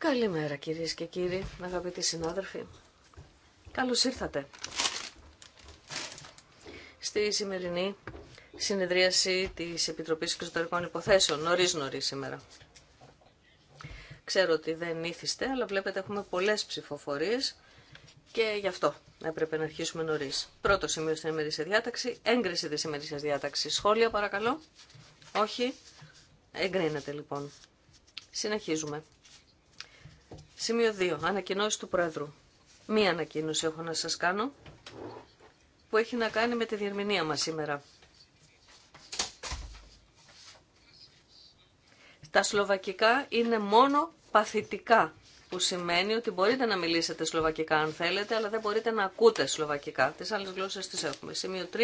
Καλημέρα κυρίες και κύριοι, αγαπητοί συνάδελφοι. Καλώς ήρθατε στη σημερινή συνεδρίαση της Επιτροπής Εξωτερικών Υποθέσεων, νωρίς νωρίς σήμερα. Ξέρω ότι δεν ήθιστε, αλλά βλέπετε έχουμε πολλές ψηφοφορίες και γι' αυτό έπρεπε να αρχίσουμε νωρίς. Πρώτο σημείο στην ημερήσια διάταξη, έγκριση της ημερήσιας διάταξης. Σχόλια παρακαλώ. Όχι. Εγκρίνεται λοιπόν. Συνεχίζουμε. Σημείο 2. Ανακοινώσει του Πρόεδρου. Μία ανακοίνωση έχω να σας κάνω που έχει να κάνει με τη διερμηνία μας σήμερα. Τα σλοβακικά είναι μόνο παθητικά, που σημαίνει ότι μπορείτε να μιλήσετε σλοβακικά αν θέλετε, αλλά δεν μπορείτε να ακούτε σλοβακικά. Τις άλλες γλώσσες τις έχουμε. Σημείο 3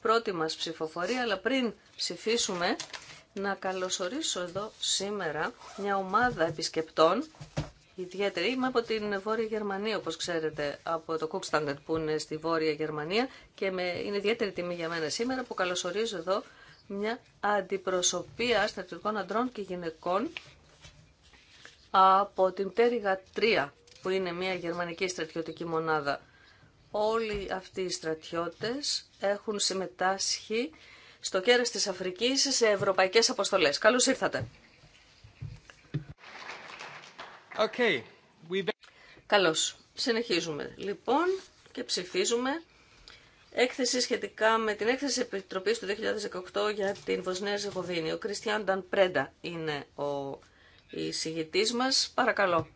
πρώτη μας ψηφοφορία, αλλά πριν ψηφίσουμε να καλωσορίσω εδώ σήμερα μια ομάδα επισκεπτών ιδιαίτερη. Είμαι από την Βόρεια Γερμανία, όπως ξέρετε, από το Κουκστάντερ που είναι στη Βόρεια Γερμανία και με, είναι ιδιαίτερη τιμή για μένα σήμερα που καλωσορίζω εδώ μια αντιπροσωπεία στρατιωτικών αντρών και γυναικών από την Τέριγα 3, που είναι μια γερμανική στρατιωτική μονάδα. Όλοι αυτοί οι στρατιώτες έχουν συμμετάσχει στο κέρας της Αφρικής σε ευρωπαϊκές αποστολές. Καλώς ήρθατε. Okay. Καλώς. Συνεχίζουμε λοιπόν και ψηφίζουμε έκθεση σχετικά με την έκθεση Επιτροπής του 2018 για την Βοσνία Ζεγοβίνη. Ο Κριστιαν Νταν Πρέντα είναι ο εισηγητής μας. Παρακαλώ.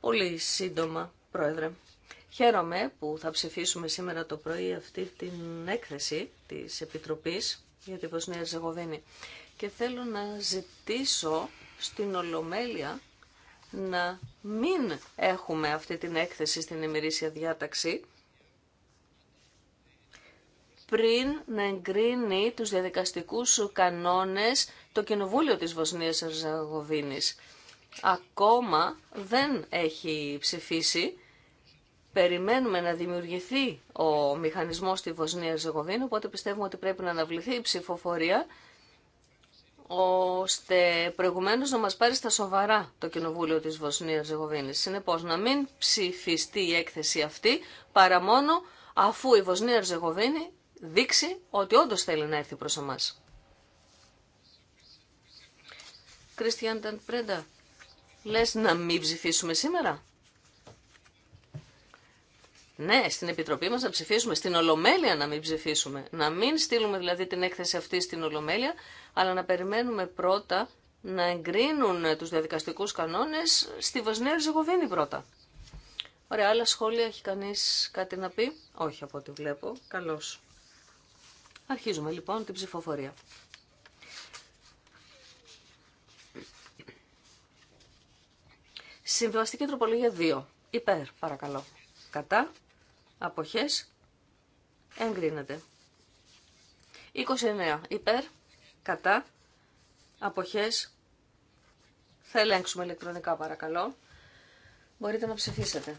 Πολύ σύντομα, Πρόεδρε. Χαίρομαι που θα ψηφίσουμε σήμερα το πρωί αυτή την έκθεση της Επιτροπής για τη Βοσνία Ζεγοβίνη και θέλω να ζητήσω στην Ολομέλεια να μην έχουμε αυτή την έκθεση στην ημερήσια διάταξη πριν να εγκρίνει τους διαδικαστικούς κανόνες το Κοινοβούλιο της Βοσνίας Ζαγοβίνης. Ακόμα δεν έχει ψηφίσει περιμένουμε να δημιουργηθεί ο μηχανισμός στη Βοσνία Ζεγοβίνη, οπότε πιστεύουμε ότι πρέπει να αναβληθεί η ψηφοφορία, ώστε προηγουμένω να μα πάρει στα σοβαρά το Κοινοβούλιο της Βοσνίας Ζεγοβίνης. Συνεπώ, να μην ψηφιστεί η έκθεση αυτή, παρά μόνο αφού η Βοσνία Ζεγοβίνη δείξει ότι όντω θέλει να έρθει προ εμά. Κριστιαν Πρέντα, λες να μην ψηφίσουμε σήμερα. Ναι, στην Επιτροπή μας να ψηφίσουμε, στην Ολομέλεια να μην ψηφίσουμε. Να μην στείλουμε δηλαδή την έκθεση αυτή στην Ολομέλεια, αλλά να περιμένουμε πρώτα να εγκρίνουν τους διαδικαστικούς κανόνες στη Βοσνία Ριζεγοβίνη πρώτα. Ωραία, άλλα σχόλια έχει κανείς κάτι να πει. Όχι από ό,τι βλέπω. Καλώς. Αρχίζουμε λοιπόν την ψηφοφορία. Συμβιβαστική τροπολογία 2. Υπέρ, παρακαλώ. Κατά αποχές εγκρίνεται. 29 υπέρ, κατά, αποχές, θα ελέγξουμε ηλεκτρονικά παρακαλώ. Μπορείτε να ψηφίσετε.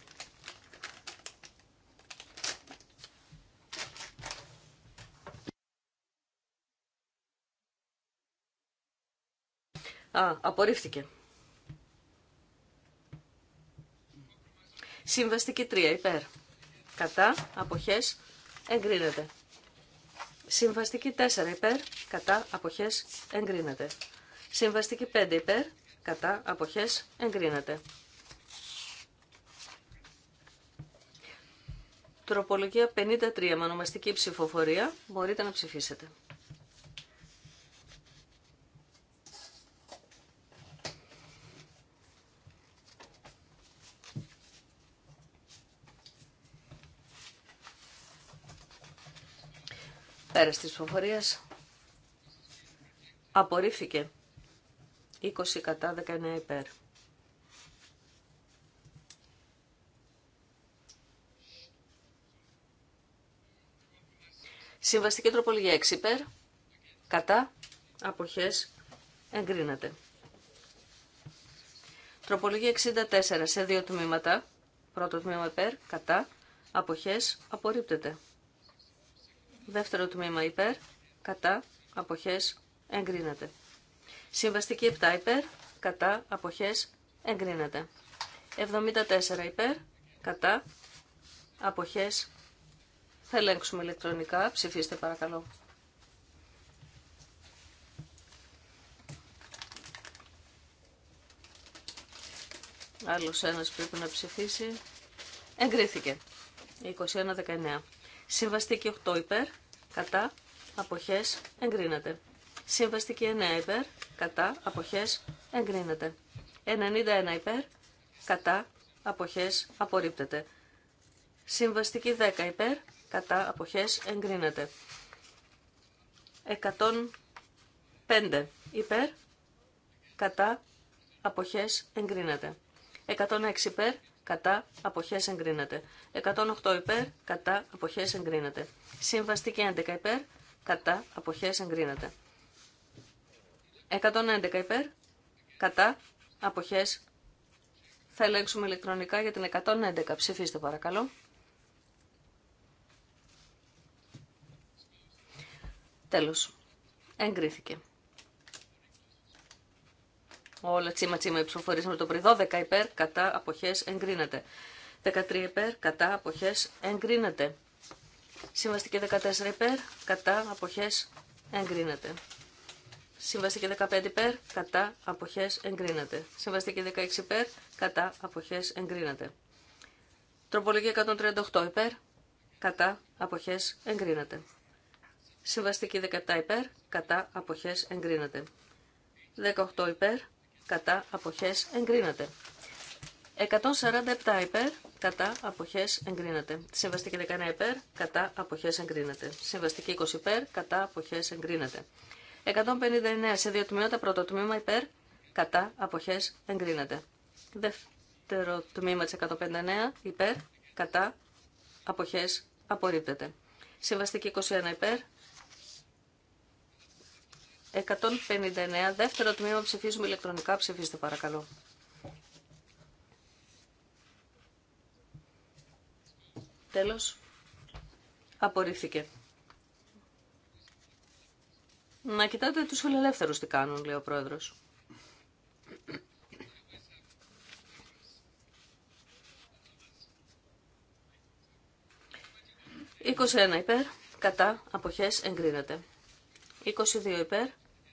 Α, απορρίφθηκε. Συμβαστική 3 υπέρ κατά, αποχές, εγκρίνεται. Συμβαστική 4 υπέρ, κατά, αποχές, εγκρίνεται. Συμβαστική 5 υπέρ, κατά, αποχές, εγκρίνεται. Τροπολογία 53 με ονομαστική ψηφοφορία. Μπορείτε να ψηφίσετε. Πέρας της ψηφοφορίας απορρίφθηκε 20 κατά 19 υπέρ. Συμβαστική τροπολογία 6 υπέρ, κατά, αποχές, εγκρίνεται. Τροπολογία 64 σε δύο τμήματα, πρώτο τμήμα υπέρ, κατά, αποχές, απορρίπτεται. Δεύτερο τμήμα υπέρ, κατά, αποχές, εγκρίνεται. Συμβαστική 7 υπέρ, κατά, αποχές, εγκρίνεται. 74 υπέρ, κατά, αποχές, θα ελέγξουμε ηλεκτρονικά, ψηφίστε παρακαλώ. Άλλος ένας πρέπει να ψηφίσει. Εγκρίθηκε. 21-19. Συμβαστική 8 υπέρ, κατά, αποχές, εγκρίνεται. Συμβαστική 9 υπέρ, κατά, αποχές, εγκρίνεται. 91 υπέρ, κατά, αποχές, απορρίπτεται. Συμβαστική 10 υπέρ, κατά, αποχές, εγκρίνεται. 105 υπέρ, κατά, αποχές, εγκρίνεται. 106 υπέρ, κατά αποχές εγκρίνεται. 108 υπέρ, κατά αποχές εγκρίνεται. Συμβαστική 11 υπέρ, κατά αποχές εγκρίνεται. 111 υπέρ, κατά αποχές. Θα ελέγξουμε ηλεκτρονικά για την 111. Ψηφίστε παρακαλώ. Τέλος. Εγκρίθηκε. Όλα τσίμα τσίμα οι με το πριν 12 υπέρ κατά αποχέ, εγκρίνεται. 13 υπέρ κατά αποχέ εγκρίνεται. Συμβαστική 14 υπέρ κατά αποχέ, εγκρίνεται. Συμβαστική 15 υπέρ κατά απόχέ εγκρίνεται. Συμβαστική 16 υπέρ κατά αποχέ εγκρίνεται. Τροπολογία 138 υπέρ κατά αποχέ, εγκρίνεται. Συμβαστική 17 υπέρ κατά αποχέ, εγκρίνεται. 18 υπέρ κατά αποχές εγκρίνεται. 147 υπέρ, κατά αποχές εγκρίνεται. Συμβαστική 19 υπέρ, κατά αποχές εγκρίνεται. Συμβαστική 20 υπέρ, κατά αποχές εγκρίνεται. 159 σε δύο τμήματα, πρώτο τμήμα υπέρ, κατά αποχές εγκρίνεται. Δεύτερο τμήμα της 159 υπέρ, κατά αποχές απορρίπτεται. Συμβαστική 21 υπέρ, 159, δεύτερο τμήμα ψηφίζουμε ηλεκτρονικά. Ψηφίστε παρακαλώ. Τέλος. Απορρίφθηκε. Να κοιτάτε τους φιλελεύθερους τι κάνουν, λέει ο πρόεδρος. «21 υπέρ, κατά, αποχές, εγκρίνεται». 22 υπέρ,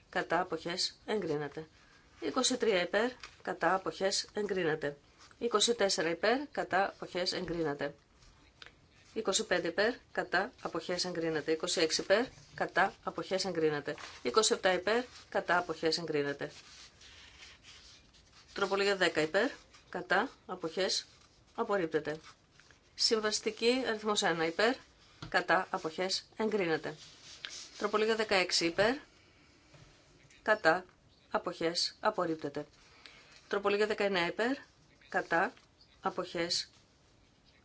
κατά αποχές εγκρίνεται. 23 υπέρ, κατά αποχές εγκρίνεται. 24 υπέρ, κατά αποχές εγκρίνεται. 25 υπέρ, κατά αποχές εγκρίνεται. 26 υπέρ, κατά αποχές εγκρίνεται. 27 υπέρ, κατά αποχές εγκρίνεται. Τροπολογία 10 υπέρ, κατά αποχές απορρίπτεται. Συμβαστική αριθμός 1 υπέρ, κατά αποχές εγκρίνεται. Τροπολογία 16 υπέρ. Κατά. Αποχές. Απορρίπτεται. Τροπολογία 19 υπέρ. Κατά. Αποχές.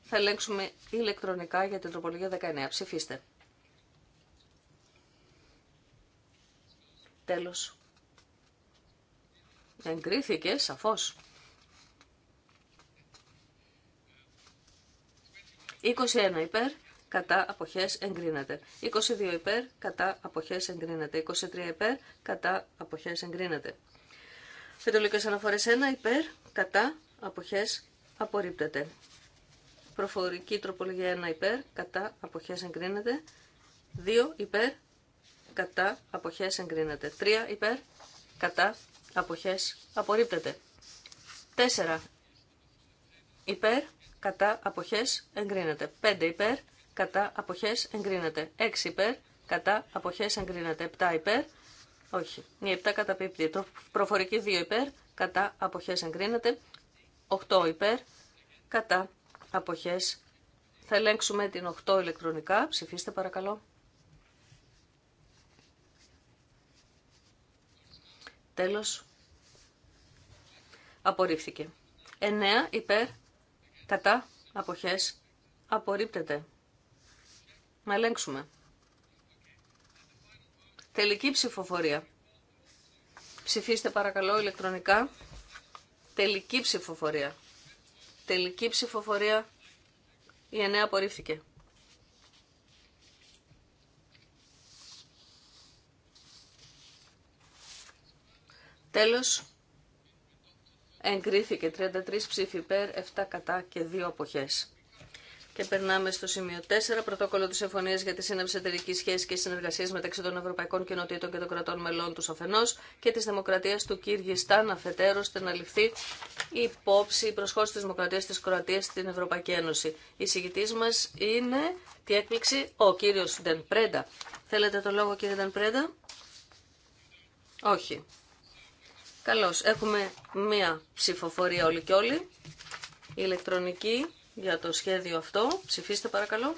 Θα ελέγξουμε ηλεκτρονικά για την τροπολογία 19. Ψηφίστε. Τέλος. Εγκρίθηκε, σαφώς. 21 υπέρ κατά αποχές εγκρίνεται. 22 υπέρ, κατά αποχές εγκρίνεται. 23 υπέρ, κατά αποχές εγκρίνεται. Φετολικές αναφορέ 1 υπέρ, κατά αποχές απορρίπτεται. Προφορική τροπολογία 1 υπέρ, κατά αποχές εγκρίνεται. 2 υπέρ, κατά αποχές εγκρίνεται. 3 υπέρ, κατά αποχές απορρίπτεται. 4 υπέρ, κατά αποχές εγκρίνεται. 5 υπέρ, κατά αποχέ εγκρίνεται. 6 υπέρ, κατά αποχές εγκρίνεται. 7 υπέρ, όχι, η 7 καταπίπτει. Προφορική 2 υπέρ, κατά αποχέ εγκρίνεται. 8 υπέρ, κατά αποχές. Θα ελέγξουμε την 8 ηλεκτρονικά. Ψηφίστε παρακαλώ. Τέλος. Απορρίφθηκε. 9 υπέρ, κατά αποχές απορρίπτεται. Να ελέγξουμε. Τελική ψηφοφορία. Ψηφίστε παρακαλώ ηλεκτρονικά. Τελική ψηφοφορία. Τελική ψηφοφορία. Η εννέα απορρίφθηκε. Τέλος, εγκρίθηκε 33 ψήφοι υπέρ, 7 κατά και 2 αποχές. Και περνάμε στο σημείο 4, πρωτόκολλο τη Συμφωνία για τη Σύναψη Εταιρική Σχέση και Συνεργασία μεταξύ των Ευρωπαϊκών Κοινοτήτων και των κρατών μελών του αφενό και τη Δημοκρατία του Κυργιστάν αφετέρου, ώστε να ληφθεί υπόψη η προσχώρηση τη Δημοκρατία τη Κροατία στην Ευρωπαϊκή Ένωση. Η συγκητή μα είναι, τι έκπληξη, ο κύριο Ντεν Πρέντα. Θέλετε το λόγο, κύριε Ντεν Πρέντα. Όχι. Καλώ Έχουμε μία ψηφοφορία όλοι και όλοι. Η ηλεκτρονική για το σχέδιο αυτό. Ψηφίστε παρακαλώ.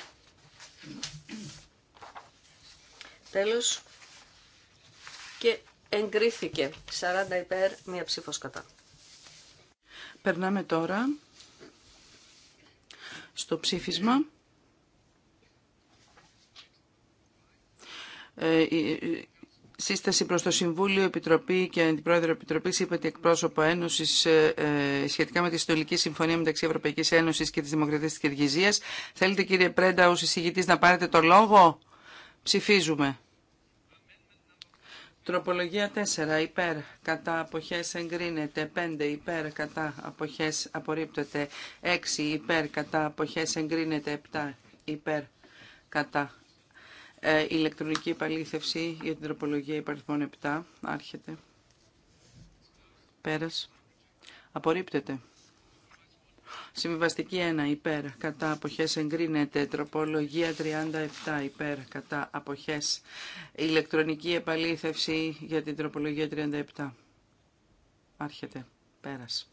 Τέλος. Και εγκρίθηκε. 40 υπέρ, μία ψήφος κατά. Περνάμε τώρα στο ψήφισμα. Ε, σύσταση προς το Συμβούλιο Επιτροπή και Αντιπρόεδρο Επιτροπής είπε ότι εκπρόσωπο Ένωσης ε, ε, σχετικά με τη Συντολική Συμφωνία μεταξύ Ευρωπαϊκής Ένωσης και της Δημοκρατίας της Κυργυζία. Θέλετε κύριε Πρέντα ο να πάρετε το λόγο. Ψηφίζουμε. Τροπολογία 4 υπέρ κατά αποχές εγκρίνεται, 5 υπέρ κατά αποχές απορρίπτεται, 6 υπέρ κατά αποχές εγκρίνεται, 7 υπέρ κατά ε, ηλεκτρονική επαλήθευση για την τροπολογία υπαριθμών 7. Άρχεται. Πέρας. Απορρίπτεται. Συμβιβαστική 1 υπέρ κατά αποχές εγκρίνεται. Τροπολογία 37 υπέρ κατά αποχές. Ηλεκτρονική επαλήθευση για την τροπολογία 37. Άρχεται. Πέρας.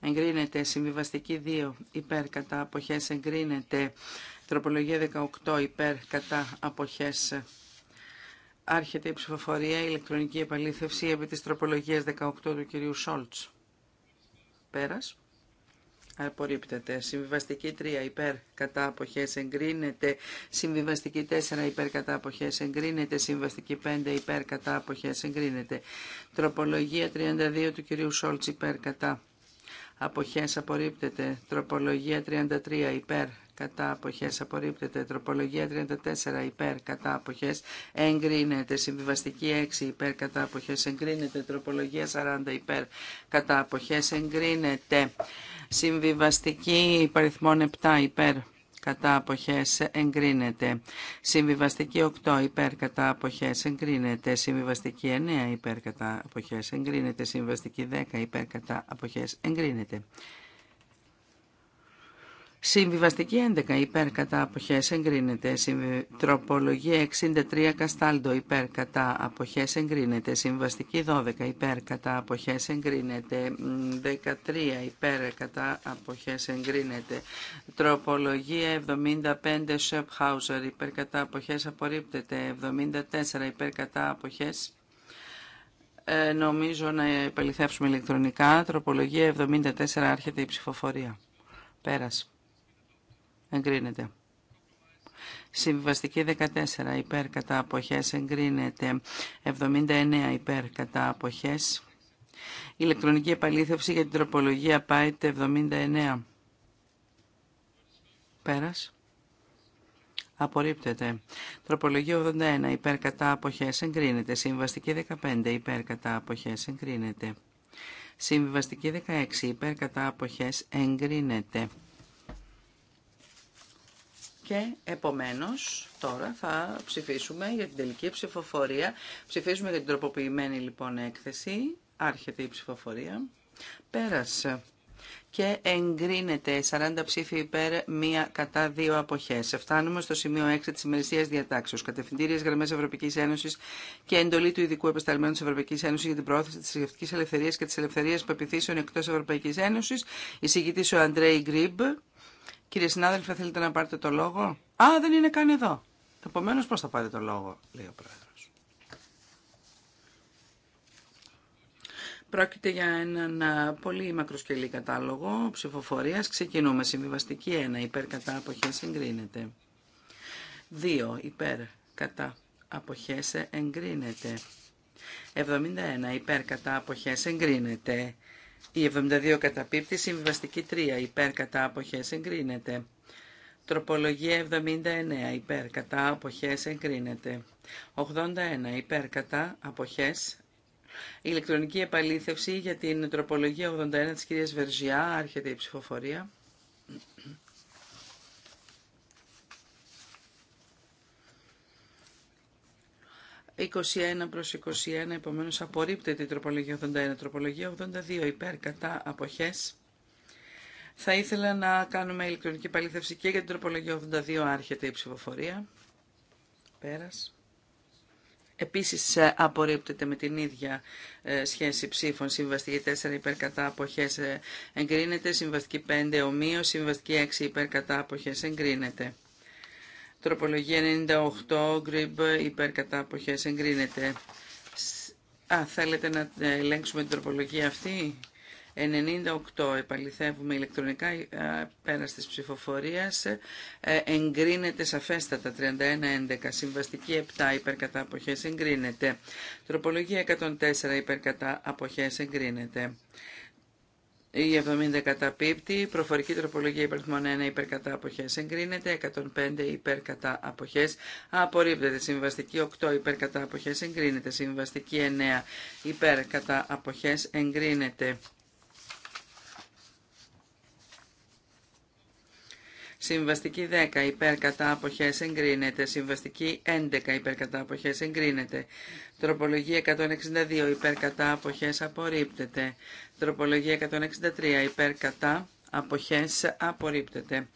Εγκρίνεται. Συμβιβαστική 2 υπέρ κατά αποχές εγκρίνεται. Τροπολογία 18 υπέρ κατά αποχές. Άρχεται η ψηφοφορία, η ηλεκτρονική επαλήθευση επί της τροπολογίας 18 του κυρίου Σόλτς. Πέρας. Απορρίπτεται. Συμβιβαστική 3 υπέρ κατά αποχές εγκρίνεται. Συμβιβαστική 4 υπέρ κατά αποχές εγκρίνεται. Συμβιβαστική 5 υπέρ κατά αποχές εγκρίνεται. Τροπολογία 32 του κυρίου Σόλτς υπέρ κατά. Αποχές απορρίπτεται. Τροπολογία 33 υπέρ κατά αποχές απορρίπτεται. Τροπολογία 34 υπέρ κατά αποχές εγκρίνεται. Συμβιβαστική 6 υπέρ κατά αποχές εγκρίνεται. Τροπολογία 40 υπέρ κατά αποχές εγκρίνεται. Συμβιβαστική υπαριθμών 7 υπέρ κατά αποχές εγκρίνεται. Συμβιβαστική 8 υπέρ κατά αποχές εγκρίνεται. Συμβιβαστική 9 υπέρ κατά αποχές εγκρίνεται. Συμβιβαστική 10 υπέρ κατά αποχές εγκρίνεται. Συμβιβαστική 11 υπέρ κατά αποχές εγκρίνεται. Τροπολογία 63 Καστάλτο, υπέρ κατά αποχές εγκρίνεται. Συμβιβαστική 12 υπέρ κατά αποχές εγκρίνεται. 13 υπέρ κατά αποχές εγκρίνεται. Τροπολογία 75 Σεπχάουζερ υπέρ κατά αποχές απορρίπτεται. 74 υπέρ κατά αποχές ε, νομίζω να επαληθεύσουμε ηλεκτρονικά. Τροπολογία 74 άρχεται η ψηφοφορία. Πέρασε εγκρίνεται. Συμβιβαστική 14 υπέρ κατά αποχές εγκρίνεται. 79 υπέρ κατά αποχές. Ηλεκτρονική επαλήθευση για την τροπολογία πάει 79. Πέρας. Απορρίπτεται. Τροπολογία 81 υπέρ κατά αποχές εγκρίνεται. Συμβαστική 15 υπέρ κατά αποχές εγκρίνεται. Συμβιβαστική 16 υπέρ κατά αποχές εγκρίνεται. Και επομένως τώρα θα ψηφίσουμε για την τελική ψηφοφορία. Ψηφίζουμε για την τροποποιημένη λοιπόν έκθεση. Άρχεται η ψηφοφορία. Πέρασε. Και εγκρίνεται 40 ψήφοι υπέρ, μία κατά δύο αποχές. Φτάνουμε στο σημείο 6 της ημερησίας διατάξεως. Κατευθυντήριες γραμμές Ευρωπαϊκής Ένωσης και εντολή του Ειδικού Επεσταλμένου της Ευρωπαϊκής Ένωσης για την προώθηση της θρησκευτικής ελευθερίας και της ελευθερίας πεπιθήσεων εκτός Ευρωπαϊκής Ένωσης. Εισηγητή ο Αντρέι Γκριμπ. Κύριε συνάδελφε, θέλετε να πάρετε το λόγο. Α, δεν είναι καν εδώ. Επομένω, πώ θα πάρετε το λόγο, λέει ο πρόεδρο. Πρόκειται για έναν πολύ μακροσκελή κατάλογο ψηφοφορία. Ξεκινούμε. Συμβιβαστική 1. Υπέρ κατά αποχέ εγκρίνεται. 2. Υπέρ κατά αποχέ εγκρίνεται. 71. Υπέρ κατά αποχέ εγκρίνεται. Η 72 καταπίπτει, συμβιβαστική 3 υπέρ κατά αποχές εγκρίνεται. Τροπολογία 79 υπέρ κατά αποχές εγκρίνεται. 81 υπέρ κατά αποχές Ηλεκτρονική επαλήθευση για την τροπολογία 81 της κυρίας Βερζιά, άρχεται η ψηφοφορία. 21 προς 21, επομένως απορρίπτεται η τροπολογία 81. Τροπολογία 82 υπέρ κατά αποχές. Θα ήθελα να κάνουμε ηλεκτρονική παλήθευση και για την τροπολογία 82 άρχεται η ψηφοφορία. Πέρας. Επίσης ε, απορρίπτεται με την ίδια ε, σχέση ψήφων συμβαστική 4 ε, υπέρ κατά αποχές εγκρίνεται, συμβαστική 5 ομοίως, συμβαστική 6 υπέρ κατά αποχές εγκρίνεται. Τροπολογία 98, γκριμπ, υπέρ κατά εγκρίνεται. Α, θέλετε να ελέγξουμε την τροπολογία αυτή. 98, επαληθεύουμε ηλεκτρονικά, πέρα της ψηφοφορίας, ε, εγκρίνεται σαφέστατα 31-11, συμβαστική 7 υπερκατά εγκρίνεται, τροπολογία 104 υπερκατά εγκρίνεται. Η 70 καταπίπτει, προφορική τροπολογία υπερθμών 1 υπέρ αποχές εγκρίνεται, 105 υπέρ κατά αποχές απορρίπτεται, συμβαστική 8 υπέρ κατά αποχές εγκρίνεται, συμβαστική 9 υπέρ κατά αποχές εγκρίνεται. Συμβαστική 10 υπέρ κατά αποχές εγκρίνεται. Συμβαστική 11 υπέρ κατά αποχές εγκρίνεται. Τροπολογία 162 υπέρ κατά αποχές απορρίπτεται. Τροπολογία 163 υπέρ κατά αποχές απορρίπτεται.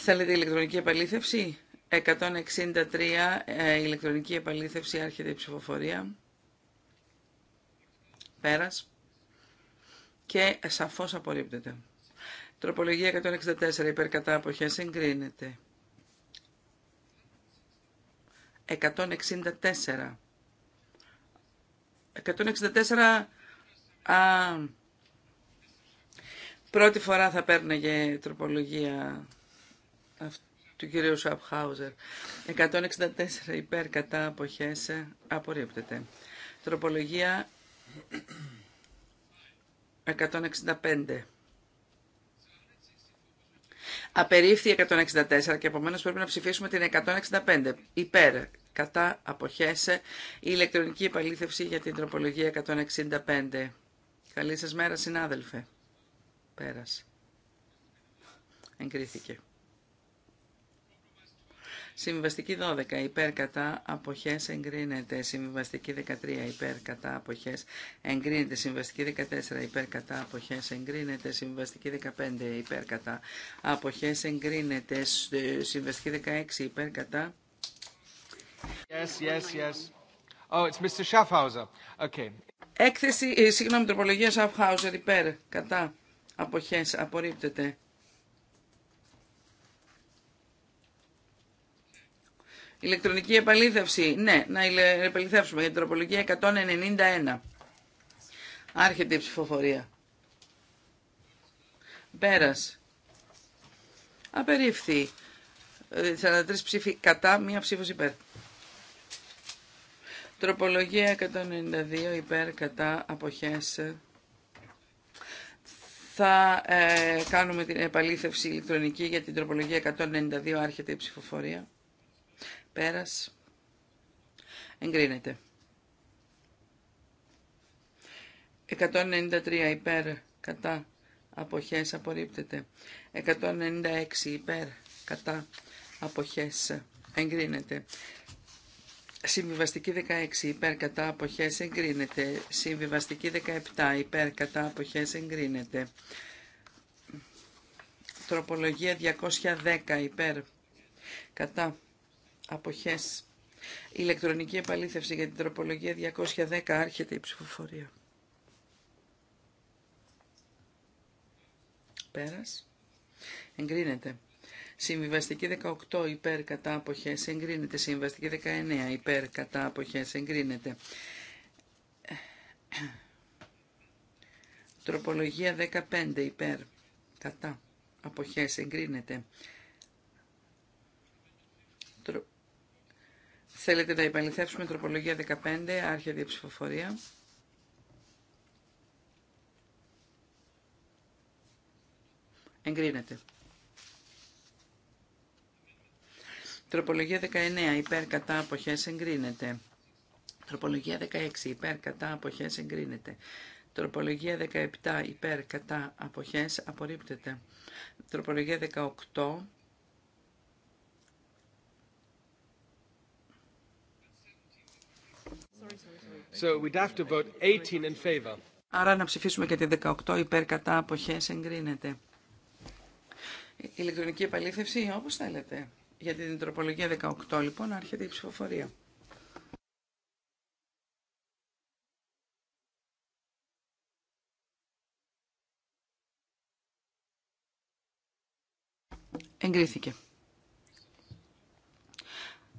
Θέλετε ηλεκτρονική επαλήθευση. 163 ε, ηλεκτρονική επαλήθευση άρχεται η ψηφοφορία. Πέρας. Και σαφώς απορρίπτεται. Τροπολογία 164 υπέρ κατά αποχές εγκρίνεται. 164. 164 Α, πρώτη φορά θα παίρναγε τροπολογία του κυρίου Σουαπχάουζερ. 164 υπέρ κατά αποχές απορρίπτεται. Τροπολογία 165. Απερίφθη 164 και επομένω πρέπει να ψηφίσουμε την 165. Υπέρ, κατά, αποχέσε, η ηλεκτρονική επαλήθευση για την τροπολογία 165. Καλή σας μέρα συνάδελφε. Πέρασε. Εγκρίθηκε. Συμβιβαστική 12 υπέρ κατά αποχές εγκρίνεται. Συμβιβαστική 13 υπέρ κατά αποχές εγκρίνεται. Συμβιβαστική 14 υπέρ κατά αποχές εγκρίνεται. Συμβιβαστική 15 υπέρ κατά αποχές εγκρίνεται. Συμβιβαστική 16 υπέρ κατά... Yes, yes, yes. Oh, it's Mr. Schaffhauser. Okay. Έκθεση, ε, συγγνώμη, τροπολογία Σαφχάουζερ υπέρ, κατά, αποχές, απορρίπτεται. Ηλεκτρονική επαλήθευση, ναι, να επαληθεύσουμε για την τροπολογία 191. Άρχεται η ψηφοφορία. Πέρας. Απερίφθη. 43 ε, ψήφοι κατά, μία ψήφος υπέρ. Τροπολογία 192 υπέρ κατά αποχές. Θα ε, κάνουμε την επαλήθευση ηλεκτρονική για την τροπολογία 192 άρχεται η ψηφοφορία. Πέρας. Εγκρίνεται. 193 υπέρ κατά αποχές απορρίπτεται. 196 υπέρ κατά αποχές εγκρίνεται. Συμβιβαστική 16 υπέρ κατά αποχές εγκρίνεται. Συμβιβαστική 17 υπέρ κατά αποχές εγκρίνεται. Τροπολογία 210 υπέρ κατά αποχές. Ηλεκτρονική επαλήθευση για την τροπολογία 210 άρχεται η ψηφοφορία. Πέρας. Εγκρίνεται. Συμβιβαστική 18 υπέρ κατά αποχές εγκρίνεται. Συμβιβαστική 19 υπέρ κατά αποχές εγκρίνεται. Τροπολογία 15 υπέρ κατά αποχές εγκρίνεται. Θέλετε να υπαλληθεύσουμε τροπολογία 15, άρχια διαψηφοφορία. Εγκρίνεται. Τροπολογία 19. Υπέρ κατά αποχές εγκρίνεται. Τροπολογία 16. Υπέρ κατά αποχές εγκρίνεται. Τροπολογία 17. Υπέρ κατά αποχές απορρίπτεται. Τροπολογία 18. So we'd have to 18 in favor. Άρα να ψηφίσουμε και τη 18 υπέρ κατά αποχές εγκρίνεται. Ηλεκτρονική επαλήθευση όπως θέλετε. Για την τροπολογία 18 λοιπόν άρχεται η ψηφοφορία. Εγκρίθηκε.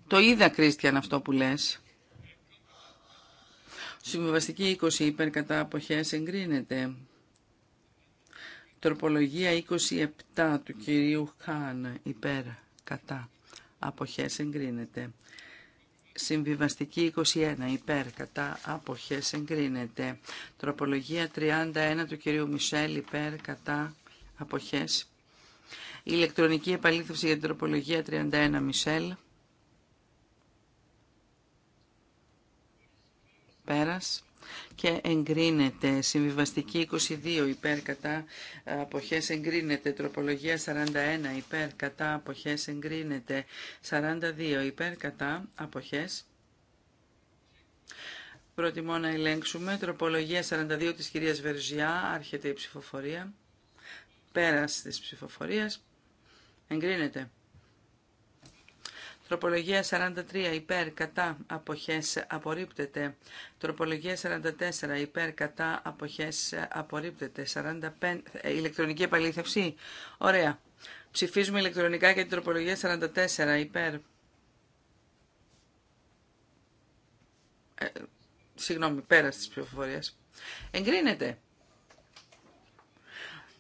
Το είδα, Κρίστιαν, αυτό που λες. Συμβιβαστική 20 υπέρ κατά αποχές εγκρίνεται. Τροπολογία 27 του κυρίου Χάν υπέρ κατά αποχές εγκρίνεται. Συμβιβαστική 21 υπέρ κατά αποχές εγκρίνεται. Τροπολογία 31 του κυρίου Μισελ υπέρ κατά αποχές. Ηλεκτρονική επαλήθευση για την τροπολογία 31 Μισελ. Πέρας και εγκρίνεται. Συμβιβαστική 22 υπέρ κατά αποχές εγκρίνεται. Τροπολογία 41 υπέρ κατά αποχές εγκρίνεται. 42 υπέρ κατά αποχές Προτιμώ να ελέγξουμε. Τροπολογία 42 της κυρίας Βερζιά. Άρχεται η ψηφοφορία. Πέρας της ψηφοφορίας. Εγκρίνεται. Τροπολογία 43 υπέρ κατά αποχές απορρίπτεται. Τροπολογία 44 υπέρ κατά αποχές απορρίπτεται. 45... Ε, ηλεκτρονική επαλήθευση. Ωραία. Ψηφίζουμε ηλεκτρονικά για την τροπολογία 44 υπέρ. Ε, συγγνώμη, πέρα στις πληροφορίες. Εγκρίνεται.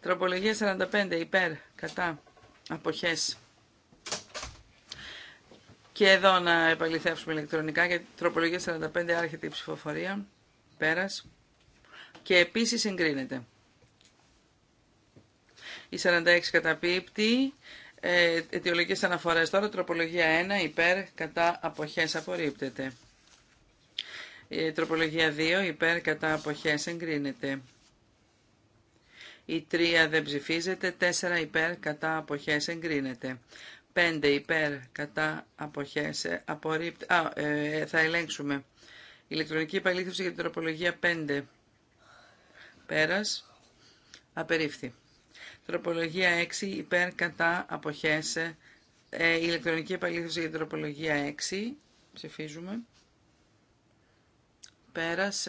Τροπολογία 45 υπέρ κατά αποχές και εδώ να επαληθεύσουμε ηλεκτρονικά για τροπολογία 45 άρχεται η ψηφοφορία. Πέρας. Και επίσης εγκρίνεται. Η 46 καταπίπτει. Ε, Αιτιολογικέ αναφορέ τώρα. Τροπολογία 1 υπέρ κατά αποχές απορρίπτεται. Ε, τροπολογία 2 υπέρ κατά αποχές εγκρίνεται. Η 3 δεν ψηφίζεται. 4 υπέρ κατά αποχές εγκρίνεται. 5 υπέρ κατά αποχές ε, απορρίπτεται. Α, ε, θα ελέγξουμε. Ηλεκτρονική επαλήθευση για την τροπολογία 5. Πέρας. Απερίφθη. Τροπολογία 6 υπέρ κατά αποχές. Ε, ε, ηλεκτρονική επαλήθευση για την τροπολογία 6. Ψηφίζουμε. Πέρας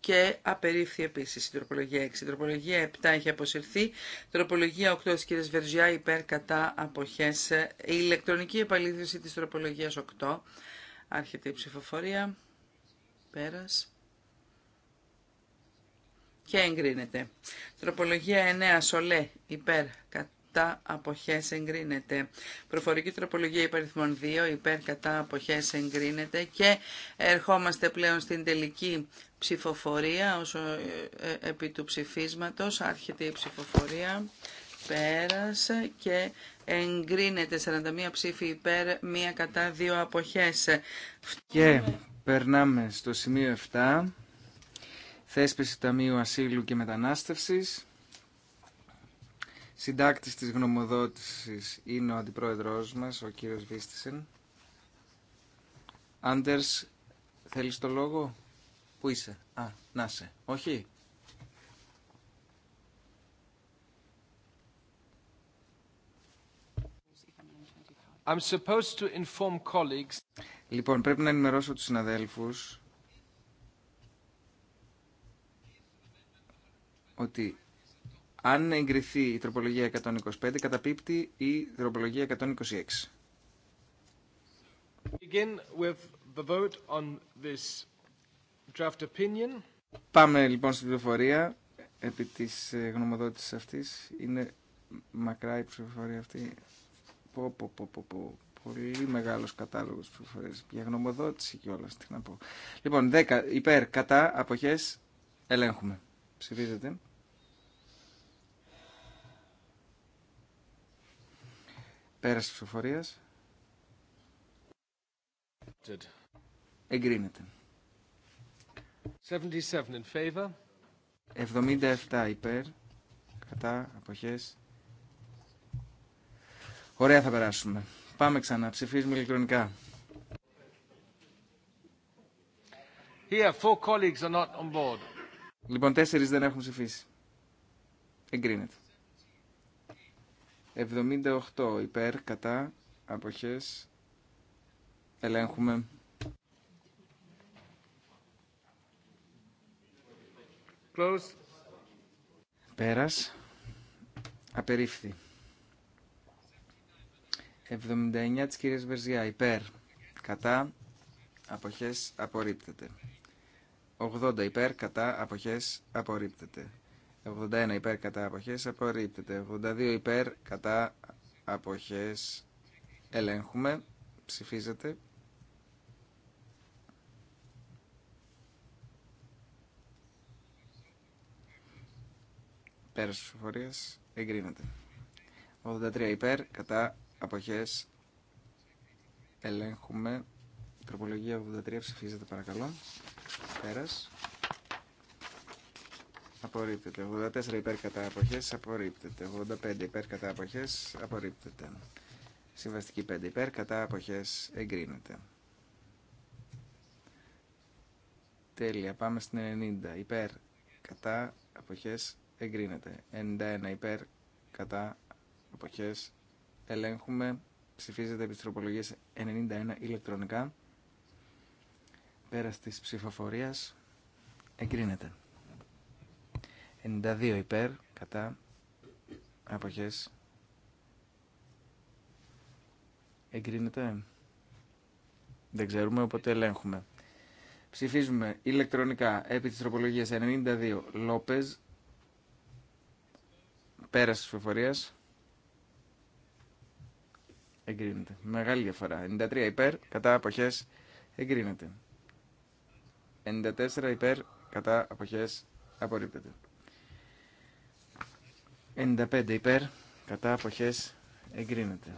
και απερίφθη επίση η τροπολογία 6. Η τροπολογία 7 έχει αποσυρθεί. Τροπολογία 8 τη Σβερζιά, Βερζιά υπέρ κατά αποχέ. Η ηλεκτρονική επαλήθευση τη τροπολογία 8. Άρχεται η ψηφοφορία. Πέρα. Και εγκρίνεται. Τροπολογία 9 σολέ υπέρ κατά κατά αποχές εγκρίνεται. Προφορική τροπολογία υπαριθμών 2 υπέρ κατά αποχές εγκρίνεται και ερχόμαστε πλέον στην τελική ψηφοφορία όσο ε, ε, επί του ψηφίσματος άρχεται η ψηφοφορία πέρασε και εγκρίνεται 41 ψήφοι υπέρ, 1 κατά, δύο αποχές. Και περνάμε στο σημείο 7, θέσπιση Ταμείου Ασύλου και Μετανάστευσης. Συντάκτης της γνωμοδότησης είναι ο αντιπρόεδρός μας, ο κύριος Βίστισεν. Άντερς, θέλεις το λόγο? Πού είσαι? Α, να είσαι. Όχι. I'm supposed to inform colleagues. Λοιπόν, πρέπει να ενημερώσω τους συναδέλφους ότι αν εγκριθεί η τροπολογία 125, καταπίπτει η τροπολογία 126. Πάμε λοιπόν στην πληροφορία επί της ε, γνωμοδότησης αυτής. Είναι μακρά η ψηφοφορία αυτή. Πολύ μεγάλος κατάλογος ψηφοφορίας. Για γνωμοδότηση όλα τι να πω. Λοιπόν, 10 υπέρ, κατά, αποχές, ελέγχουμε. Ψηφίζεται. τη ψηφοφορίας. Εγκρίνεται. 77 in favor. 77 υπέρ. Κατά απόχέ. Ωραία θα περάσουμε. Πάμε ξανά. Ψηφίζουμε ηλεκτρονικά. Here, four colleagues are not on board. Λοιπόν, τέσσερις δεν έχουν ψηφίσει. Εγκρίνεται. 78 υπέρ, κατά, αποχές, ελέγχουμε. Close. Πέρας, απερίφθη. 79 της κυρίας Βερζιά, υπέρ, κατά, αποχές, απορρίπτεται. 80 υπέρ, κατά, αποχές, απορρίπτεται. 81 υπέρ κατά αποχές απορρίπτεται. 82 υπέρ κατά αποχές ελέγχουμε. Ψηφίζεται. Πέρας της ψηφοφορίας εγκρίνεται. 83 υπέρ κατά αποχές ελέγχουμε. Τροπολογία 83 ψηφίζεται παρακαλώ. Πέρας απορρίπτεται. 84 υπέρ κατά αποχές, απορρίπτεται. 85 υπέρ κατά αποχές, απορρίπτεται. Συμβαστική 5 υπέρ κατά αποχές, εγκρίνεται. Τέλεια, πάμε στην 90 υπέρ κατά αποχές, εγκρίνεται. 91 υπέρ κατά αποχές, ελέγχουμε. Ψηφίζεται επί 91 ηλεκτρονικά. Πέρα της ψηφοφορίας εγκρίνεται. 92 υπέρ κατά αποχές εγκρίνεται δεν ξέρουμε οπότε ελέγχουμε ψηφίζουμε ηλεκτρονικά επί της τροπολογίας 92 Λόπεζ πέρας της φεφορίας εγκρίνεται μεγάλη διαφορά 93 υπέρ κατά αποχές εγκρίνεται 94 υπέρ κατά αποχές απορρίπτεται 95 υπέρ, κατά αποχές εγκρίνεται.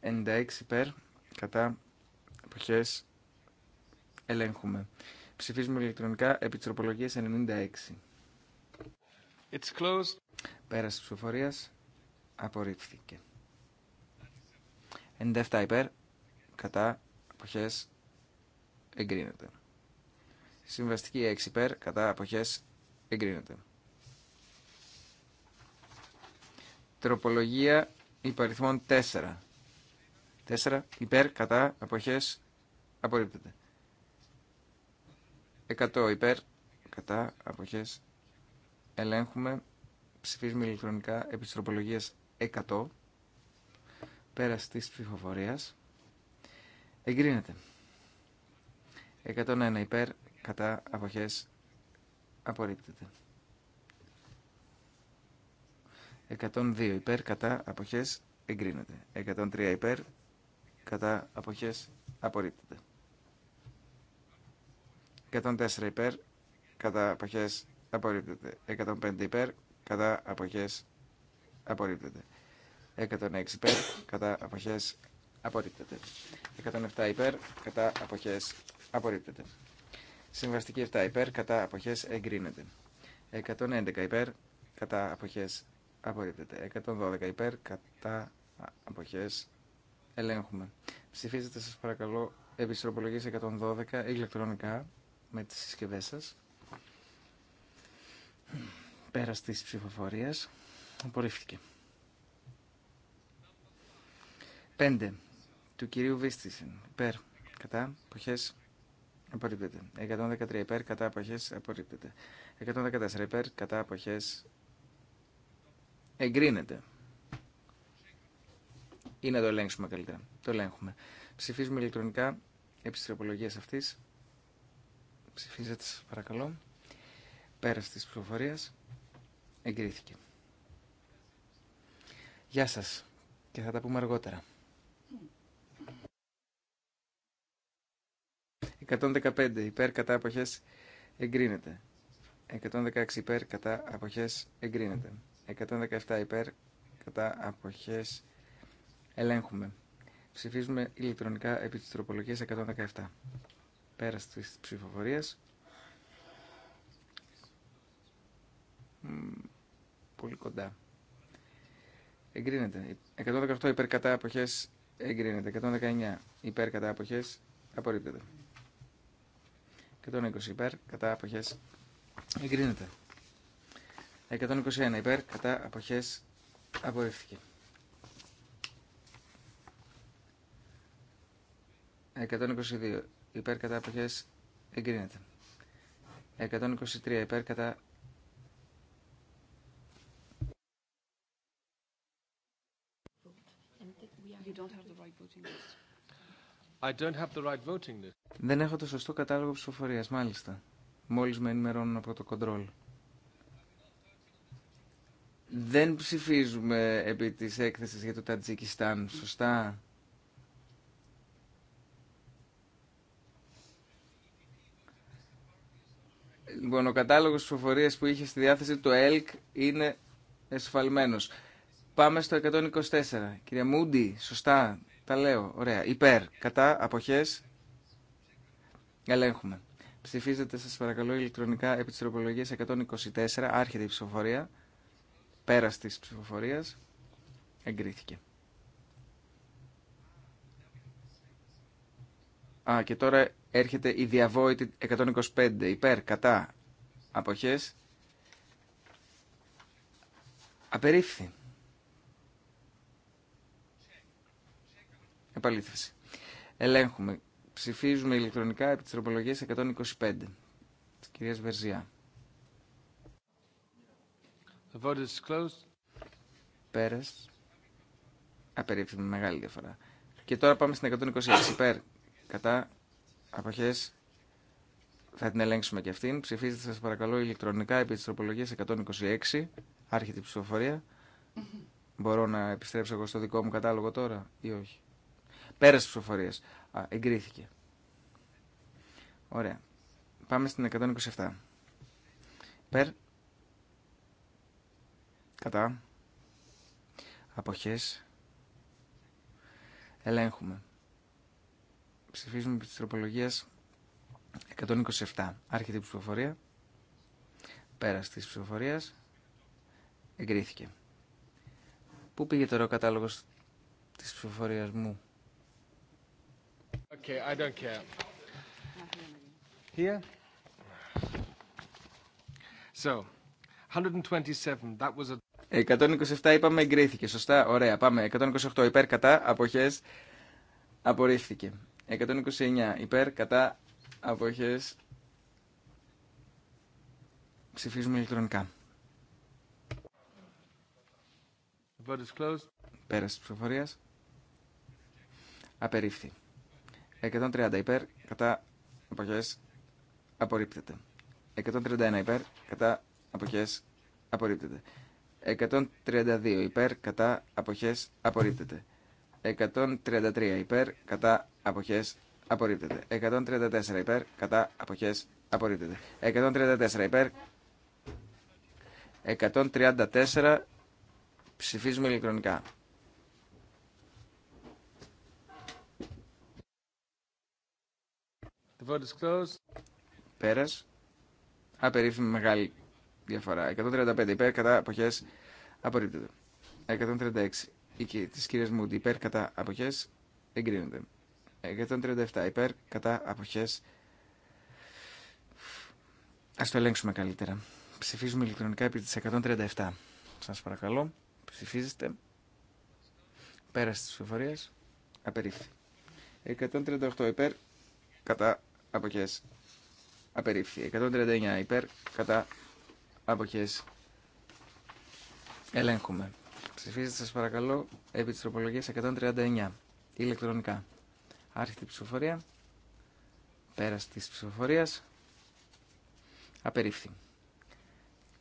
96 υπέρ, κατά αποχές ελέγχουμε. Ψηφίζουμε ηλεκτρονικά επί της τροπολογίας 96. It's closed. Πέραση ψηφοφορίας απορρίφθηκε. 97 υπέρ, κατά αποχές εγκρίνεται. Συμβαστική 6 υπέρ, κατά αποχές Εγκρίνεται. Τροπολογία υπαριθμών 4. 4. Υπέρ, κατά, αποχές, απορρίπτεται. 100 υπέρ, κατά, αποχές, ελέγχουμε. Ψηφίζουμε ηλεκτρονικά επί της τροπολογίας 100. Πέρας της ψηφοφορίας. Εγκρίνεται. 101 υπέρ, κατά, αποχές, απορρίπτεται. 102 υπέρ κατά αποχές εγκρίνεται. 103 υπέρ κατά αποχές απορρίπτεται. 104 υπέρ κατά αποχές απορρίπτεται. 105 υπέρ κατά αποχές απορρίπτεται. 106 υπέρ κατά αποχές απορρίπτεται. 107 υπέρ κατά αποχές απορρίπτεται. Συμβαστική 7 υπέρ κατά αποχές εγκρίνεται. 111 υπέρ κατά αποχές απορρίπτεται. 112 υπέρ κατά αποχές ελέγχουμε. Ψηφίζετε σας παρακαλώ επιστροπολογίες 112 ηλεκτρονικά με τις συσκευές σας. Πέρα της ψηφοφορίας απορρίφθηκε. 5 του κυρίου Βίστησεν υπέρ κατά αποχές απορρίπτεται. 113 υπέρ κατά αποχές απορρίπτεται. 114 υπέρ κατά αποχές εγκρίνεται. Ή να το ελέγξουμε καλύτερα. Το ελέγχουμε. Ψηφίζουμε ηλεκτρονικά επί τη τροπολογία αυτή. Ψηφίζετε παρακαλώ. Πέρας τη ψηφοφορία, εγκρίθηκε. Γεια σας και θα τα πούμε αργότερα. 115 υπέρ κατά αποχές εγκρίνεται. 116 υπέρ κατά αποχές εγκρίνεται. 117 υπέρ κατά αποχές ελέγχουμε. Ψηφίζουμε ηλεκτρονικά επί της τροπολογίας 117. Πέρα της ψηφοφορίας. Πολύ κοντά. Εγκρίνεται. 118 υπέρ κατά αποχές εγκρίνεται. 119 υπέρ κατά αποχές απορρίπτεται. 120 υπέρ κατά αποχές εγκρίνεται. 121 υπέρ κατά αποχές απορρίφθηκε. 122 υπέρ κατά αποχές εγκρίνεται. 123 υπέρ κατά You don't δεν έχω το σωστό κατάλογο ψηφοφορίας, μάλιστα. Μόλις με ενημερώνουν από το κοντρόλ. Δεν ψηφίζουμε επί της έκθεσης για το Τατζικιστάν, σωστά. Λοιπόν, ο κατάλογος ψηφοφορία που είχε στη διάθεση του ΕΛΚ είναι εσφαλμένος. Πάμε στο 124. Κυρία Μούντι, σωστά. Τα λέω. Ωραία. Υπέρ. Κατά. Αποχές. Ελέγχουμε. Ψηφίζετε σας παρακαλώ ηλεκτρονικά επί της τροπολογίας 124. Άρχεται η ψηφοφορία. Πέρας της ψηφοφορίας. Εγκρίθηκε. Α, και τώρα έρχεται η διαβόητη 125. Υπέρ. Κατά. Αποχές. Απερίφθη. Επαλήθευση. Ελέγχουμε. Ψηφίζουμε ηλεκτρονικά επί της τροπολογίας 125. Της κυρίας Βερζιά. The vote is closed. Πέρας. Απερίφθη με μεγάλη διαφορά. Και τώρα πάμε στην 126. Υπέρ. Κατά. Αποχές. Θα την ελέγξουμε και αυτήν. Ψηφίζετε σας παρακαλώ ηλεκτρονικά επί της τροπολογίας 126. Άρχεται η ψηφοφορία. Μπορώ να επιστρέψω εγώ στο δικό μου κατάλογο τώρα ή όχι. Πέρα τη ψηφοφορία. Εγκρίθηκε. Ωραία. Πάμε στην 127. Περ. Κατά. Αποχές. Ελέγχουμε. Ψηφίζουμε επί της 127. Άρχεται η ψηφοφορία. Πέρας της ψηφοφορία, Εγκρίθηκε. Πού πήγε τώρα ο κατάλογος της ψηφοφορίας μου. Okay, I don't care. Here? So, 127, that was a... 127 είπαμε εγκρίθηκε, σωστά, ωραία, πάμε. 128 υπέρ κατά, αποχές, απορρίφθηκε. 129 υπέρ κατά, αποχές, ψηφίζουμε ηλεκτρονικά. Πέρας της ψηφοφορίας, απερίφθη. 130 υπέρ κατά αποχές απορρίπτεται. 131 υπέρ κατά αποχές απορρίπτεται. 132 υπέρ κατά αποχές απορρίπτεται. 133 υπέρ κατά αποχές απορρίπτεται. 134 υπέρ κατά αποχές απορρίπτεται. 134 υπέρ 134 ψηφίζουμε ηλεκτρονικά. Πέρα, vote Πέρας. Απερίφημη μεγάλη διαφορά. 135 υπέρ κατά αποχές απορρίπτεται. 136 τη κύρια Μούντι υπέρ κατά αποχές εγκρίνονται. 137 υπέρ κατά αποχές Α το ελέγξουμε καλύτερα. Ψηφίζουμε ηλεκτρονικά επί τη 137. Σα παρακαλώ, ψηφίζετε. Πέρας τη ψηφοφορία. απερίφθη. 138 υπέρ, κατά αποχές απερίφθη 139 υπέρ κατά αποχές ελέγχουμε ψηφίζετε σας παρακαλώ επί της τροπολογίας 139 ηλεκτρονικά άρχεται η ψηφοφορία Πέρα της ψηφοφορίας απερίφθη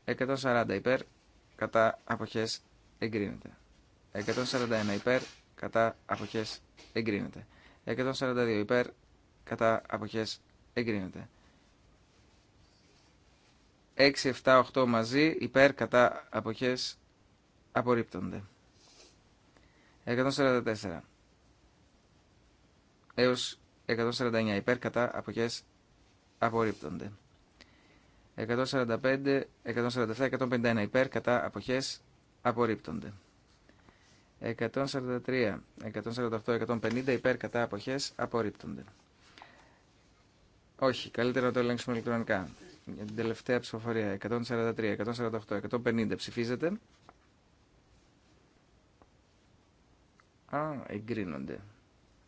140 υπέρ κατά αποχές εγκρίνεται 141 υπέρ κατά αποχές εγκρίνεται 142 υπέρ κατά αποχές εγκρίνεται. 6, 7, 8 μαζί υπέρ κατά αποχές απορρίπτονται. 144 έως 149 υπέρ κατά αποχές απορρίπτονται. 145, 147, 151 υπέρ κατά αποχές απορρίπτονται. 143, 148, 150 υπέρ κατά αποχές απορρίπτονται. Όχι, καλύτερα να το ελέγξουμε ηλεκτρονικά. Για την τελευταία ψηφοφορία, 143, 148, 150 Ψηφίζετε. Α, εγκρίνονται.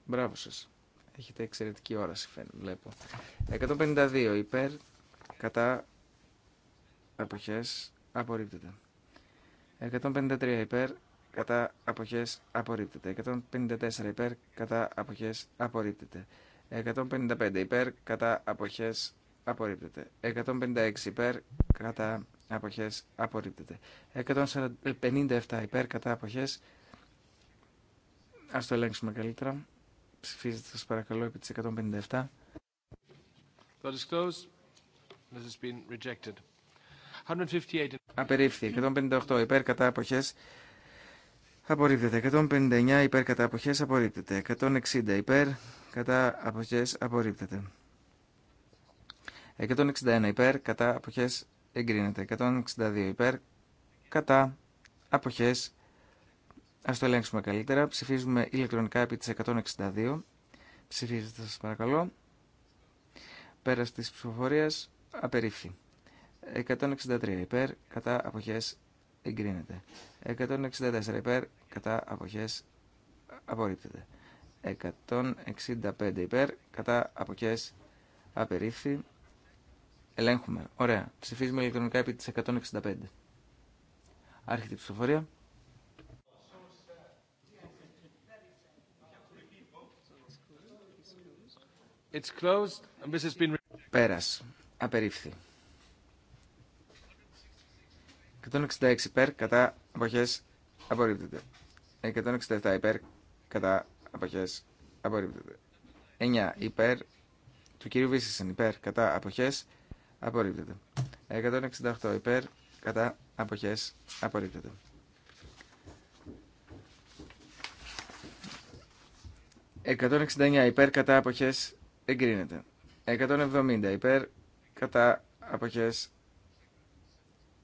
Μπράβο σας. Έχετε εξαιρετική όραση, βλέπω. 152 υπέρ, κατά αποχές, απορρίπτεται. 153 υπέρ, κατά αποχές, απορρίπτεται. 154 υπέρ, κατά αποχές, απορρίπτεται. 155 υπέρ κατά αποχές απορρίπτεται. 156 υπέρ κατά αποχές απορρίπτεται. 157 ε, υπέρ κατά αποχές Ας το ελέγξουμε καλύτερα. Ψηφίζετε σας παρακαλώ επί της 157. Απερίφθη. 158 υπέρ κατά αποχές απορρίπτεται. 159 υπέρ κατά αποχές απορρίπτεται. 160 υπέρ κατά αποχές απορρίπτεται. 161 υπέρ, κατά αποχές εγκρίνεται. 162 υπέρ, κατά αποχές Ας το ελέγξουμε καλύτερα. Ψηφίζουμε ηλεκτρονικά επί της 162. Ψηφίζετε σας παρακαλώ. Πέρας της ψηφοφορίας απερίφθη. 163 υπέρ, κατά αποχές εγκρίνεται. 164 υπέρ, κατά αποχές απορρίπτεται. 165 υπέρ, κατά αποχές απερίφθη. Ελέγχουμε. Ωραία. Ψηφίζουμε ηλεκτρονικά επί της 165. Άρχεται η ψηφοφορία. It's Πέρας. Απερίφθη. 166 υπέρ κατά αποχές απορρίπτεται. 167 υπέρ κατά αποχές απορρίπτεται. 9 υπέρ του κυρίου Βίσισεν υπέρ κατά αποχές απορρίπτεται. 168 υπέρ κατά αποχές απορρίπτεται. ...169 υπέρ κατά αποχές εγκρίνεται. 170 υπέρ κατά αποχές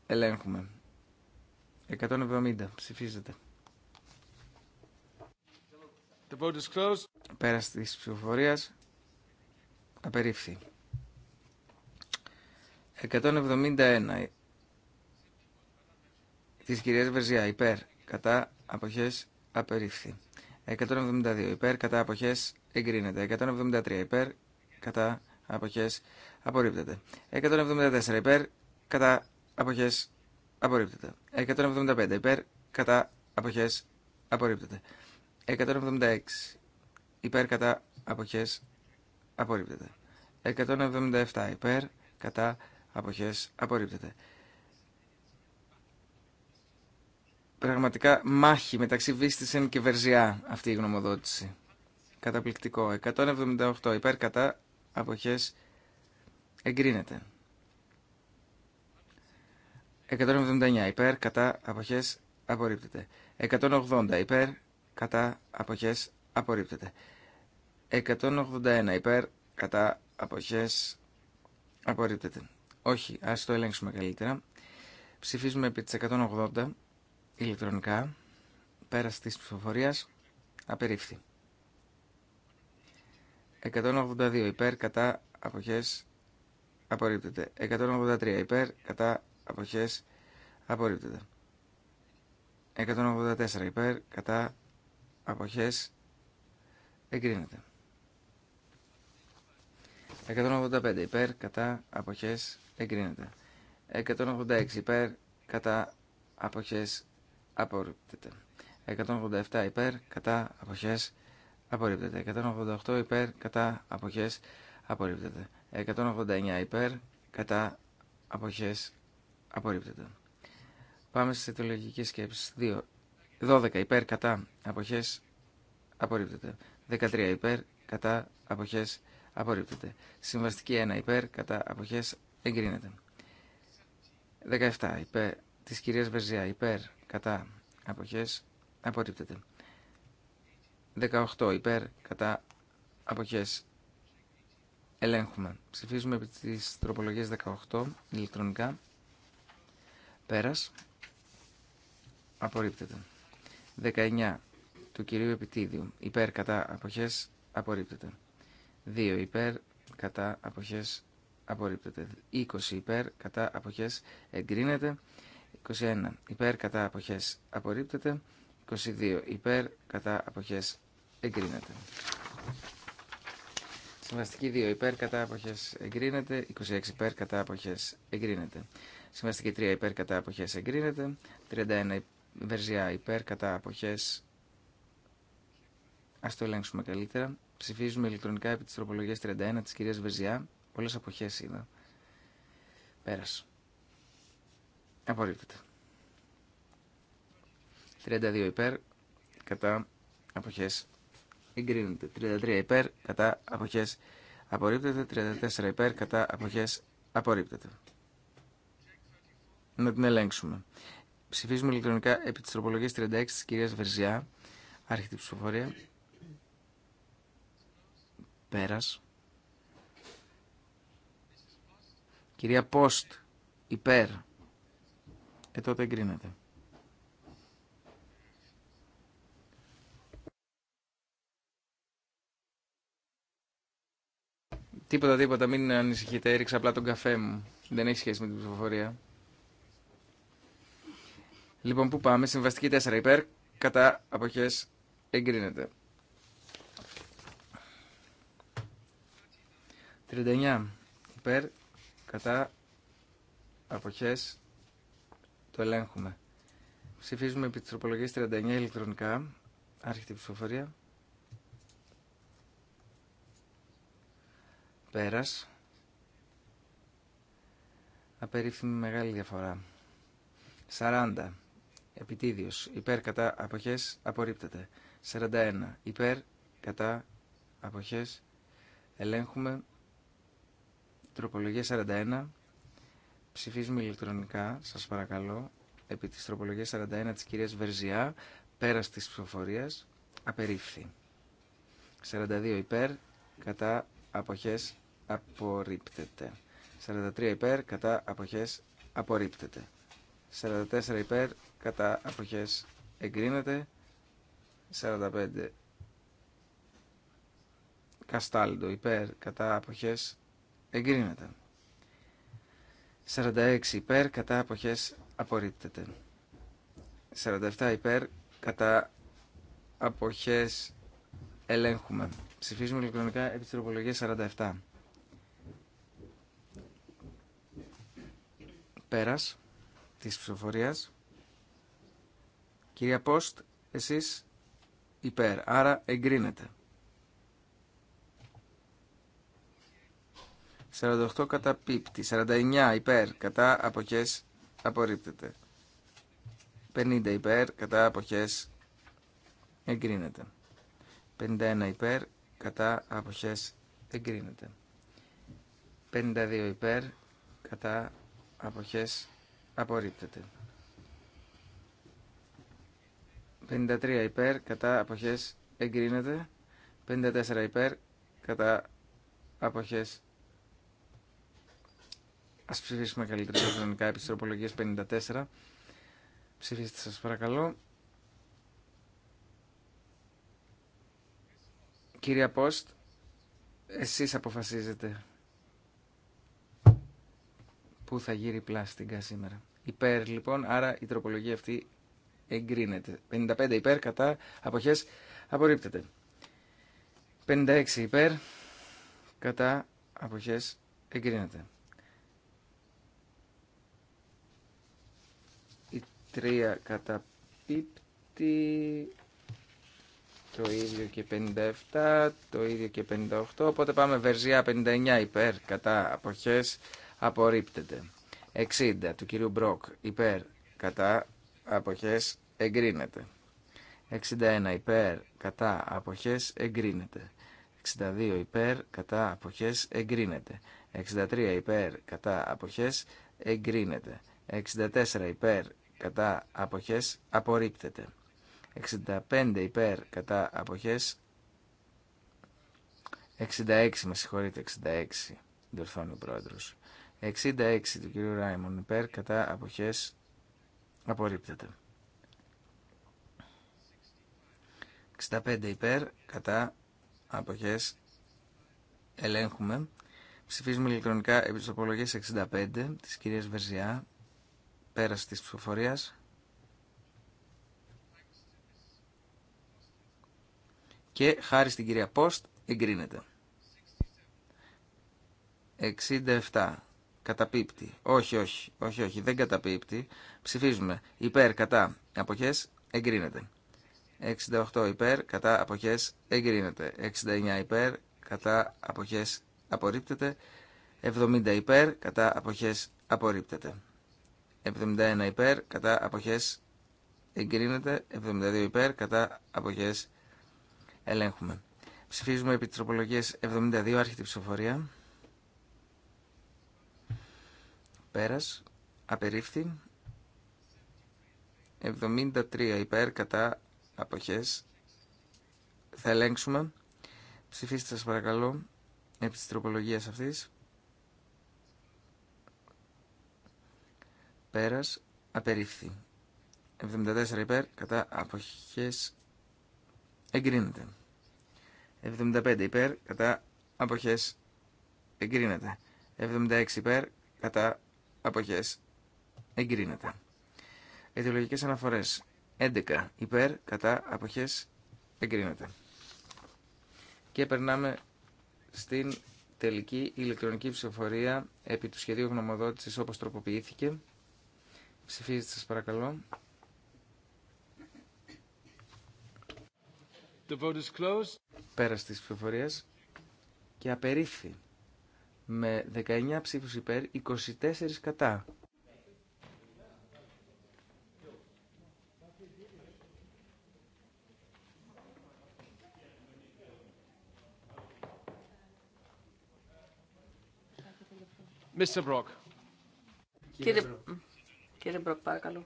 ελέγχουμε. 170 ψηφίζεται. The τη is closed. απερίφθη. 171 της κυρίας Βερζιά υπέρ κατά αποχές απερίφθη. 172 υπέρ κατά αποχές εγκρίνεται. 173 υπέρ κατά αποχές απορρίπτεται. 174 υπέρ κατά αποχές απορρίπτεται. 175 υπέρ κατά αποχές απορρίπτεται. 176. Υπέρ κατά αποχές απορρίπτεται. 177. Υπέρ κατά αποχές απορρίπτεται. Πραγματικά μάχη μεταξύ Βίστησεν και Βερζιά αυτή η γνωμοδότηση. Καταπληκτικό. 178. Υπέρ κατά αποχές εγκρίνεται. 179. Υπέρ κατά αποχές απορρίπτεται. 180. Υπέρ κατά αποχές απορρίπτεται. 181 υπέρ κατά αποχές απορρίπτεται. Όχι, ας το ελέγξουμε καλύτερα. Ψηφίζουμε επί 180 ηλεκτρονικά πέρα της ψηφοφορίας απερίφθη. 182 υπέρ κατά αποχές απορρίπτεται. 183 υπέρ κατά αποχές απορρίπτεται. 184 υπέρ κατά αποχές εγκρίνεται. 185 υπέρ κατά αποχές εγκρίνεται. 186 υπέρ κατά αποχές απορρίπτεται. 187 υπέρ κατά αποχές απορρίπτεται. 188 υπέρ κατά αποχές απορρίπτεται. 189 υπέρ κατά αποχές απορρίπτεται. Πάμε στις αιτιολογικές σκέψεις. 2 12 υπέρ κατά αποχές απορρίπτεται. 13 υπέρ κατά αποχές απορρίπτεται. Συμβαστική 1 υπέρ κατά αποχές εγκρίνεται. 17 υπέρ της κυρίας Βερζιά υπέρ κατά αποχές απορρίπτεται. 18 υπέρ κατά αποχές ελέγχουμε. Ψηφίζουμε επί της 18 ηλεκτρονικά. Πέρας. Απορρίπτεται. 19 του κυρίου Επιτίδιου. Υπέρ κατά αποχές απορρίπτεται. 2 υπέρ κατά αποχές απορρίπτεται. 20 υπέρ κατά αποχές εγκρίνεται. 21 υπέρ κατά αποχές απορρίπτεται. 22 υπέρ κατά αποχές εγκρίνεται. Συμβαστική 2 υπέρ κατά αποχές εγκρίνεται. 26 υπέρ κατά αποχέ εγκρίνεται. Συμβαστική 3 υπέρ κατά αποχέ εγκρίνεται. 31 Βερζιά υπέρ κατά αποχές. Ας το ελέγξουμε καλύτερα. Ψηφίζουμε ηλεκτρονικά επί της τροπολογίας 31 της κυρίας Βερζιά. Πολλές αποχές είδα. Πέρασε. Απορρίπτεται. 32 υπέρ κατά αποχές. Εγκρίνεται. 33 υπέρ κατά αποχές. Απορρίπτεται. 34 υπέρ κατά αποχές. Απορρίπτεται. Να την ελέγξουμε. Ψηφίζουμε ηλεκτρονικά επί της τροπολογίας 36 της κυρίας Βερζιά. Άρχεται η ψηφοφορία. Πέρας. Κυρία Πόστ, υπέρ. Ε, τότε εγκρίνεται. Τίποτα, τίποτα, μην ανησυχείτε. Έριξα απλά τον καφέ μου. Δεν έχει σχέση με την ψηφοφορία. Λοιπόν, πού πάμε. Συμβαστική 4 υπέρ. Κατά αποχές εγκρίνεται. 39 υπέρ. Κατά αποχές το ελέγχουμε. Ψηφίζουμε επί της τροπολογίας 39 ηλεκτρονικά. Άρχεται η ψηφοφορία. Πέρας. Απερίφθημη μεγάλη διαφορά. 40 επιτίδιος υπέρ κατά αποχές απορρίπτεται 41 υπέρ κατά αποχές ελέγχουμε τροπολογία 41 ψηφίζουμε ηλεκτρονικά σας παρακαλώ επί τη τροπολογία 41 τη κυρία Βερζιά πέρα της ψηφοφορίας απερίφθη 42 υπέρ κατά αποχές απορρίπτεται 43 υπέρ κατά αποχές απορρίπτεται 44 υπέρ κατά αποχές εγκρίνεται 45 Καστάλντο υπέρ κατά αποχές εγκρίνεται 46 υπέρ κατά αποχές απορρίπτεται 47 υπέρ κατά αποχές ελέγχουμε ψηφίζουμε ηλεκτρονικά επιστροπολογία 47 πέρας της ψηφοφορίας. Κυρία Πόστ, εσείς υπέρ, άρα εγκρίνετε. 48 κατά πίπτη, 49 υπέρ, κατά αποχές απορρίπτεται. 50 υπέρ, κατά αποχές εγκρίνεται. 51 υπέρ, κατά αποχές εγκρίνεται. 52 υπέρ, κατά αποχές Απορρίπτεται. 53 υπέρ κατά αποχές εγκρίνεται. 54 υπέρ κατά αποχές Ας ψηφίσουμε καλύτερα χρονικά επιστροπολογίες 54. Ψηφίστε σας παρακαλώ. Κυρία Πόστ, εσείς αποφασίζετε πού θα γύρει πλάστιγκα σήμερα υπέρ λοιπόν, άρα η τροπολογία αυτή εγκρίνεται. 55 υπέρ, κατά, αποχές, απορρίπτεται. 56 υπέρ, κατά, αποχές, εγκρίνεται. Η 3 καταπίπτει, το ίδιο και 57, το ίδιο και 58, οπότε πάμε βερζιά 59 υπέρ, κατά, αποχές, απορρίπτεται. 60 του κυρίου Μπροκ υπέρ κατά αποχές εγκρίνεται. 61 υπέρ κατά αποχές εγκρίνεται. 62 υπέρ κατά αποχές εγκρίνεται. 63 υπέρ κατά αποχές εγκρίνεται. 64 υπέρ κατά αποχές απορρίπτεται. 65 υπέρ κατά αποχές 66 με συγχωρείτε 66 διορθώνει ο πρόεδρος 66 του κυρίου Ράιμον υπέρ κατά αποχές απορρίπτεται. 65 υπέρ κατά αποχές ελέγχουμε. Ψηφίζουμε ηλεκτρονικά επί της 65 της κυρίας Βερζιά πέρας της ψηφοφορίας. Και χάρη στην κυρία Πόστ εγκρίνεται. 67 Καταπίπτει. Όχι, όχι, όχι, όχι, δεν καταπίπτει. Ψηφίζουμε. Υπέρ, κατά, αποχές, εγκρίνεται. 68 υπέρ, κατά, αποχές, εγκρίνεται. 69 υπέρ, κατά, αποχές, απορρίπτεται. 70 υπέρ, κατά, αποχές, απορρίπτεται. 71 υπέρ, κατά, αποχές, εγκρίνεται. 72 υπέρ, κατά, αποχές, ελέγχουμε. Ψηφίζουμε επί 72, άρχεται ψηφοφορία. πέρας, απερίφθη, 73 υπέρ κατά αποχές, θα ελέγξουμε, ψηφίστε σας παρακαλώ, επί της τροπολογίας αυτής, πέρας, απερίφθη, 74 υπέρ κατά αποχές, εγκρίνεται. 75 υπέρ κατά αποχές εγκρίνεται. 76 υπέρ κατά αποχές εγκρίνεται. Αιτιολογικές αναφορές 11 υπέρ κατά αποχές εγκρίνεται. Και περνάμε στην τελική ηλεκτρονική ψηφοφορία επί του σχεδίου γνωμοδότησης όπως τροποποιήθηκε. Ψηφίζετε σας παρακαλώ. The τη is και απερίφθη με 19 ψήφους υπέρ, 24 κατά. Mr. Brock. Κύριε, Κύριε Μπροκ, παρακαλώ.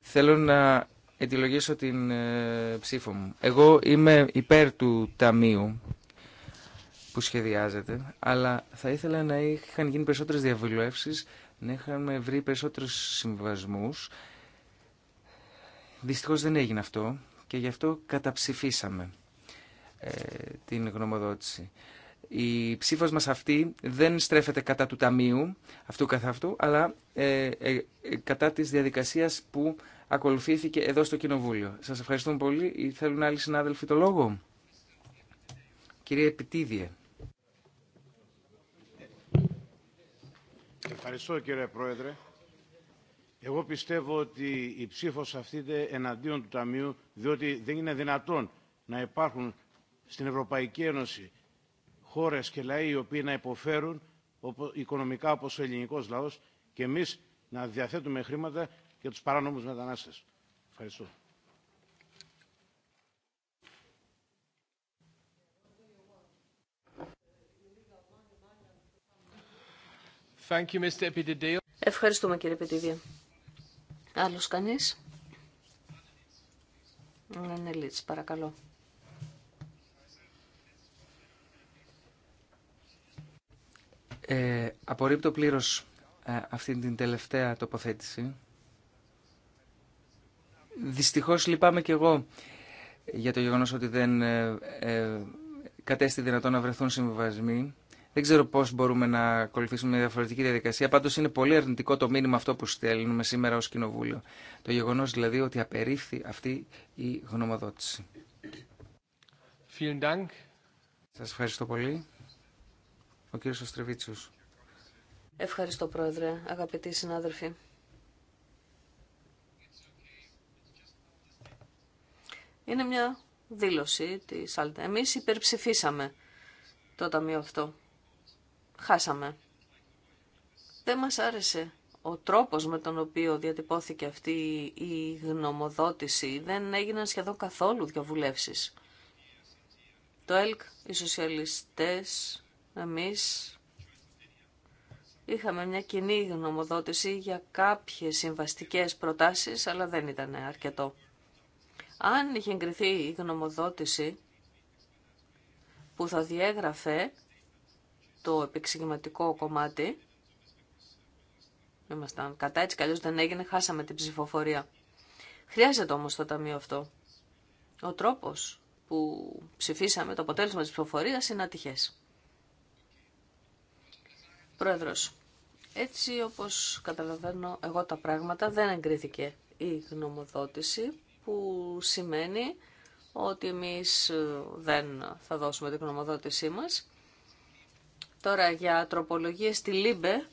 Θέλω να ετυλογήσω την ε, ψήφο μου. Εγώ είμαι υπέρ του Ταμείου που σχεδιάζεται, αλλά θα ήθελα να είχαν γίνει περισσότερες διαβουλεύσεις, να είχαμε βρει περισσότερους συμβασμούς. Δυστυχώς δεν έγινε αυτό και γι' αυτό καταψηφίσαμε ε, την γνωμοδότηση. Η ψήφος μας αυτή δεν στρέφεται κατά του Ταμείου, αυτού καθ' αυτού, αλλά ε, ε, ε κατά της διαδικασίας που ακολουθήθηκε εδώ στο Κοινοβούλιο. Σας ευχαριστούμε πολύ. Θέλουν άλλοι συνάδελφοι το λόγο. Κυρία Επιτίδιε. Ευχαριστώ κύριε Πρόεδρε. Εγώ πιστεύω ότι η ψήφος αυτή είναι εναντίον του Ταμείου, διότι δεν είναι δυνατόν να υπάρχουν στην Ευρωπαϊκή Ένωση χώρες και λαοί οι οποίοι να υποφέρουν οικονομικά όπως ο ελληνικός λαός και εμείς να διαθέτουμε χρήματα για τους παράνομους μετανάστες. Ευχαριστώ. Ευχαριστούμε κύριε Πετιδίου. Άλλος κανείς. Νελίτς, ναι, ναι, παρακαλώ. Ε, απορρίπτω πλήρως ε, αυτή την τελευταία τοποθέτηση. Δυστυχώς λυπάμαι και εγώ για το γεγονός ότι δεν ε, ε κατέστη δυνατόν να βρεθούν συμβιβασμοί. Δεν ξέρω πώ μπορούμε να ακολουθήσουμε μια διαφορετική διαδικασία. Πάντω είναι πολύ αρνητικό το μήνυμα αυτό που στέλνουμε σήμερα ω Κοινοβούλιο. Το γεγονό δηλαδή ότι απερίφθη αυτή η γνωμοδότηση. Σα ευχαριστώ πολύ. Ο κύριο Οστρεβίτσιο. Ευχαριστώ, Πρόεδρε, αγαπητοί συνάδελφοι. Είναι μια δήλωση της ΑΛΤΑ. Εμείς υπερψηφίσαμε το ταμείο αυτό χάσαμε. Δεν μας άρεσε ο τρόπος με τον οποίο διατυπώθηκε αυτή η γνωμοδότηση. Δεν έγιναν σχεδόν καθόλου διαβουλεύσεις. Το ΕΛΚ, οι σοσιαλιστές, εμείς είχαμε μια κοινή γνωμοδότηση για κάποιες συμβαστικές προτάσεις, αλλά δεν ήταν αρκετό. Αν είχε εγκριθεί η γνωμοδότηση που θα διέγραφε το επεξηγηματικό κομμάτι. Ήμασταν κατά, έτσι καλώς δεν έγινε, χάσαμε την ψηφοφορία. Χρειάζεται όμως το ταμείο αυτό. Ο τρόπος που ψηφίσαμε το αποτέλεσμα της ψηφοφορίας είναι ατυχές. Πρόεδρος, έτσι όπως καταλαβαίνω εγώ τα πράγματα δεν εγκρίθηκε η γνωμοδότηση που σημαίνει ότι εμείς ε, δεν θα δώσουμε την γνωμοδότησή μας Τώρα για τροπολογίες στη Λίμπε,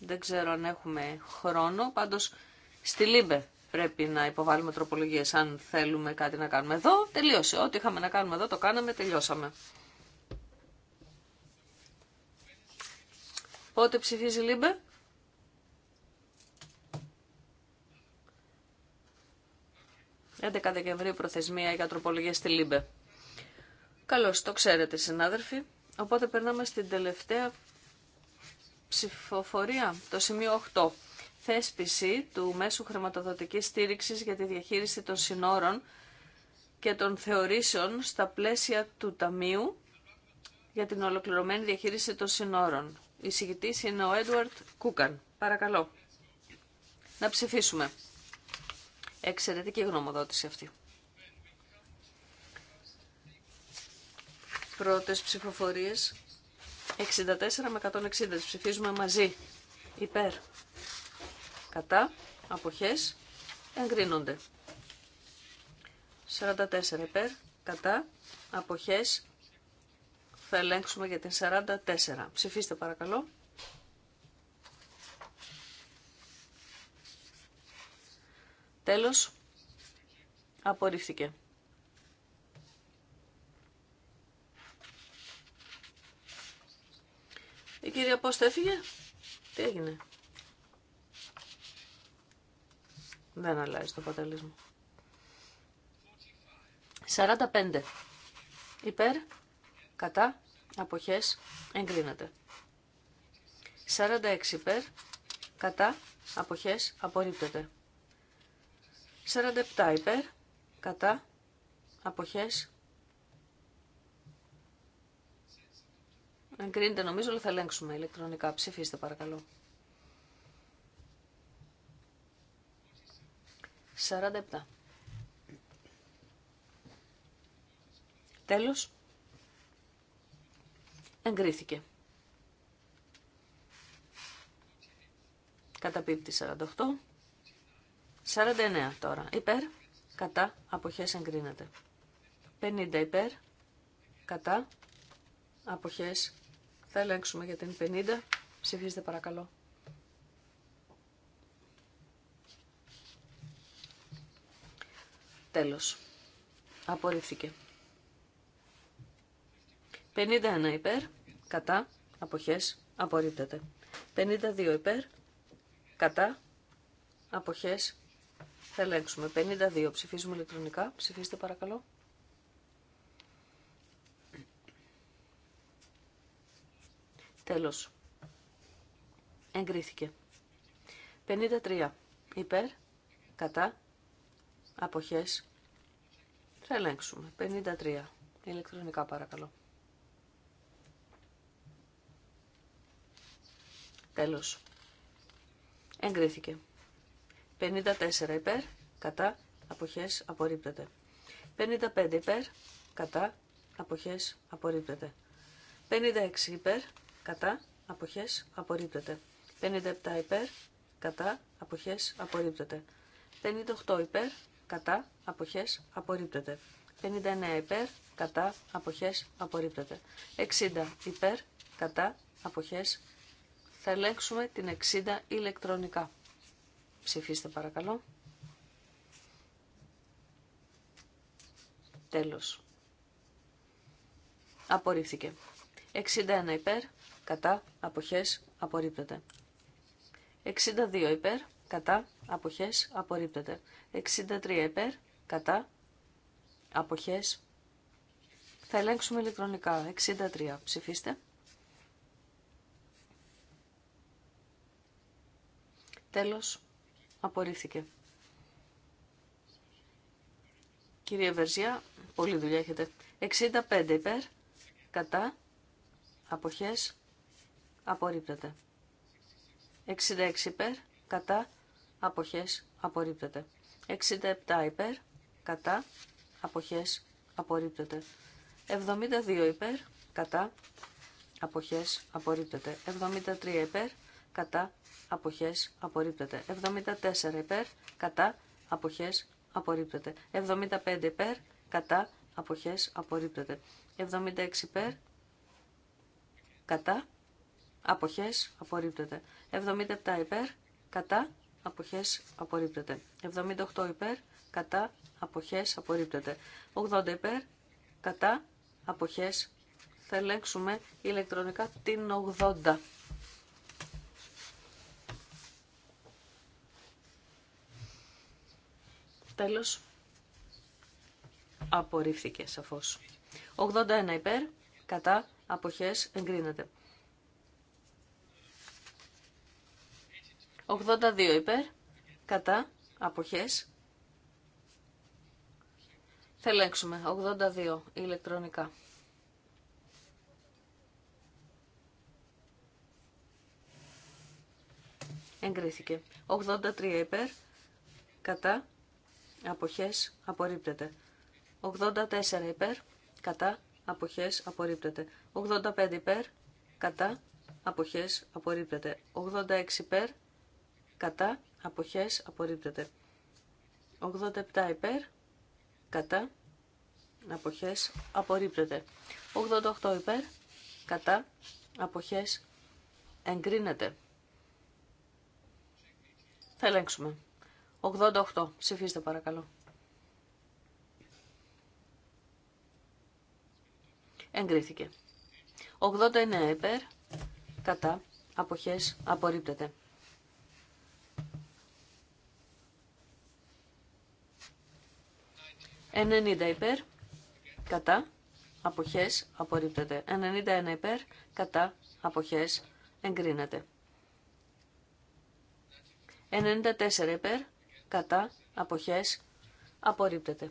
δεν ξέρω αν έχουμε χρόνο, πάντως στη Λίμπε πρέπει να υποβάλουμε τροπολογίες αν θέλουμε κάτι να κάνουμε εδώ. Τελείωσε. Ό,τι είχαμε να κάνουμε εδώ το κάναμε, τελειώσαμε. Πότε ψηφίζει Λίμπε? «11 Δεκεμβρίου προθεσμία για τροπολογία στη Λίμπε». Καλώς το ξέρετε συνάδελφοι. Οπότε περνάμε στην τελευταία ψηφοφορία, το σημείο 8. Θέσπιση του μέσου χρηματοδοτικής στήριξης για τη διαχείριση των συνόρων και των θεωρήσεων στα πλαίσια του Ταμείου για την ολοκληρωμένη διαχείριση των συνόρων. Η συγητής είναι ο Έντουαρτ Κούκαν. Παρακαλώ. Να ψηφίσουμε. Εξαιρετική γνωμοδότηση αυτή. πρώτες ψηφοφορίες. 64 με 160 ψηφίζουμε μαζί. Υπέρ. Κατά. Αποχές. Εγκρίνονται. 44 υπέρ. Κατά. Αποχές. Θα ελέγξουμε για την 44. Ψηφίστε παρακαλώ. Τέλος. Απορρίφθηκε. Η κυρία Πώστα έφυγε. Τι έγινε. Δεν αλλάζει το αποτέλεσμα. 45. Υπέρ, κατά, αποχές, εγκρίνεται. 46 υπέρ, κατά, αποχές, απορρίπτεται. 47 υπέρ, κατά, αποχές, Εγκρίνεται νομίζω, αλλά θα ελέγξουμε ηλεκτρονικά. Ψηφίστε παρακαλώ. 47. Τέλος. Εγκρίθηκε. Καταπίπτει 48. 49 τώρα. Υπέρ. Κατά. Αποχές εγκρίνεται. 50 υπέρ. Κατά. Αποχές θα ελέγξουμε για την 50. Ψηφίστε παρακαλώ. Τέλος. Απορρίφθηκε. 51 υπέρ, κατά, αποχές, απορρίπτεται. 52 υπέρ, κατά, αποχές, θα ελέγξουμε. 52 ψηφίζουμε ηλεκτρονικά. Ψηφίστε παρακαλώ. Τέλος. Εγκρίθηκε. 53. Υπέρ. Κατά. Αποχές. Θα ελέγξουμε. 53. Ηλεκτρονικά παρακαλώ. Τέλος. Εγκρίθηκε. 54 υπέρ, κατά, αποχές, απορρίπτεται. 55 υπέρ, κατά, αποχές, απορρίπτεται. 56 υπέρ, κατά, αποχές, απορρίπτεται. 57 υπέρ, κατά, αποχές, απορρίπτεται. 58 υπέρ, κατά, αποχές, απορρίπτεται. 59 υπέρ, κατά, αποχές, απορρίπτεται. 60 υπέρ, κατά, αποχές, θα ελέγξουμε την 60 ηλεκτρονικά. Ψηφίστε παρακαλώ. Τέλος. Απορρίφθηκε. 61 υπέρ, κατά, αποχές, απορρίπτεται. 62 υπέρ, κατά, αποχές, απορρίπτεται. 63 υπέρ, κατά, αποχές. Θα ελέγξουμε ηλεκτρονικά. 63. Ψηφίστε. Τέλος, απορρίφθηκε. Κυρία Βερζιά, πολλή δουλειά έχετε. 65 υπέρ, κατά, αποχές, απορρίπτεται. 66 υπέρ, κατά, αποχές, απορρίπτεται. 67 υπέρ, κατά, αποχές, απορρίπτεται. 72 υπέρ, κατά, αποχές, απορρίπτεται. 73 υπέρ, κατά, αποχές, απορρίπτεται. 74 υπέρ, κατά, αποχές, απορρίπτεται. 75 υπέρ, κατά, αποχές, απορρίπτεται. 76 υπέρ, κατά, Αποχέ, απορρίπτεται. 77 υπέρ, κατά, αποχέ, απορρίπτεται. 78 υπέρ, κατά, αποχές απορρίπτεται. 80 υπέρ, κατά, αποχές θα ελέγξουμε ηλεκτρονικά την 80. Τέλος, απορρίφθηκε σαφώς. 81 υπέρ, κατά, αποχές εγκρίνεται. 82 υπέρ, κατά, αποχές. Θα ελέγξουμε 82 ηλεκτρονικά. Εγκρίθηκε. 83 υπέρ, κατά, αποχές, απορρίπτεται. 84 υπέρ, κατά, αποχές, απορρίπτεται. 85 υπέρ, κατά, αποχές, απορρίπτεται. 86 υπέρ, κατά, αποχές, απορρίπτεται. 87 υπέρ, κατά, αποχές, απορρίπτεται. 88 υπέρ, κατά, αποχές, εγκρίνεται. Θα ελέγξουμε. 88. Ψηφίστε παρακαλώ. Εγκρίθηκε. 89 υπέρ, κατά, αποχές, απορρίπτεται. 90 υπέρ, κατά, αποχές, απορρίπτεται. 91 υπέρ, κατά, αποχές, εγκρίνεται. 94 υπέρ, κατά, αποχές, απορρίπτεται.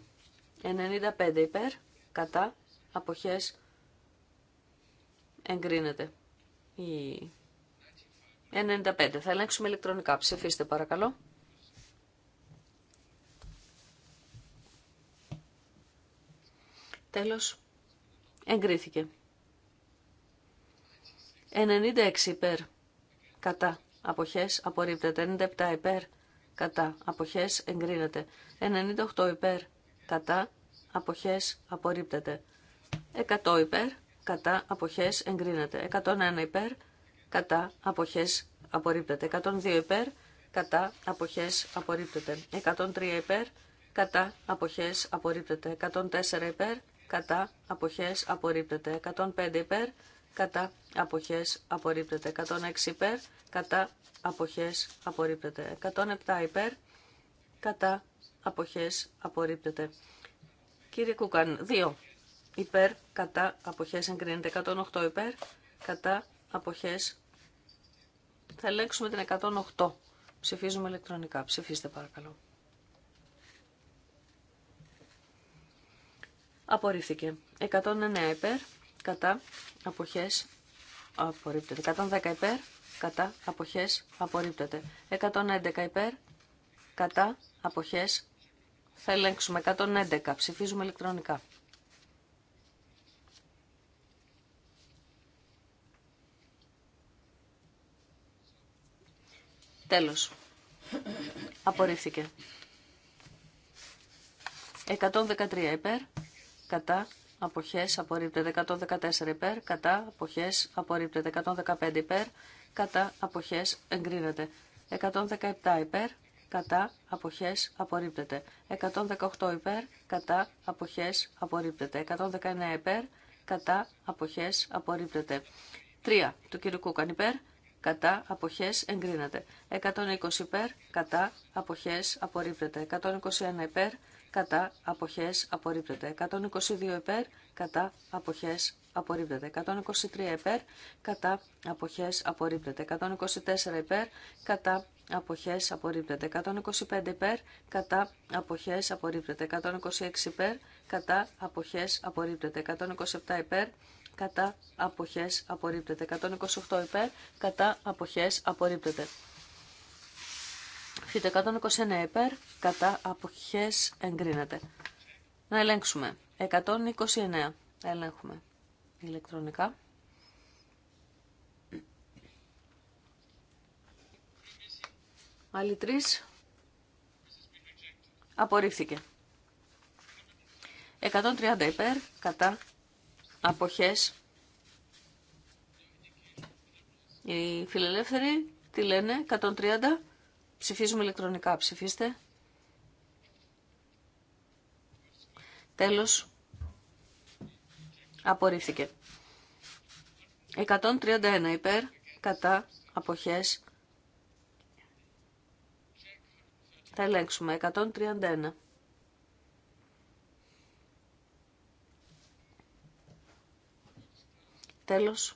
95 υπέρ, κατά, αποχές, εγκρίνεται. 95. Θα ελέγξουμε ηλεκτρονικά. Ψηφίστε παρακαλώ. Τέλος. Εγκρίθηκε. 96 υπέρ. Κατά. Αποχές. Απορρίπτεται. 97 υπέρ. Κατά. Αποχές. Εγκρίνεται. 98 υπέρ. Κατά. Αποχές. Απορρίπτεται. 100 υπέρ. Κατά. Αποχές. Εγκρίνεται. 101 υπέρ. Κατά. Αποχές. Απορρίπτεται. 102 υπέρ. Κατά. Αποχές. Απορρίπτεται. 103 υπέρ. Κατά. Αποχές. Απορρίπτεται. 104 υπέρ κατά αποχές απορρίπτεται. 105 υπέρ κατά αποχές απορρίπτεται. 106 υπέρ κατά αποχές απορρίπτεται. 107 υπέρ κατά αποχές απορρίπτεται. Κύριε Κούκαν, 2 υπέρ κατά αποχές εγκρίνεται. 108 υπέρ κατά αποχές θα ελέγξουμε την 108. Ψηφίζουμε ηλεκτρονικά. Ψηφίστε παρακαλώ. Απορρίφθηκε. 109 υπέρ, κατά, αποχές, απορρίπτεται. 110 υπέρ, κατά, αποχές, απορρίπτεται. 111 υπέρ, κατά, αποχές, θα ελέγξουμε 111. Ψηφίζουμε ηλεκτρονικά. Τέλος. Απορρίφθηκε. 113 υπέρ, κατά, αποχές, απορρίπτεται. 114 υπέρ, κατά, αποχές, απορρίπτεται. 115 υπέρ, κατά, αποχές, εγκρίνεται. 117 υπέρ, κατά, αποχές, απορρίπτεται. 118 υπέρ, κατά, αποχές, απορρίπτεται. 119 υπέρ, κατά, αποχές, απορρίπτεται. 3. Του κ. Κούκαν υπέρ, κατά, αποχές, εγκρίνεται. 120 υπέρ, κατά, αποχές, απορρίπτεται. 121 υπέρ, κατά αποχές απορρίπτεται. 122 υπέρ, κατά αποχές απορρίπτεται. 123 υπέρ, κατά αποχές απορρίπτεται. 124 υπέρ, κατά αποχές απορρίπτεται. 125 υπέρ, κατά αποχές απορρίπτεται. 126 υπέρ, κατά αποχές απορρίπτεται. 127 υπέρ, κατά αποχές απορρίπτεται. 128 υπέρ, κατά αποχές απορρίπτεται. Φύτε 129 υπέρ, κατά αποχές εγκρίνεται. Να ελέγξουμε. 129. Ελέγχουμε ηλεκτρονικά. Άλλοι τρεις. Απορρίφθηκε. 130 υπέρ, κατά αποχές. Οι φιλελεύθεροι τι λένε, 130 Ψηφίζουμε ηλεκτρονικά. Ψηφίστε. Τέλος. Απορρίφθηκε. 131 υπέρ, κατά, αποχές. Θα ελέγξουμε. 131. Τέλος.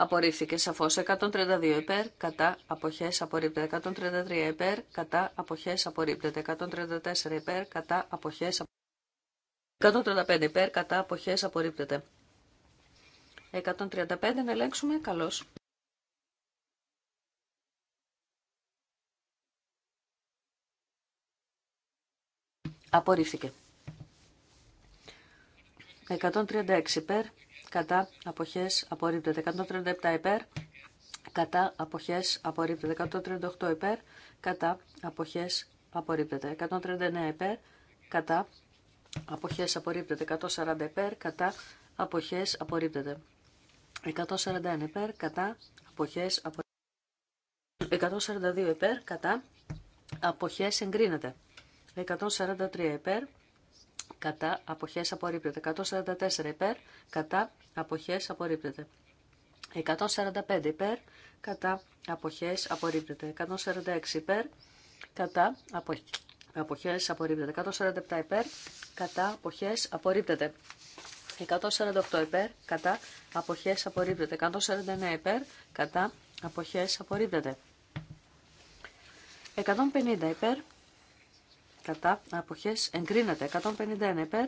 Απορρίφθηκε σαφώ. 132 υπέρ, κατά αποχές απορρίπτεται 133 υπέρ, κατά αποχές απορρίπτεται 134 υπέρ, κατά αποχές 135 υπέρ, κατά αποχές απορρίπτεται. 135 να ελέγξουμε, καλώς. Απορρίφθηκε. 136 υπέρ, κατά αποχές απορρίπτεται 137 υπέρ, κατά αποχές απορρίπτεται 138 υπέρ, κατά αποχές απορρίπτεται 139 υπέρ, κατά αποχές απορρίπτεται 140 υπέρ, κατά αποχές απορρίπτεται 141 υπέρ, κατά αποχές απορρίπτεται 142 υπέρ, κατά αποχές εγκρίνεται 143 υπέρ, κατά αποχές απορρίπτεται. 144 υπέρ, κατά αποχές απορρίπτεται. 145 υπέρ, κατά αποχές απορρίπτεται. 146 υπέρ, κατά αποχές απορρίπτεται. 147 υπέρ, κατά αποχές απορρίπτεται. 148 υπέρ, κατά αποχές απορρίπτεται. 149 υπέρ, κατά αποχές απορρίπτεται. 150 υπέρ, κατά αποχές εγκρίνεται. 151 υπέρ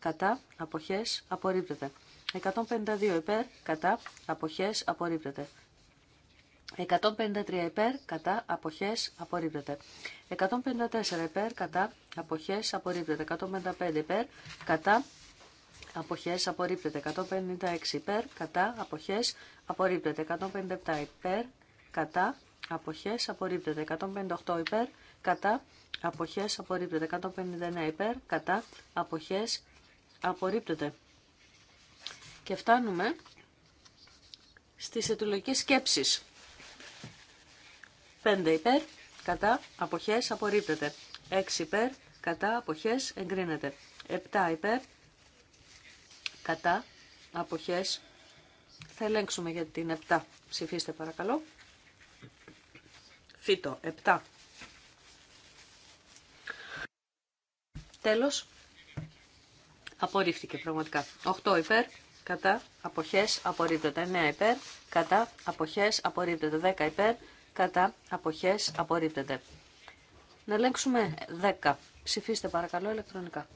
κατά αποχές απορρίπτεται. 152 υπέρ κατά αποχές απορρίπτεται. 153 υπέρ κατά αποχές απορρίπτεται. 154 υπέρ κατά αποχές απορρίπτεται. 155 υπέρ κατά αποχές απορρίπτεται. 156 υπέρ κατά αποχές απορρίπτεται. 157 υπέρ κατά αποχές απορρίπτεται. 158 υπέρ κατά, αποχές, απορρίπτεται. 159 υπέρ, κατά, αποχές, απορρίπτεται. Και φτάνουμε στις ετουλογικές σκέψεις. 5 υπέρ, κατά, αποχές, απορρίπτεται. 6 υπέρ, κατά, αποχές, εγκρίνεται. 7 υπέρ, κατά, αποχές, θα ελέγξουμε για την 7. Ψηφίστε παρακαλώ. Φύτο, 7. Τέλος, απορρίφθηκε πραγματικά. 8 υπέρ, κατά, αποχές, απορρίπτεται. 9 υπέρ, κατά, αποχές, απορρίπτεται. 10 υπέρ, κατά, αποχές, απορρίπτεται. Να ελέγξουμε 10. Ψηφίστε παρακαλώ ηλεκτρονικά.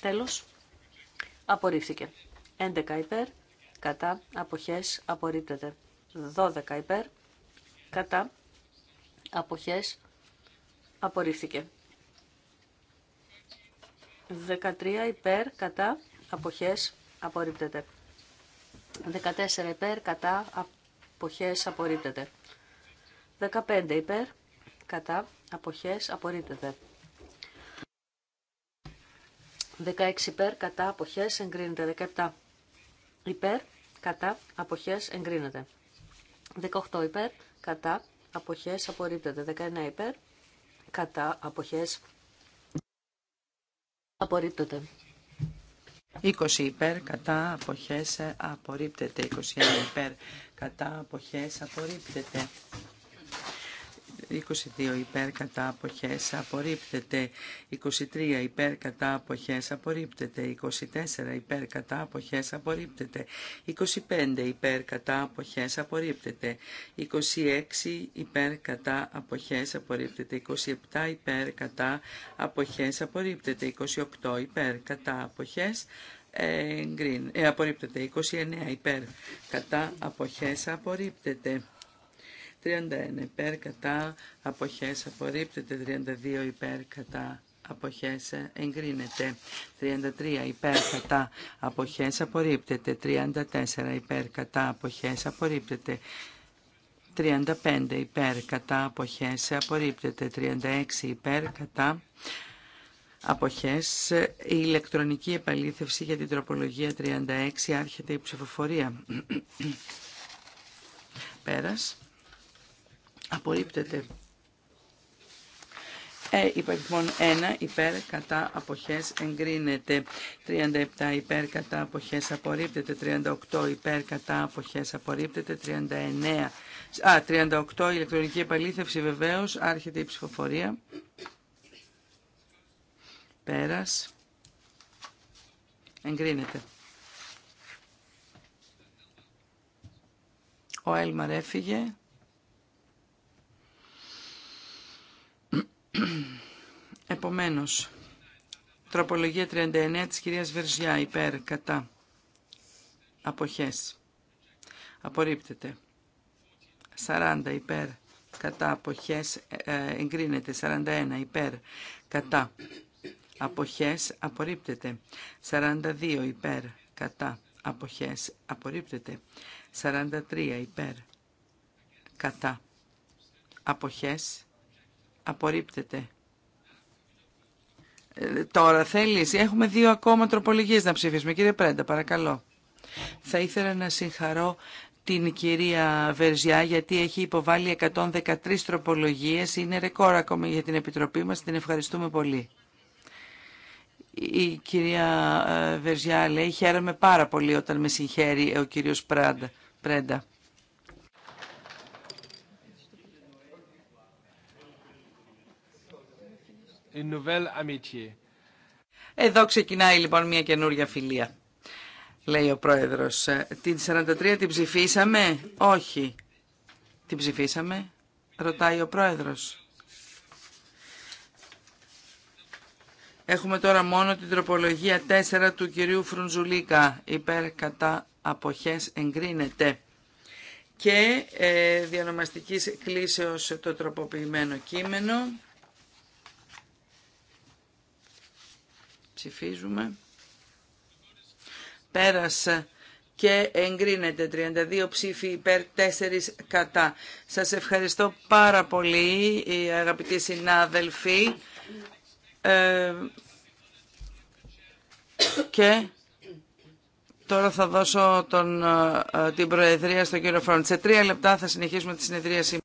Τέλος, απορρίφθηκε. 11 υπέρ, κατά, αποχές, απορρίπτεται. 12 υπέρ, κατά, αποχές απορρίφθηκε. 13 υπέρ κατά αποχές απορρίπτεται. 14 υπέρ κατά αποχές απορρίπτεται. 15 υπέρ κατά αποχές απορρίπτεται. 16 υπέρ κατά αποχές εγκρίνεται. 17 υπέρ κατά αποχές εγκρίνεται. 18 υπέρ κατά αποχές απορρίπτεται. 19 υπέρ, κατά αποχές απορρίπτεται. 20 υπέρ, κατά αποχές απορρίπτεται. 21 υπέρ, κατά αποχές απορρίπτεται. 22 υπέρ κατά αποχές απορρίπτεται, 23 υπέρ κατά αποχές απορρίπτεται, 24 υπέρ κατά αποχές απορρίπτεται, 25 υπέρ κατά αποχές απορρίπτεται, 26 υπέρ κατά αποχές απορρίπτεται, 27 υπέρ κατά αποχές απορρίπτεται, 28 ε, υπέρ κατά αποχές απορρίπτεται, 29 υπέρ κατά αποχές απορρίπτεται. 31 υπέρ κατά αποχές απορρίπτεται, 32 υπέρ κατά αποχές εγκρίνεται, 33 υπέρ κατά αποχές απορρίπτεται, 34 υπέρ κατά αποχές απορρίπτεται, 35 υπέρ κατά αποχές απορρίπτεται, 36 υπέρ κατά αποχές η ηλεκτρονική επαλήθευση για την τροπολογία 36 άρχεται η ψηφοφορία. Πέρας. Απορρίπτεται. Ε, υπαριθμόν 1 υπέρ κατά αποχές εγκρίνεται. 37 υπέρ κατά αποχές απορρίπτεται. 38 υπέρ κατά αποχές απορρίπτεται. 39. Α, 38 ηλεκτρονική επαλήθευση βεβαίως. Άρχεται η ψηφοφορία. Πέρας. Εγκρίνεται. Ο Έλμαρ έφυγε. Επομένως, τροπολογία 39 της κυρίας Βερζιά, υπέρ, κατά, αποχές. Απορρίπτεται. 40 υπέρ, κατά, αποχές, ε, εγκρίνεται. 41 υπέρ, κατά, αποχές, απορρίπτεται. 42 υπέρ, κατά, αποχές, απορρίπτεται. 43 υπέρ, κατά, αποχές, Απορρίπτεται. Ε, τώρα θέλεις, έχουμε δύο ακόμα τροπολογίες να ψηφίσουμε. Κύριε Πρέντα, παρακαλώ. Θα ήθελα να συγχαρώ την κυρία Βερζιά γιατί έχει υποβάλει 113 τροπολογίες. Είναι ρεκόρ ακόμα για την Επιτροπή μας. Την ευχαριστούμε πολύ. Η κυρία ε, Βερζιά λέει χαίρομαι πάρα πολύ όταν με συγχαίρει ο κύριος Πρέντα. Εδώ ξεκινάει λοιπόν μια καινούργια φιλία, λέει ο πρόεδρος. Ε, την 43 την ψηφίσαμε, όχι. Την ψηφίσαμε, ρωτάει ο πρόεδρος. Έχουμε τώρα μόνο την τροπολογία 4 του κυρίου Φρουνζουλίκα. Υπέρ κατά αποχές εγκρίνεται. Και ε, διανομαστικής κλίσεως το τροποποιημένο κείμενο. Ψηφίζουμε. Πέρασε και εγκρίνεται 32 ψήφοι υπέρ 4 κατά. Σας ευχαριστώ πάρα πολύ αγαπητοί συνάδελφοι ε, και τώρα θα δώσω τον, ε, την Προεδρία στον κύριο Φρόντ. Σε τρία λεπτά θα συνεχίσουμε τη συνεδρίαση.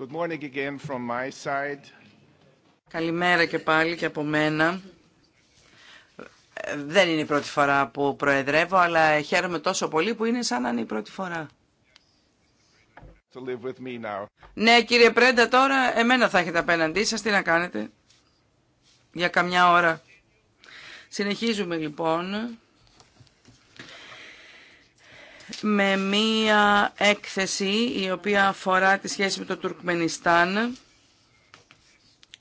Good Καλημέρα και πάλι και από μένα. Δεν είναι η πρώτη φορά που προεδρεύω, αλλά χαίρομαι τόσο πολύ που είναι σαν να είναι η πρώτη φορά. Ναι, κύριε Πρέντα, τώρα εμένα θα έχετε απέναντί σας. Τι να κάνετε για καμιά ώρα. Συνεχίζουμε λοιπόν με μία έκθεση η οποία αφορά τη σχέση με το Τουρκμενιστάν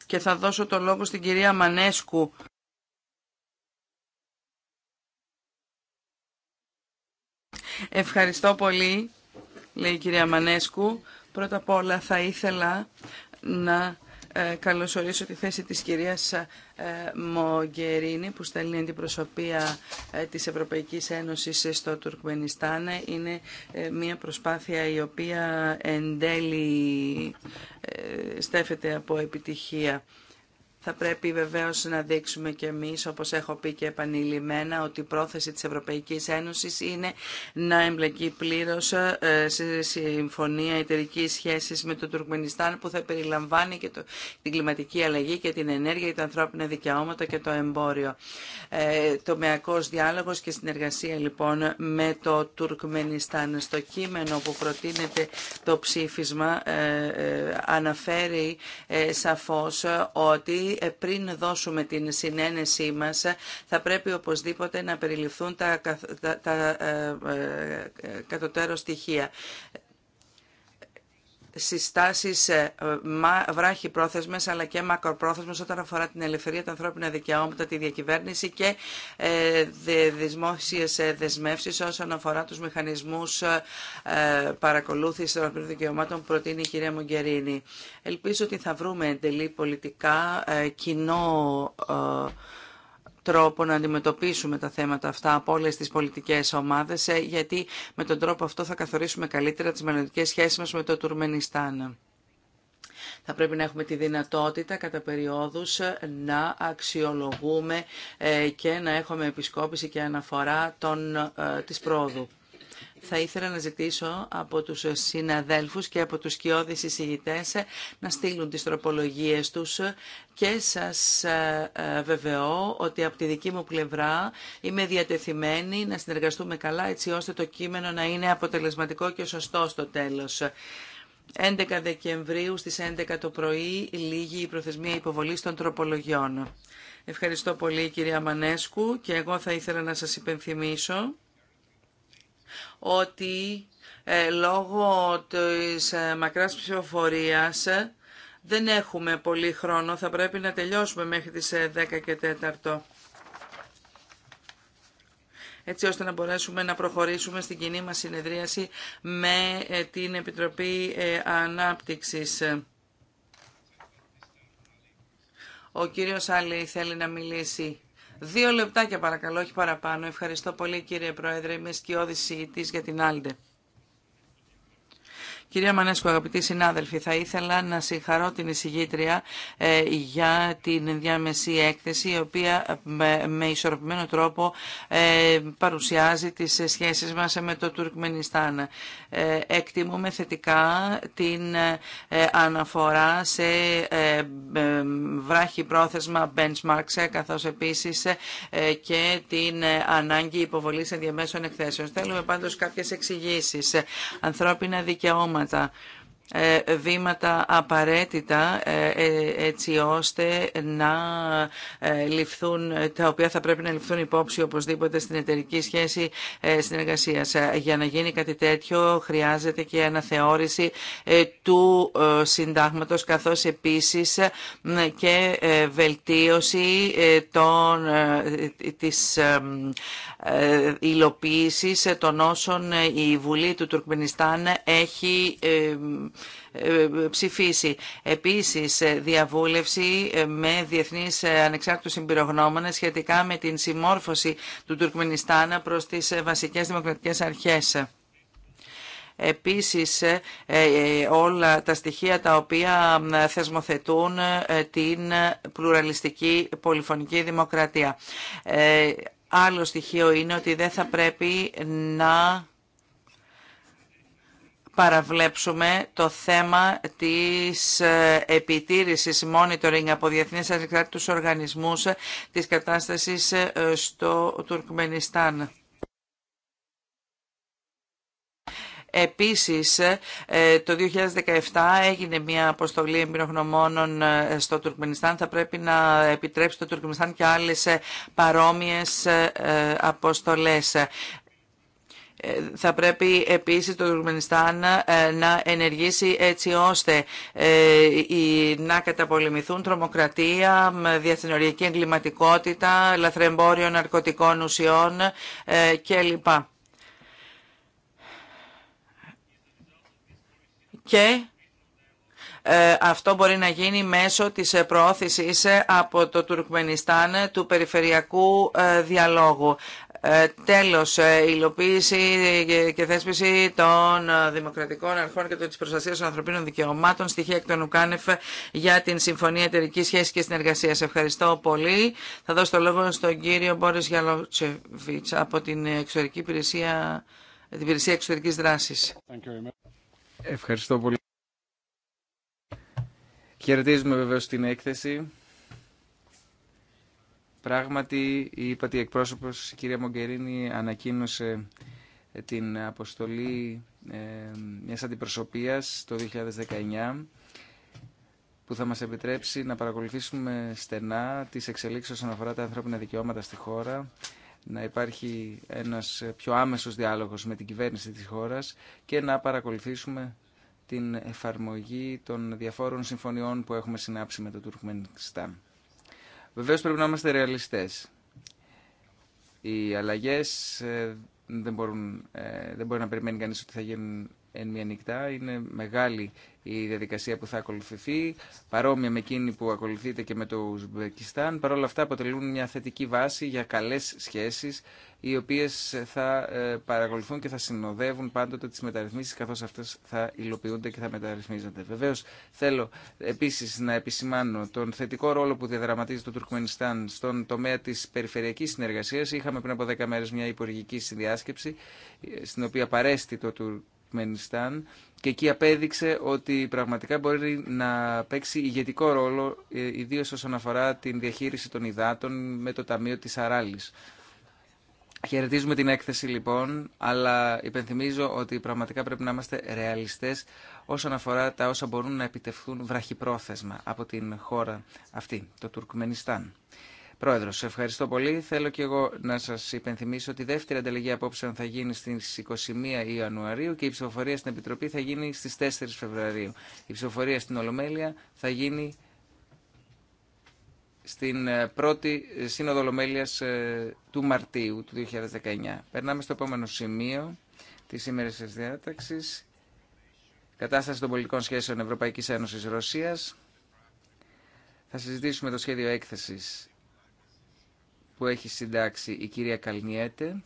και θα δώσω το λόγο στην κυρία Μανέσκου. Ευχαριστώ πολύ, λέει η κυρία Μανέσκου. Πρώτα απ' όλα θα ήθελα να ε, καλωσορίσω τη θέση της κυρίας ε, Μογκερίνη που στέλνει αντιπροσωπεία ε, της Ευρωπαϊκής Ένωσης στο Τουρκμενιστάν. Είναι μια προσπάθεια η οποία εν τέλει στέφεται από επιτυχία. Θα πρέπει βεβαίω να δείξουμε και εμείς, όπως έχω πει και επανειλημμένα, ότι η πρόθεση της Ευρωπαϊκής Ένωσης είναι να εμπλακεί πλήρω ε, σε συμφωνία εταιρική σχέση με το Τουρκμενιστάν που θα περιλαμβάνει και το, την κλιματική αλλαγή και την ενέργεια, τα ανθρώπινα δικαιώματα και το εμπόριο. Ε, τομεακός διάλογο και συνεργασία λοιπόν με το Τουρκμενιστάν. Στο κείμενο που προτείνεται το ψήφισμα ε, ε, αναφέρει ε, ότι ε, πριν δώσουμε την συνένεσή μας θα πρέπει οπωσδήποτε να περιληφθούν τα, τα, τα ε, ε, κατωτέρω στοιχεία συστάσεις ε, βράχη πρόθεσμες αλλά και μακροπρόθεσμες όταν αφορά την ελευθερία, τα ανθρώπινα δικαιώματα, τη διακυβέρνηση και ε, δημόσιε ε, δεσμεύσεις όσον αφορά τους μηχανισμούς παρακολούθησης των ανθρώπινων δικαιωμάτων που προτείνει η κυρία Μογκερίνη. Ελπίζω ότι θα βρούμε εντελή πολιτικά κοινό τρόπο να αντιμετωπίσουμε τα θέματα αυτά από όλε τι πολιτικέ ομάδε, ε, γιατί με τον τρόπο αυτό θα καθορίσουμε καλύτερα τι μελλοντικέ σχέσει μα με το Τουρμενιστάν. Θα πρέπει να έχουμε τη δυνατότητα κατά περιόδους να αξιολογούμε ε, και να έχουμε επισκόπηση και αναφορά των, ε, της πρόοδου. Θα ήθελα να ζητήσω από τους συναδέλφους και από τους σκιώδεις εισηγητές να στείλουν τις τροπολογίες τους και σας ε, ε, βεβαιώ ότι από τη δική μου πλευρά είμαι διατεθειμένη να συνεργαστούμε καλά έτσι ώστε το κείμενο να είναι αποτελεσματικό και σωστό στο τέλος. 11 Δεκεμβρίου στις 11 το πρωί λίγη η προθεσμία υποβολής των τροπολογιών. Ευχαριστώ πολύ κυρία Μανέσκου και εγώ θα ήθελα να σας υπενθυμίσω ότι ε, λόγω της ε, μακράς ψηφοφορίας δεν έχουμε πολύ χρόνο. Θα πρέπει να τελειώσουμε μέχρι τις 10 ε, και έτσι ώστε να μπορέσουμε να προχωρήσουμε στην κοινή μας συνεδρίαση με την Επιτροπή Ανάπτυξης. Ο κύριος Άλλη θέλει να μιλήσει. Δύο λεπτάκια παρακαλώ, όχι παραπάνω. Ευχαριστώ πολύ κύριε Πρόεδρε. Είμαι σκιώδηση της για την Άλντε. Κυρία Μανέσκου, αγαπητοί συνάδελφοι, θα ήθελα να συγχαρώ την εισηγήτρια ε, για την ενδιάμεση έκθεση, η οποία ε, με ισορροπημένο τρόπο ε, παρουσιάζει τις σχέσεις μας με το Τουρκμενιστάν. Εκτιμούμε θετικά την αναφορά σε βράχη πρόθεσμα benchmarks, καθώς επίσης και την ανάγκη υποβολής ενδιαμέσων εκθέσεων. Θέλουμε πάντως κάποιες εξηγήσεις. Ανθρώπινα δικαιώματα βήματα ε, βήματα απαραίτητα ε, ε, έτσι ώστε να ληφθούν, τα οποία θα πρέπει να ληφθούν υπόψη οπωσδήποτε στην εταιρική σχέση συνεργασίας. Για να γίνει κάτι τέτοιο χρειάζεται και αναθεώρηση του συντάγματος καθώς επίσης και βελτίωση των, της ε, υλοποίηση των όσων ε, η Βουλή του Τουρκμενιστάν έχει ε, ψηφίσει. Επίσης, διαβούλευση με διεθνείς ανεξάρτητους εμπειρογνώμονες σχετικά με την συμμόρφωση του Τουρκμενιστάν προς τις βασικές δημοκρατικές αρχές. Επίσης, όλα τα στοιχεία τα οποία θεσμοθετούν την πλουραλιστική πολυφωνική δημοκρατία. Άλλο στοιχείο είναι ότι δεν θα πρέπει να παραβλέψουμε το θέμα της ε, επιτήρησης monitoring από διεθνείς ανεξάρτητους οργανισμούς της κατάστασης ε, στο Τουρκμενιστάν. Επίσης, ε, το 2017 έγινε μια αποστολή εμπειρογνωμόνων ε, στο Τουρκμενιστάν. Θα πρέπει να επιτρέψει το Τουρκμενιστάν και άλλες ε, παρόμοιες αποστολές. Θα πρέπει επίσης το Τουρκμενιστάν να ενεργήσει έτσι ώστε να καταπολεμηθούν τρομοκρατία, διασυνοριακή εγκληματικότητα, λαθρεμπόριο ναρκωτικών ουσιών κλπ. και ε, αυτό μπορεί να γίνει μέσω της ε, προώθησης ε, από το Τουρκμενιστάν του περιφερειακού διαλόγου. Τέλος, υλοποίηση και θέσπιση των δημοκρατικών αρχών και της προστασίας των ανθρωπίνων δικαιωμάτων, στοιχεία εκ των Ουκάνεφ για την Συμφωνία Εταιρική Σχέση και Συνεργασία. Ευχαριστώ πολύ. Θα δώσω το λόγο στον κύριο Μπόρις Γιαλότσεβιτς από την Εξωτερική Υπηρεσία την Υπηρεσία Εξωτερικής Δράσης. Ευχαριστώ πολύ. Χαιρετίζουμε βεβαίω την έκθεση. Πράγματι, η ΥΠΑΤΗ εκπρόσωπος, η κυρία Μογκερίνη, ανακοίνωσε την αποστολή ε, μιας αντιπροσωπείας το 2019 που θα μας επιτρέψει να παρακολουθήσουμε στενά τις εξελίξεις όσον αφορά τα ανθρώπινα δικαιώματα στη χώρα να υπάρχει ένας πιο άμεσος διάλογος με την κυβέρνηση της χώρας και να παρακολουθήσουμε την εφαρμογή των διαφόρων συμφωνιών που έχουμε συνάψει με το Τουρκμενιστάν. Βεβαίως πρέπει να είμαστε ρεαλιστές. Οι αλλαγές ε, δεν, μπορούν, ε, δεν μπορεί να περιμένει κανείς ότι θα γίνουν εν μία νυχτά. Είναι μεγάλη η διαδικασία που θα ακολουθηθεί, παρόμοια με εκείνη που ακολουθείται και με το Ουσμπεκιστάν. Παρ' όλα αυτά αποτελούν μια θετική βάση για καλές σχέσεις, οι οποίες θα ε, παρακολουθούν και θα συνοδεύουν πάντοτε τις μεταρρυθμίσεις, καθώς αυτές θα υλοποιούνται και θα μεταρρυθμίζονται. Βεβαίως, θέλω επίσης να επισημάνω τον θετικό ρόλο που διαδραματίζει το Τουρκμενιστάν στον τομέα της περιφερειακής συνεργασίας. Είχαμε πριν από 10 μέρες μια υπουργική συνδιάσκεψη, ε, στην οποία παρέστη το Τουρκμενιστάν και εκεί απέδειξε ότι πραγματικά μπορεί να παίξει ηγετικό ρόλο, ε, ιδίω όσον αφορά την διαχείριση των υδάτων με το Ταμείο της Αράλης. Χαιρετίζουμε την έκθεση λοιπόν, αλλά υπενθυμίζω ότι πραγματικά πρέπει να είμαστε ρεαλιστές όσον αφορά τα όσα μπορούν να επιτευχθούν βραχυπρόθεσμα από την χώρα αυτή, το Τουρκμενιστάν. Πρόεδρο, ευχαριστώ πολύ. Θέλω και εγώ να σα υπενθυμίσω ότι η δεύτερη ανταλλαγή απόψεων θα γίνει στι 21 Ιανουαρίου και η ψηφοφορία στην Επιτροπή θα γίνει στι 4 Φεβρουαρίου. Η ψηφοφορία στην Ολομέλεια θα γίνει στην ε, πρώτη ε, Σύνοδο Ολομέλειας ε, του Μαρτίου του 2019. Περνάμε στο επόμενο σημείο της τη διάταξη, Κατάσταση των πολιτικών σχέσεων Ευρωπαϊκή Ένωση Ρωσία. Θα συζητήσουμε το σχέδιο έκθεση που έχει συντάξει η κυρία Καλνιέτε.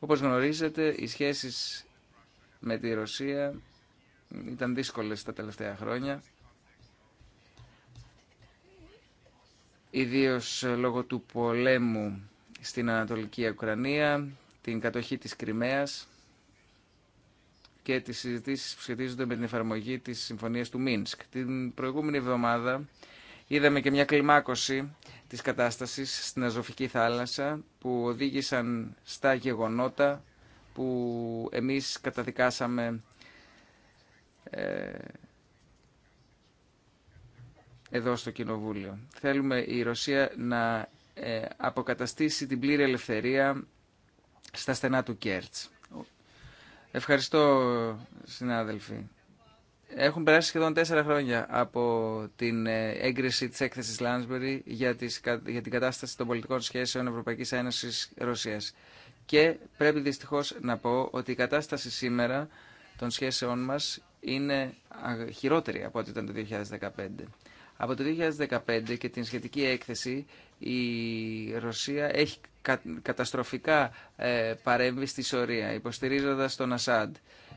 Όπως γνωρίζετε, οι σχέσεις με τη Ρωσία ήταν δύσκολες τα τελευταία χρόνια. Ιδίως λόγω του πολέμου στην Ανατολική Ουκρανία, την κατοχή της Κρυμαίας και τις συζητήσεις που σχετίζονται με την εφαρμογή της Συμφωνίας του Μίνσκ. Την προηγούμενη εβδομάδα Είδαμε και μια κλιμάκωση της κατάστασης στην Αζωφική θάλασσα που οδήγησαν στα γεγονότα που εμείς καταδικάσαμε ε, εδώ στο Κοινοβούλιο. Θέλουμε η Ρωσία να ε, αποκαταστήσει την πλήρη ελευθερία στα στενά του Κέρτς. Ευχαριστώ συνάδελφοι. Έχουν περάσει σχεδόν τέσσερα χρόνια από την ε, έγκριση της έκθεσης Λάνσμπερι για την κατάσταση των πολιτικών σχέσεων Ευρωπαϊκής Ένωσης Ρωσίας. Και πρέπει δυστυχώς να πω ότι η κατάσταση σήμερα των σχέσεών μας είναι χειρότερη από ό,τι ήταν το 2015. Από το 2015 και την σχετική έκθεση η Ρωσία έχει καταστροφικά ε, παρέμβει στη Σωρία υποστηρίζοντα τον Ασάντ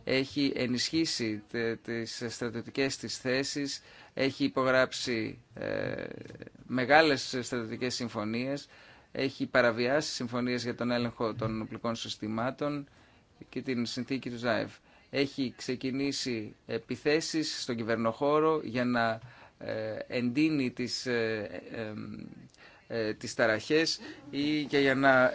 έχει ενισχύσει τις στρατιωτικές της θέσεις, έχει υπογράψει ε, μεγάλες στρατιωτικές συμφωνίες, έχει παραβιάσει συμφωνίες για τον έλεγχο των οπλικών συστημάτων και την συνθήκη του ΖΑΕΒ. Έχει ξεκινήσει επιθέσεις στον κυβερνοχώρο για να ε, εντείνει τις, ε, τις ταραχές ή και για να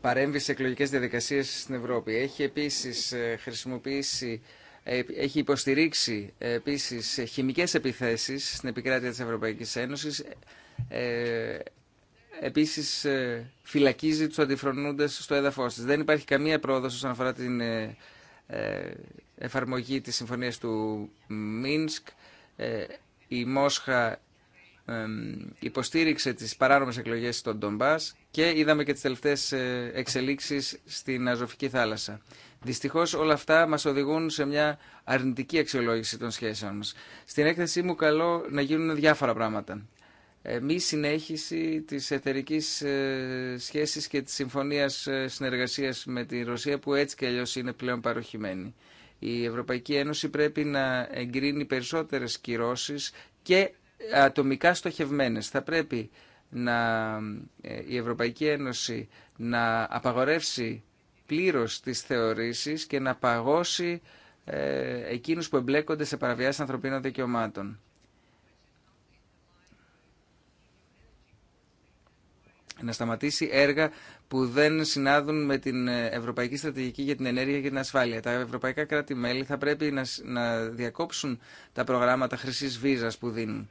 παρέμβει σε εκλογικές διαδικασίες στην Ευρώπη. Έχει επίσης ε, χρησιμοποιήσει ε, έχει υποστηρίξει ε, επίσης χημικές επιθέσεις στην επικράτεια της Ευρωπαϊκής Ένωσης. Ε, επίσης φυλακίζει τους αντιφρονούντες στο έδαφος της. Δεν υπάρχει καμία πρόοδος όσον αφορά την εφαρμογή της συμφωνίας του Μίνσκ. η Μόσχα υποστήριξε τις παράνομες εκλογές στον Ντομπάς και είδαμε και τις τελευταίες ε, εξελίξεις στην Αζωφική θάλασσα. Δυστυχώς όλα αυτά μας οδηγούν σε μια αρνητική αξιολόγηση των σχέσεων μας. Στην έκθεσή μου καλό να γίνουν διάφορα πράγματα. Μη συνέχιση της εθερικής ε, σχέσης και της συμφωνίας ε, συνεργασίας με τη Ρωσία που έτσι και αλλιώς είναι πλέον παροχημένη. Η Ευρωπαϊκή Ένωση πρέπει να εγκρίνει περισσότερες κυρώσεις και ατομικά στοχευμένες. Θα πρέπει να, ε, η Ευρωπαϊκή Ένωση να απαγορεύσει πλήρως τις θεωρήσεις και να παγώσει ε, εκείνους που εμπλέκονται σε παραβιάσεις ανθρωπίνων δικαιωμάτων. Να σταματήσει έργα που δεν συνάδουν με την Ευρωπαϊκή Στρατηγική για την Ενέργεια και την Ασφάλεια. Τα ευρωπαϊκά κράτη-μέλη θα πρέπει να, να διακόψουν τα προγράμματα χρυσή βίζας που δίνουν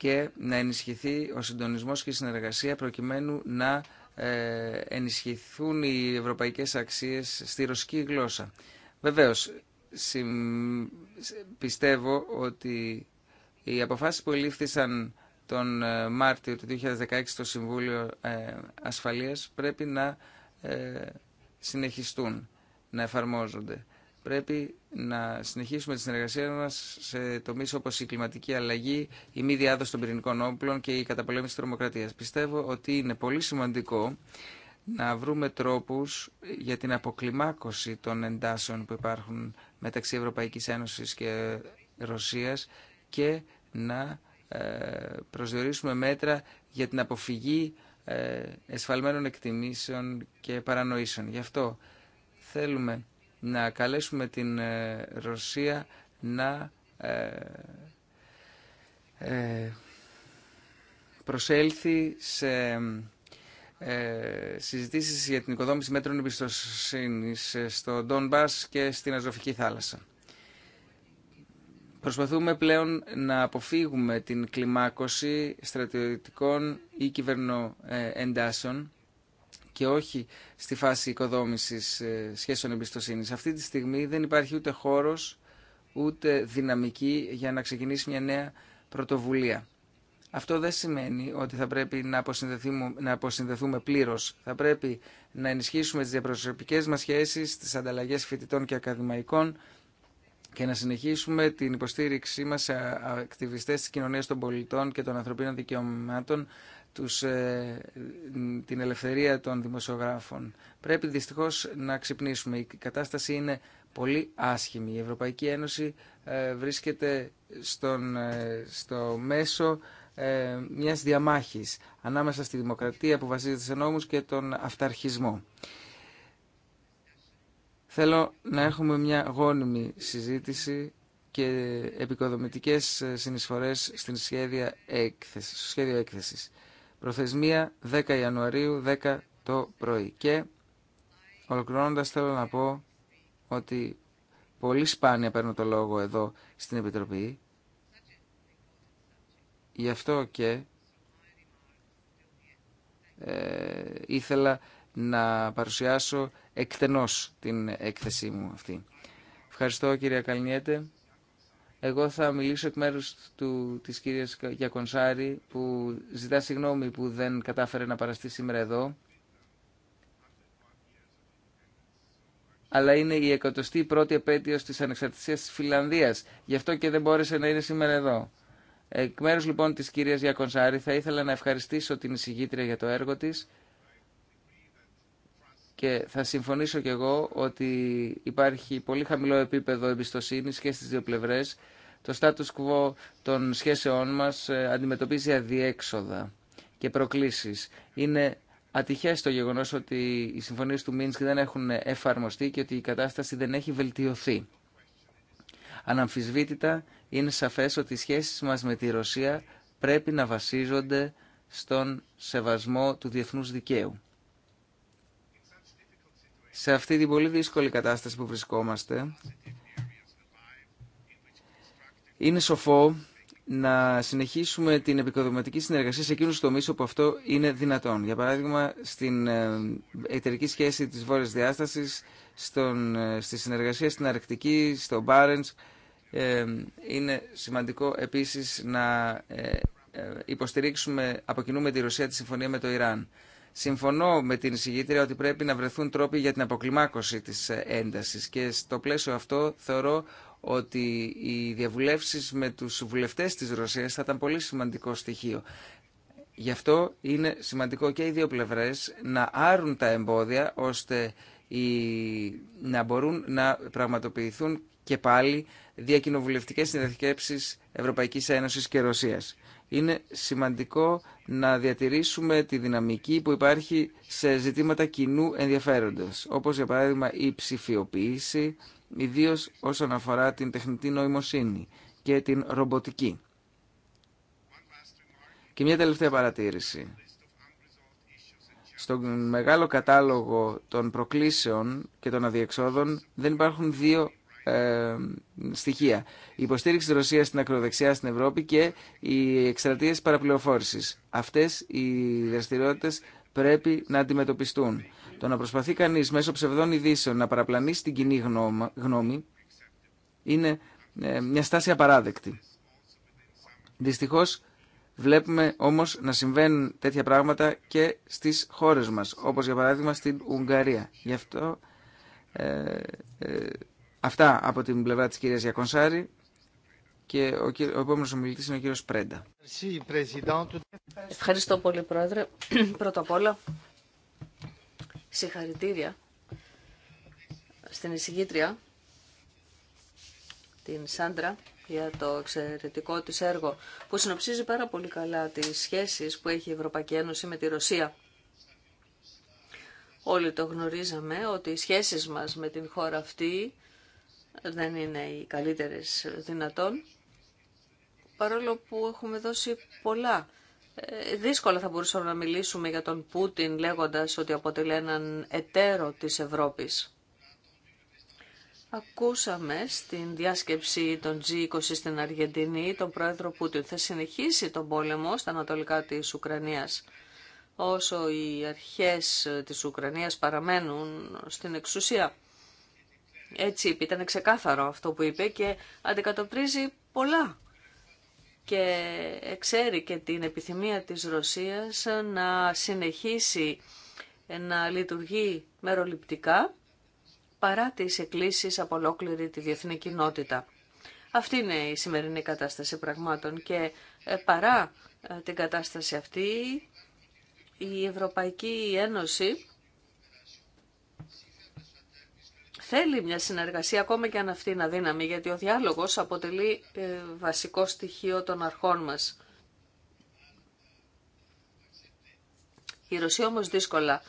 και να ενισχυθεί ο συντονισμός και η συνεργασία προκειμένου να ε, ενισχυθούν οι ευρωπαϊκές αξίες στη ρωσική γλώσσα. Βεβαίως, πιστεύω ότι οι αποφάσεις που ελήφθησαν τον ε, Μάρτιο του 2016 στο Συμβούλιο ε, Ασφαλείας πρέπει να συνεχιστούν, να εφαρμόζονται πρέπει να συνεχίσουμε τη συνεργασία μας σε τομεί όπω η κλιματική αλλαγή, η μη διάδοση των πυρηνικών όπλων και η καταπολέμηση τη τρομοκρατίας. Πιστεύω ότι είναι πολύ σημαντικό να βρούμε τρόπους για την αποκλιμάκωση των εντάσεων που υπάρχουν μεταξύ Ευρωπαϊκής Ένωσης και Ρωσίας και να ε, προσδιορίσουμε μέτρα για την αποφυγή ε, εσφαλμένων εκτιμήσεων και παρανοήσεων. Γι' αυτό θέλουμε να καλέσουμε την ε, Ρωσία να ε, ε, προσέλθει σε συζητήσεις για την οικοδόμηση μέτρων εμπιστοσύνη στο Ντόν και στην Αζωφική θάλασσα. Προσπαθούμε πλέον να αποφύγουμε την κλιμάκωση στρατιωτικών ή κυβερνοεντάσεων και όχι στη φάση οικοδόμησης ε, σχέσεων εμπιστοσύνης. Αυτή τη στιγμή δεν υπάρχει ούτε χώρο ούτε δυναμική για να ξεκινήσει μια νέα πρωτοβουλία. Αυτό δεν σημαίνει ότι θα πρέπει να αποσυνδεθούμε, να αποσυνδεθούμε πλήρως. Θα πρέπει να ενισχύσουμε τις διαπροσωπικές μας σχέσεις, τις ανταλλαγές φοιτητών και ακαδημαϊκών και να συνεχίσουμε την υποστήριξή μας σε ακτιβιστές της κοινωνίας των πολιτών και των ανθρωπίνων δικαιωμάτων τους, ε, την ελευθερία των δημοσιογράφων. Πρέπει δυστυχώς να ξυπνήσουμε. Η κατάσταση είναι πολύ άσχημη. Η Ευρωπαϊκή Ένωση ε, βρίσκεται στον, ε, στο μέσο μιας διαμάχης ανάμεσα στη δημοκρατία που βασίζεται σε νόμους και τον αυταρχισμό. Θέλω να έχουμε μια γόνιμη συζήτηση και επικοδομητικές συνεισφορές στην σχέδια έκθεσης, στο σχέδιο έκθεσης. Προθεσμία 10 Ιανουαρίου 10 το πρωί. Και ολοκληρώνοντας θέλω να πω ότι πολύ σπάνια παίρνω το λόγο εδώ στην Επιτροπή. Γι' αυτό και ε, ήθελα να παρουσιάσω εκτενώς την έκθεσή μου αυτή. Ευχαριστώ κυρία Καλνιέτε. Εγώ θα μιλήσω εκ μέρους του, της κυρίας Γιακονσάρη που ζητά συγγνώμη που δεν κατάφερε να παραστεί σήμερα εδώ. Αλλά είναι η εκατοστή πρώτη επέτειος της ανεξαρτησίας της Φιλανδίας. Γι' αυτό και δεν μπόρεσε να είναι σήμερα εδώ. Εκ μέρους λοιπόν της κυρίας Γιακονσάρη θα ήθελα να ευχαριστήσω την εισηγήτρια για το έργο της και θα συμφωνήσω κι εγώ ότι υπάρχει πολύ χαμηλό επίπεδο εμπιστοσύνης και στις δύο πλευρές. Το status quo των σχέσεών μας ε, αντιμετωπίζει αδιέξοδα και προκλήσεις. Είναι ατυχές το γεγονός ότι οι συμφωνίες του Μίνσκ δεν έχουν εφαρμοστεί και ότι η κατάσταση δεν έχει βελτιωθεί. Αναμφισβήτητα είναι σαφές ότι οι σχέσεις μας με τη Ρωσία πρέπει να βασίζονται στον σεβασμό του διεθνούς δικαίου σε αυτή την πολύ δύσκολη κατάσταση που βρισκόμαστε, είναι σοφό να συνεχίσουμε την επικοδομητική συνεργασία σε εκείνους τομείς όπου αυτό είναι δυνατόν. Για παράδειγμα, στην ε, εταιρική σχέση της Βόρειας Διάστασης, στον, ε, στη συνεργασία στην Αρκτική, στο Μπάρεντς, ε, είναι σημαντικό επίσης να υποστηρίξουμε, από τη Ρωσία, τη συμφωνία με το Ιράν. Συμφωνώ με την εισηγήτρια ότι πρέπει να βρεθούν τρόποι για την αποκλιμάκωση της έντασης και στο πλαίσιο αυτό θεωρώ ότι οι διαβουλεύσεις με τους βουλευτές της Ρωσίας θα ήταν πολύ σημαντικό στοιχείο. Γι' αυτό είναι σημαντικό και οι δύο πλευρές να άρουν τα εμπόδια ώστε να μπορούν να πραγματοποιηθούν και πάλι διακοινοβουλευτικές συνδεθκέψεις Ευρωπαϊκής Ένωσης και Ρωσίας είναι σημαντικό να διατηρήσουμε τη δυναμική που υπάρχει σε ζητήματα κοινού ενδιαφέροντος, όπως για παράδειγμα η ψηφιοποίηση, ιδίως όσον αφορά την τεχνητή νοημοσύνη και την ρομποτική. Και μια τελευταία παρατήρηση. Στον μεγάλο κατάλογο των προκλήσεων και των αδιεξόδων δεν υπάρχουν δύο ε, στοιχεία. Η υποστήριξη της Ρωσίας στην ακροδεξιά στην Ευρώπη και οι εξτρατείες παραπληροφόρησης. Αυτές οι δραστηριότητες πρέπει να αντιμετωπιστούν. Το να προσπαθεί κανείς μέσω ψευδών ειδήσεων να παραπλανήσει την κοινή γνώμη είναι ε, μια στάση απαράδεκτη. Δυστυχώς βλέπουμε όμως να συμβαίνουν τέτοια πράγματα και στις χώρες μας, όπως για παράδειγμα στην Ουγγαρία. Γι' αυτό ε, Αυτά από την πλευρά της κυρίας Γιακονσάρη και ο, κύρι, ο επόμενος ομιλητής είναι ο κύριος Πρέντα. Ευχαριστώ πολύ Πρόεδρε. Πρώτα απ' όλα, συγχαρητήρια στην εισηγήτρια, την Σάντρα, για το εξαιρετικό της έργο, που συνοψίζει πάρα πολύ καλά τις σχέσεις που έχει η Ευρωπαϊκή Ένωση με τη Ρωσία. Όλοι το γνωρίζαμε ότι οι σχέσεις μας με την χώρα αυτή δεν είναι οι καλύτερες δυνατόν, παρόλο που έχουμε δώσει πολλά. Ε, δύσκολα θα μπορούσαμε να μιλήσουμε για τον Πούτιν λέγοντας ότι αποτελεί έναν εταίρο της Ευρώπης. Ακούσαμε στην διάσκεψη των G20 στην Αργεντινή τον πρόεδρο Πούτιν θα συνεχίσει τον πόλεμο στα ανατολικά της Ουκρανίας. Όσο οι αρχές της Ουκρανίας παραμένουν στην εξουσία. Έτσι είπε, ήταν ξεκάθαρο αυτό που είπε και αντικατοπτρίζει πολλά και ξέρει και την επιθυμία της Ρωσίας να συνεχίσει να λειτουργεί μεροληπτικά παρά τις εκκλήσεις από ολόκληρη τη διεθνή κοινότητα. Αυτή είναι η σημερινή κατάσταση πραγμάτων και ε, παρά ε, την κατάσταση αυτή η Ευρωπαϊκή Ένωση θέλει μια συνεργασία ακόμα και αν αυτή είναι αδύναμη, γιατί ο διάλογος αποτελεί ε, βασικό στοιχείο των αρχών μας. Η Ρωσία όμως δύσκολα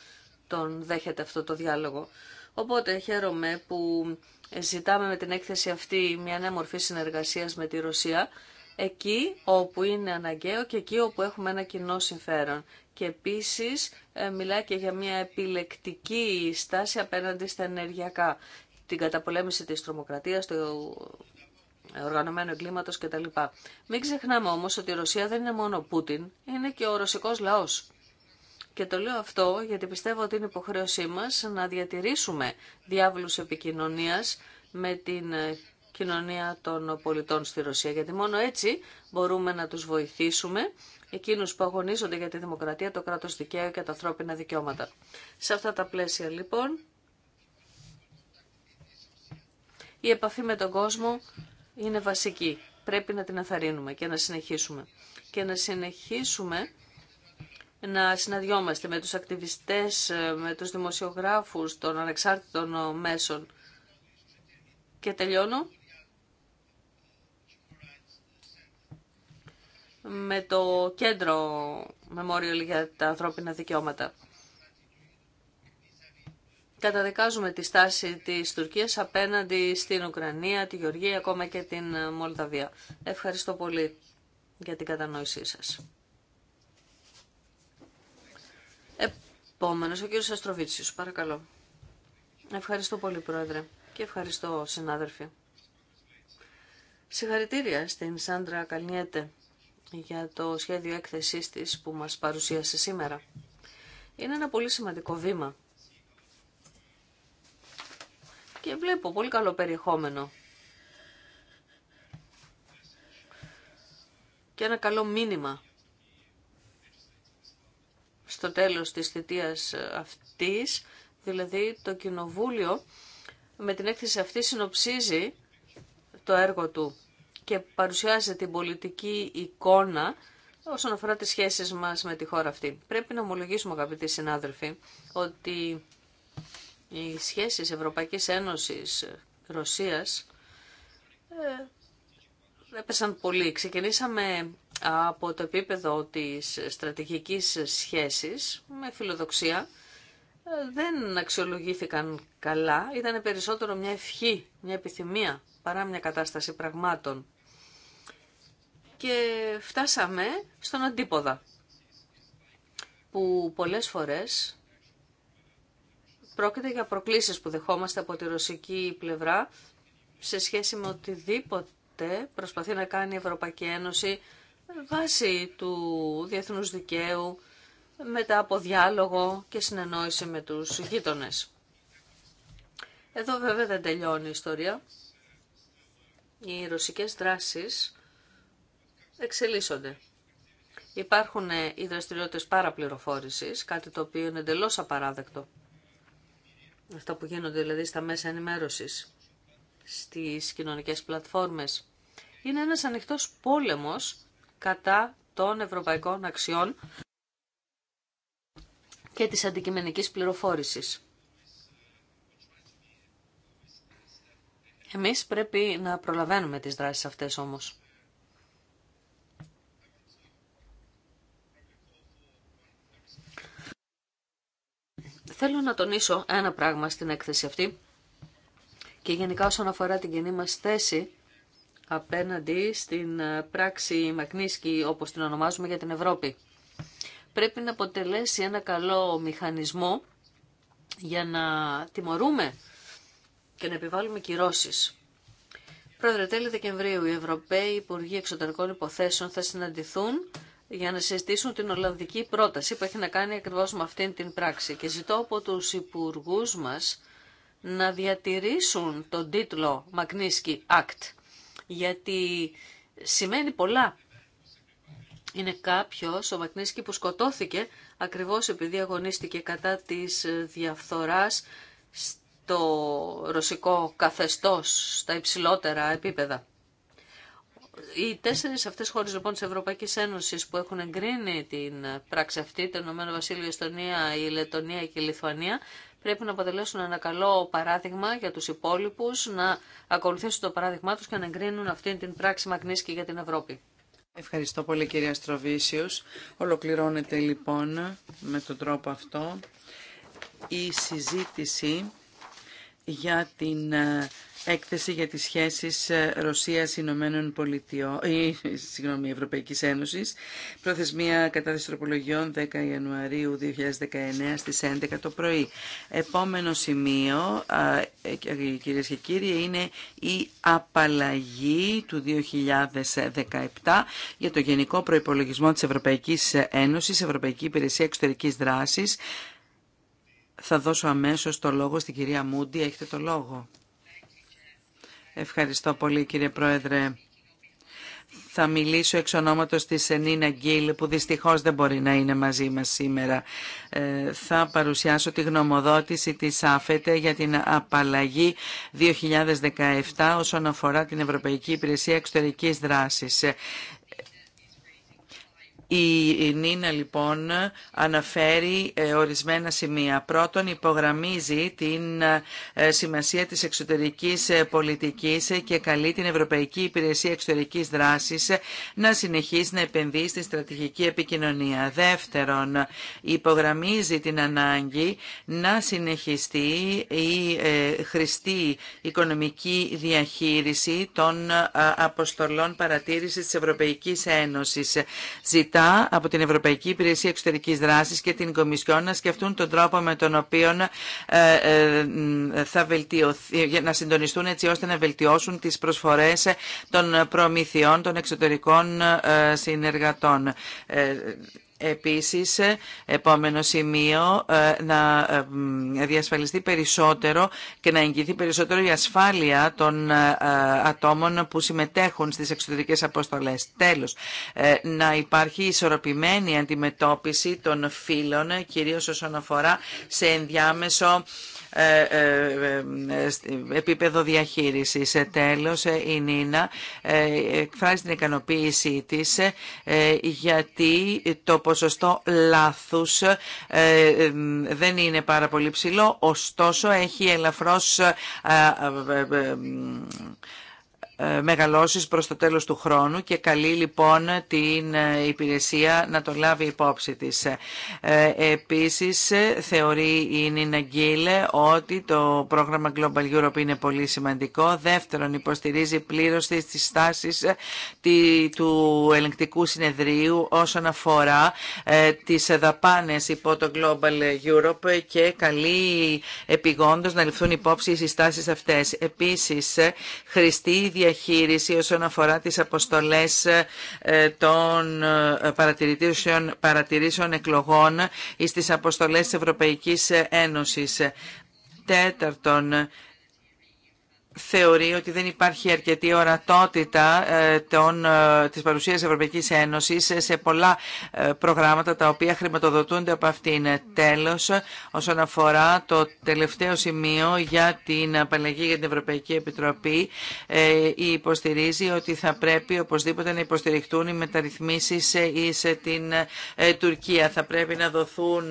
τον δέχεται αυτό το διάλογο. Οπότε χαίρομαι που ζητάμε με την έκθεση αυτή μια νέα μορφή συνεργασίας με τη Ρωσία, εκεί όπου είναι αναγκαίο και εκεί όπου έχουμε ένα κοινό συμφέρον και επίσης ε, μιλάει και για μια επιλεκτική στάση απέναντι στα ενεργειακά, την καταπολέμηση της τρομοκρατίας, του οργανωμένου εγκλήματος κτλ. Μην ξεχνάμε όμως ότι η Ρωσία δεν είναι μόνο ο Πούτιν, είναι και ο ρωσικός λαός. Και το λέω αυτό γιατί πιστεύω ότι είναι υποχρέωσή μας να διατηρήσουμε διάβολους επικοινωνίας με την κοινωνία των πολιτών στη Ρωσία, γιατί μόνο έτσι μπορούμε να τους βοηθήσουμε εκείνους που αγωνίζονται για τη δημοκρατία, το κράτος δικαίου και τα ανθρώπινα δικαιώματα. Σε αυτά τα πλαίσια λοιπόν, η επαφή με τον κόσμο είναι βασική. Πρέπει να την αθαρρύνουμε και να συνεχίσουμε. Και να συνεχίσουμε να συναντιόμαστε με τους ακτιβιστές, με τους δημοσιογράφους των ανεξάρτητων μέσων. Και τελειώνω με το κέντρο Memorial για τα ανθρώπινα δικαιώματα. Καταδικάζουμε τη στάση της Τουρκίας απέναντι στην Ουκρανία, τη Γεωργία, ακόμα και την Μολδαβία. Ευχαριστώ πολύ για την κατανόησή σας. Επόμενος, ο κύριος Αστροβίτσιος, παρακαλώ. Ευχαριστώ πολύ, Πρόεδρε, και ευχαριστώ, συνάδελφοι. Συγχαρητήρια στην Σάντρα Καλνιέτε για το σχέδιο έκθεσής της που μας παρουσίασε σήμερα. Είναι ένα πολύ σημαντικό βήμα. Και βλέπω πολύ καλό περιεχόμενο. Και ένα καλό μήνυμα. Στο τέλος της θητείας αυτής, δηλαδή το Κοινοβούλιο με την έκθεση αυτή συνοψίζει το έργο του και παρουσιάζει την πολιτική εικόνα όσον αφορά τις σχέσεις μας με τη χώρα αυτή. Πρέπει να ομολογήσουμε αγαπητοί συνάδελφοι ότι οι σχέσεις Ευρωπαϊκής Ένωσης Ρωσίας ε, έπεσαν πολύ. Ξεκινήσαμε από το επίπεδο της στρατηγικής σχέσης με φιλοδοξία δεν αξιολογήθηκαν καλά. Ήταν περισσότερο μια ευχή, μια επιθυμία παρά μια κατάσταση πραγμάτων. Και φτάσαμε στον αντίποδα που πολλές φορές πρόκειται για προκλήσεις που δεχόμαστε από τη ρωσική πλευρά σε σχέση με οτιδήποτε προσπαθεί να κάνει η Ευρωπαϊκή Ένωση βάσει του διεθνούς δικαίου, μετά από διάλογο και συνεννόηση με τους γείτονε. Εδώ βέβαια δεν τελειώνει η ιστορία. Οι ρωσικές δράσεις εξελίσσονται. Υπάρχουν ε, οι δραστηριότητες παραπληροφόρησης, κάτι το οποίο είναι εντελώς απαράδεκτο. Αυτά που γίνονται δηλαδή στα μέσα ενημέρωσης, στις κοινωνικές πλατφόρμες. Είναι ένας ανοιχτός πόλεμος κατά των ευρωπαϊκών αξιών και της αντικειμενικής πληροφόρησης. Εμείς πρέπει να προλαβαίνουμε τις δράσεις αυτές όμως. Θέλω να τονίσω ένα πράγμα στην έκθεση αυτή και γενικά όσον αφορά την κοινή μας θέση απέναντι στην πράξη Μακνίσκη όπως την ονομάζουμε για την Ευρώπη πρέπει να αποτελέσει ένα καλό μηχανισμό για να τιμωρούμε και να επιβάλλουμε κυρώσεις. Πρόεδρε, τέλη Δεκεμβρίου οι Ευρωπαίοι Υπουργοί Εξωτερικών Υποθέσεων θα συναντηθούν για να συζητήσουν την Ολλανδική πρόταση που έχει να κάνει ακριβώς με αυτήν την πράξη και ζητώ από τους υπουργούς μας να διατηρήσουν τον τίτλο Μακνίσκι Act γιατί σημαίνει πολλά είναι κάποιος, ο Μακνίσκι, που σκοτώθηκε ακριβώς επειδή αγωνίστηκε κατά της διαφθοράς στο ρωσικό καθεστώς, στα υψηλότερα επίπεδα. Οι τέσσερις αυτές χώρες λοιπόν της Ευρωπαϊκής Ένωσης που έχουν εγκρίνει την πράξη αυτή, το Ηνωμένο Βασίλειο, η Εστονία, η Λετωνία και η Λιθουανία, πρέπει να αποτελέσουν ένα καλό παράδειγμα για τους υπόλοιπους, να ακολουθήσουν το παράδειγμά τους και να εγκρίνουν αυτή την πράξη Μαγνίσκη για την Ευρώπη. Ευχαριστώ πολύ κυρία Στροβίσιους. Ολοκληρώνεται λοιπόν με τον τρόπο αυτό η συζήτηση για την ε, έκθεση για τις σχέσεις ε, Ρωσίας Ηνωμένων Πολιτειών, συγγνώμη, Ευρωπαϊκής Ένωσης, προθεσμία κατάθεση τροπολογιών 10 Ιανουαρίου 2019 στις 11 το πρωί. Επόμενο σημείο, ε, κυρίες και κύριοι, είναι η απαλλαγή του 2017 για το Γενικό Προϋπολογισμό της Ευρωπαϊκής Ένωσης, Ευρωπαϊκή Υπηρεσία Εξωτερικής Δράσης, θα δώσω αμέσως το λόγο στην κυρία Μούντι. Έχετε το λόγο. Ευχαριστώ πολύ κύριε Πρόεδρε. Θα μιλήσω εξ ονόματος της Ενίνα Γκίλ που δυστυχώς δεν μπορεί να είναι μαζί μας σήμερα. Ε, θα παρουσιάσω τη γνωμοδότηση της ΑΦΕΤΕ για την απαλλαγή 2017 όσον αφορά την Ευρωπαϊκή Υπηρεσία Εξωτερικής Δράσης. Η Νίνα λοιπόν αναφέρει ε, ορισμένα σημεία. Πρώτον υπογραμμίζει την ε, σημασία της εξωτερικής ε, πολιτικής και καλεί την Ευρωπαϊκή Υπηρεσία Εξωτερικής Δράσης να συνεχίσει να επενδύει στη στρατηγική επικοινωνία. Δεύτερον, υπογραμμίζει την ανάγκη να συνεχιστεί η χρηστή οικονομική διαχείριση των αποστολών παρατήρησης της Ευρωπαϊκής Ένωσης από την Ευρωπαϊκή Υπηρεσία Εξωτερικής Δράσης και την Κομισιόν να σκεφτούν τον τρόπο με τον οποίο ε, ε, θα βελτιωθεί, να συντονιστούν έτσι ώστε να βελτιώσουν τις προσφορές των προμηθειών των εξωτερικών ε, συνεργατών. Επίσης, ε, επόμενο σημείο, ε, να ε, διασφαλιστεί περισσότερο και να εγγυηθεί περισσότερο η ασφάλεια των ατόμων που συμμετέχουν στις εξωτερικές αποστολές. Τέλος, να υπάρχει ισορροπημένη αντιμετώπιση των φύλων, κυρίως όσον αφορά σε ενδιάμεσο ε, ε, ε, επίπεδο διαχείρισης. Τέλος, η Νίνα εκφράζει την ικανοποίησή της γιατί το ποσοστό λάθους δεν είναι πάρα πολύ ψηλό, ωστόσο έχει ελαφρώς ε, μεγαλώσεις προς το τέλος του χρόνου και καλεί λοιπόν την ε, υπηρεσία να το λάβει υπόψη της. Ε, επίσης θεωρεί η Νίνα Γκίλε ότι το πρόγραμμα Global Europe είναι πολύ σημαντικό. Δεύτερον, υποστηρίζει πλήρως τις στάσεις του ελεγκτικού συνεδρίου όσον αφορά τις δαπάνες υπό το Global Europe και καλεί επιγόντως να ληφθούν υπόψη οι συστάσεις αυτές. Επίσης, χρηστεί διαχείριση όσον αφορά τις αποστολές ε, των ε, παρατηρήσεων, παρατηρήσεων εκλογών ή στις αποστολές της Ευρωπαϊκής Ένωσης. Τέταρτον, θεωρεί ότι δεν υπάρχει αρκετή ορατότητα ε, των, ε, της παρουσίας Ευρωπαϊκής Ένωσης σε πολλά ε, προγράμματα τα οποία χρηματοδοτούνται από αυτήν. Τέλος, όσον αφορά το τελευταίο σημείο για την απαλλαγή για την Ευρωπαϊκή Επιτροπή, υποστηρίζει ότι θα πρέπει οπωσδήποτε να υποστηριχτούν οι μεταρρυθμίσεις σε την Τουρκία. Θα πρέπει να δοθούν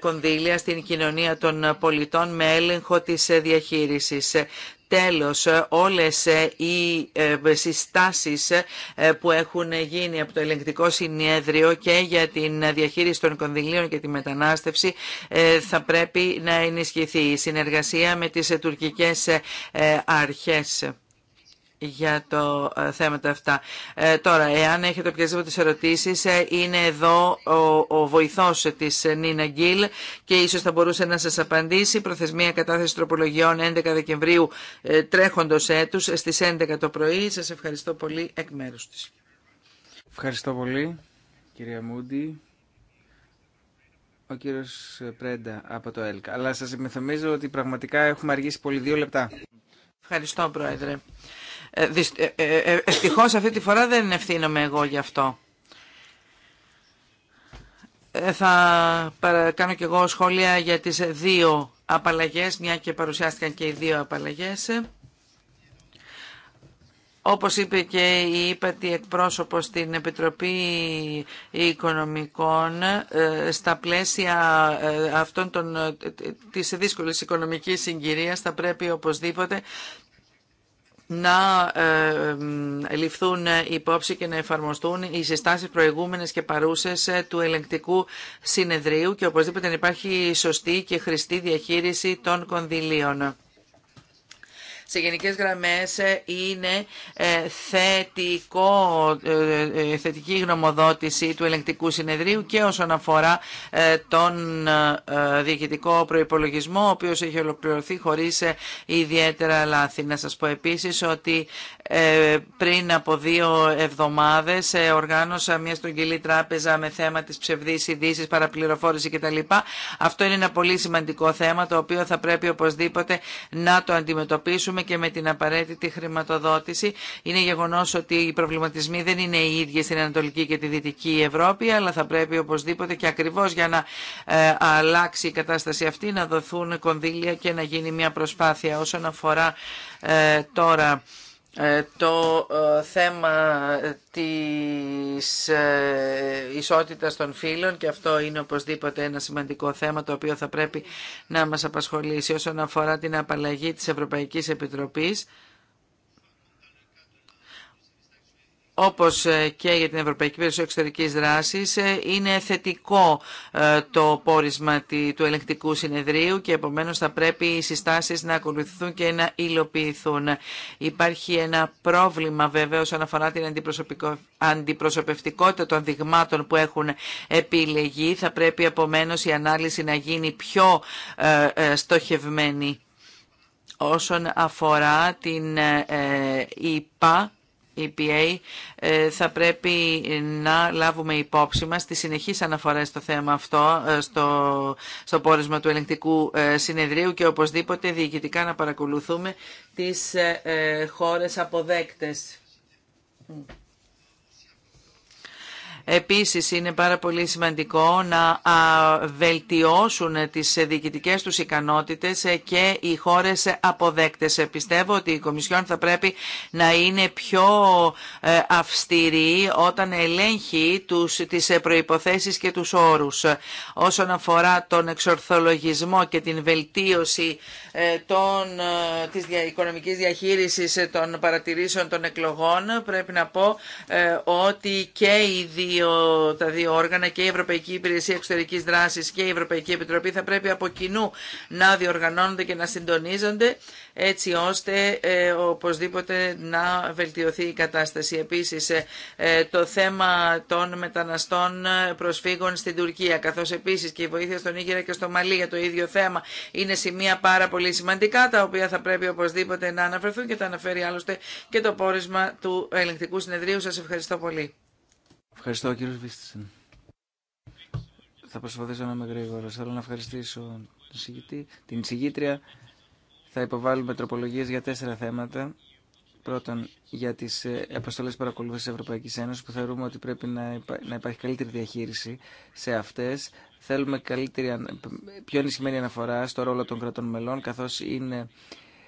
κονδύλια στην κοινωνία των πολιτών με έλεγχο της διαχείρισης. Τέλος, ε, όλες ε, οι ε, συστάσεις που έχουν γίνει από το ελεγκτικό συνέδριο και για την διαχείριση των κονδυλίων και τη μετανάστευση θα πρέπει να ενισχυθεί η συνεργασία με τις τουρκικές αρχές για το τα ε, αυτά. Ε, τώρα, εάν έχετε οποιασδήποτε ερωτήσεις, ε, είναι εδώ ο, ο βοηθός της Νίνα Γκίλ και ίσως θα μπορούσε να σας απαντήσει. Προθεσμία κατάθεση τροπολογιών 11 Δεκεμβρίου ε, τρέχοντος έτους στις 11 το πρωί. Σας ευχαριστώ πολύ εκ μέρους της. Ευχαριστώ πολύ, κυρία Μούντι. Ο κύριος Πρέντα από το ΕΛΚ. Αλλά σας υπενθυμίζω ότι πραγματικά έχουμε αργήσει πολύ δύο λεπτά. Ευχαριστώ, Πρόεδρε. Ε, ε, ε, ευτυχώς αυτή τη φορά δεν ευθύνομαι εγώ γι' αυτό. Θα κάνω και εγώ σχόλια για τις δύο απαλλαγές, μια και παρουσιάστηκαν και οι δύο απαλλαγές. Όπως είπε και η ύπατη εκπρόσωπο στην Επιτροπή Οικονομικών, στα πλαίσια αυτών των, της δύσκολης οικονομικής συγκυρίας θα πρέπει οπωσδήποτε να ε, ε, ληφθούν υπόψη και να εφαρμοστούν οι συστάσεις προηγούμενες και παρούσες ε, του ελεγκτικού συνεδρίου και οπωσδήποτε να υπάρχει σωστή και χρηστή διαχείριση των κονδυλίων σε γενικές γραμμές ε, είναι ε, θετικό, ε, θετική γνωμοδότηση του ελεγκτικού συνεδρίου και όσον αφορά τον διοικητικό προϋπολογισμό, ο οποίος έχει ολοκληρωθεί χωρίς ιδιαίτερα λάθη. Να σας πω επίσης ότι πριν από δύο εβδομάδες οργάνωσα μια στρογγυλή τράπεζα με θέμα της ψευδής ειδήσει, παραπληροφόρηση κτλ. Αυτό είναι ένα πολύ σημαντικό θέμα το οποίο θα πρέπει οπωσδήποτε να το αντιμετωπίσουμε και με την απαραίτητη χρηματοδότηση. Είναι γεγονός ότι οι προβληματισμοί δεν είναι οι ίδιοι στην Ανατολική και τη Δυτική Ευρώπη, αλλά θα πρέπει οπωσδήποτε και ακριβώς για να ε, αλλάξει η κατάσταση αυτή να δοθούν κονδύλια και να γίνει μια προσπάθεια όσον αφορά ε, τώρα ε, το ε, θέμα της ε, ισότητας των φύλων και αυτό είναι οπωσδήποτε ένα σημαντικό θέμα το οποίο θα πρέπει να μας απασχολήσει όσον αφορά την απαλλαγή της Ευρωπαϊκής Επιτροπής όπως ε, και για την Ευρωπαϊκή Περισσοκή Εξωτερικής Δράσης, ε, είναι θετικό ε, το πόρισμα του ελεγκτικού συνεδρίου και επομένως θα πρέπει οι συστάσεις να ακολουθηθούν και να υλοποιηθούν. Υπάρχει ένα πρόβλημα βέβαια όσον αφορά την αντιπροσωπευτικότητα των δειγμάτων που έχουν επιλεγεί. Θα πρέπει επομένως η ανάλυση να γίνει πιο στοχευμένη όσον αφορά την ΙΠΑ EPA ε, θα πρέπει να λάβουμε υπόψη μας τη συνεχής αναφορά στο θέμα αυτό ε, στο, στο πόρισμα του ελεγκτικού ε, συνεδρίου και οπωσδήποτε διοικητικά να παρακολουθούμε τις χώρες αποδέκτες. Επίσης είναι πάρα πολύ σημαντικό να βελτιώσουν τις διοικητικές τους ικανότητες και οι χώρες αποδέκτες. Πιστεύω ότι η Κομισιόν θα πρέπει να είναι πιο ε, αυστηρή όταν ελέγχει τους, τις προϋποθέσεις και τους όρους. Όσον αφορά τον εξορθολογισμό και την βελτίωση ε, των, ε, της οικονομικής διαχείρισης των παρατηρήσεων των εκλογών, πρέπει να πω ότι και οι δύο, τα δύο όργανα και η Ευρωπαϊκή Υπηρεσία Εξωτερικής Δράση και η Ευρωπαϊκή Επιτροπή θα πρέπει από κοινού να διοργανώνονται και να συντονίζονται έτσι ώστε ε, οπωσδήποτε να βελτιωθεί η κατάσταση. Επίσης ε, ε, το θέμα των μεταναστών προσφύγων στην Τουρκία καθώς επίση και η βοήθεια στον Ήγερα και στο Μαλί για το ίδιο θέμα είναι σημεία πάρα πολύ σημαντικά τα οποία θα πρέπει οπωσδήποτε να αναφερθούν και τα αναφέρει άλλωστε και το πόρισμα του ελεγκτικού συνεδρίου. Σα ευχαριστώ πολύ. Ευχαριστώ κύριος Βίστησεν. Θα προσπαθήσω να είμαι γρήγορο. Θέλω να ευχαριστήσω την, την εισηγήτρια. Θα υποβάλουμε τροπολογίες για τέσσερα θέματα. Πρώτον, για τι ε, αποστολέ παρακολούθηση τη Ευρωπαϊκή Ένωση, που θεωρούμε ότι πρέπει να, υπάρχει καλύτερη διαχείριση σε αυτέ. Θέλουμε καλύτερη, πιο ενισχυμένη αναφορά στο ρόλο των κρατών μελών, καθώ είναι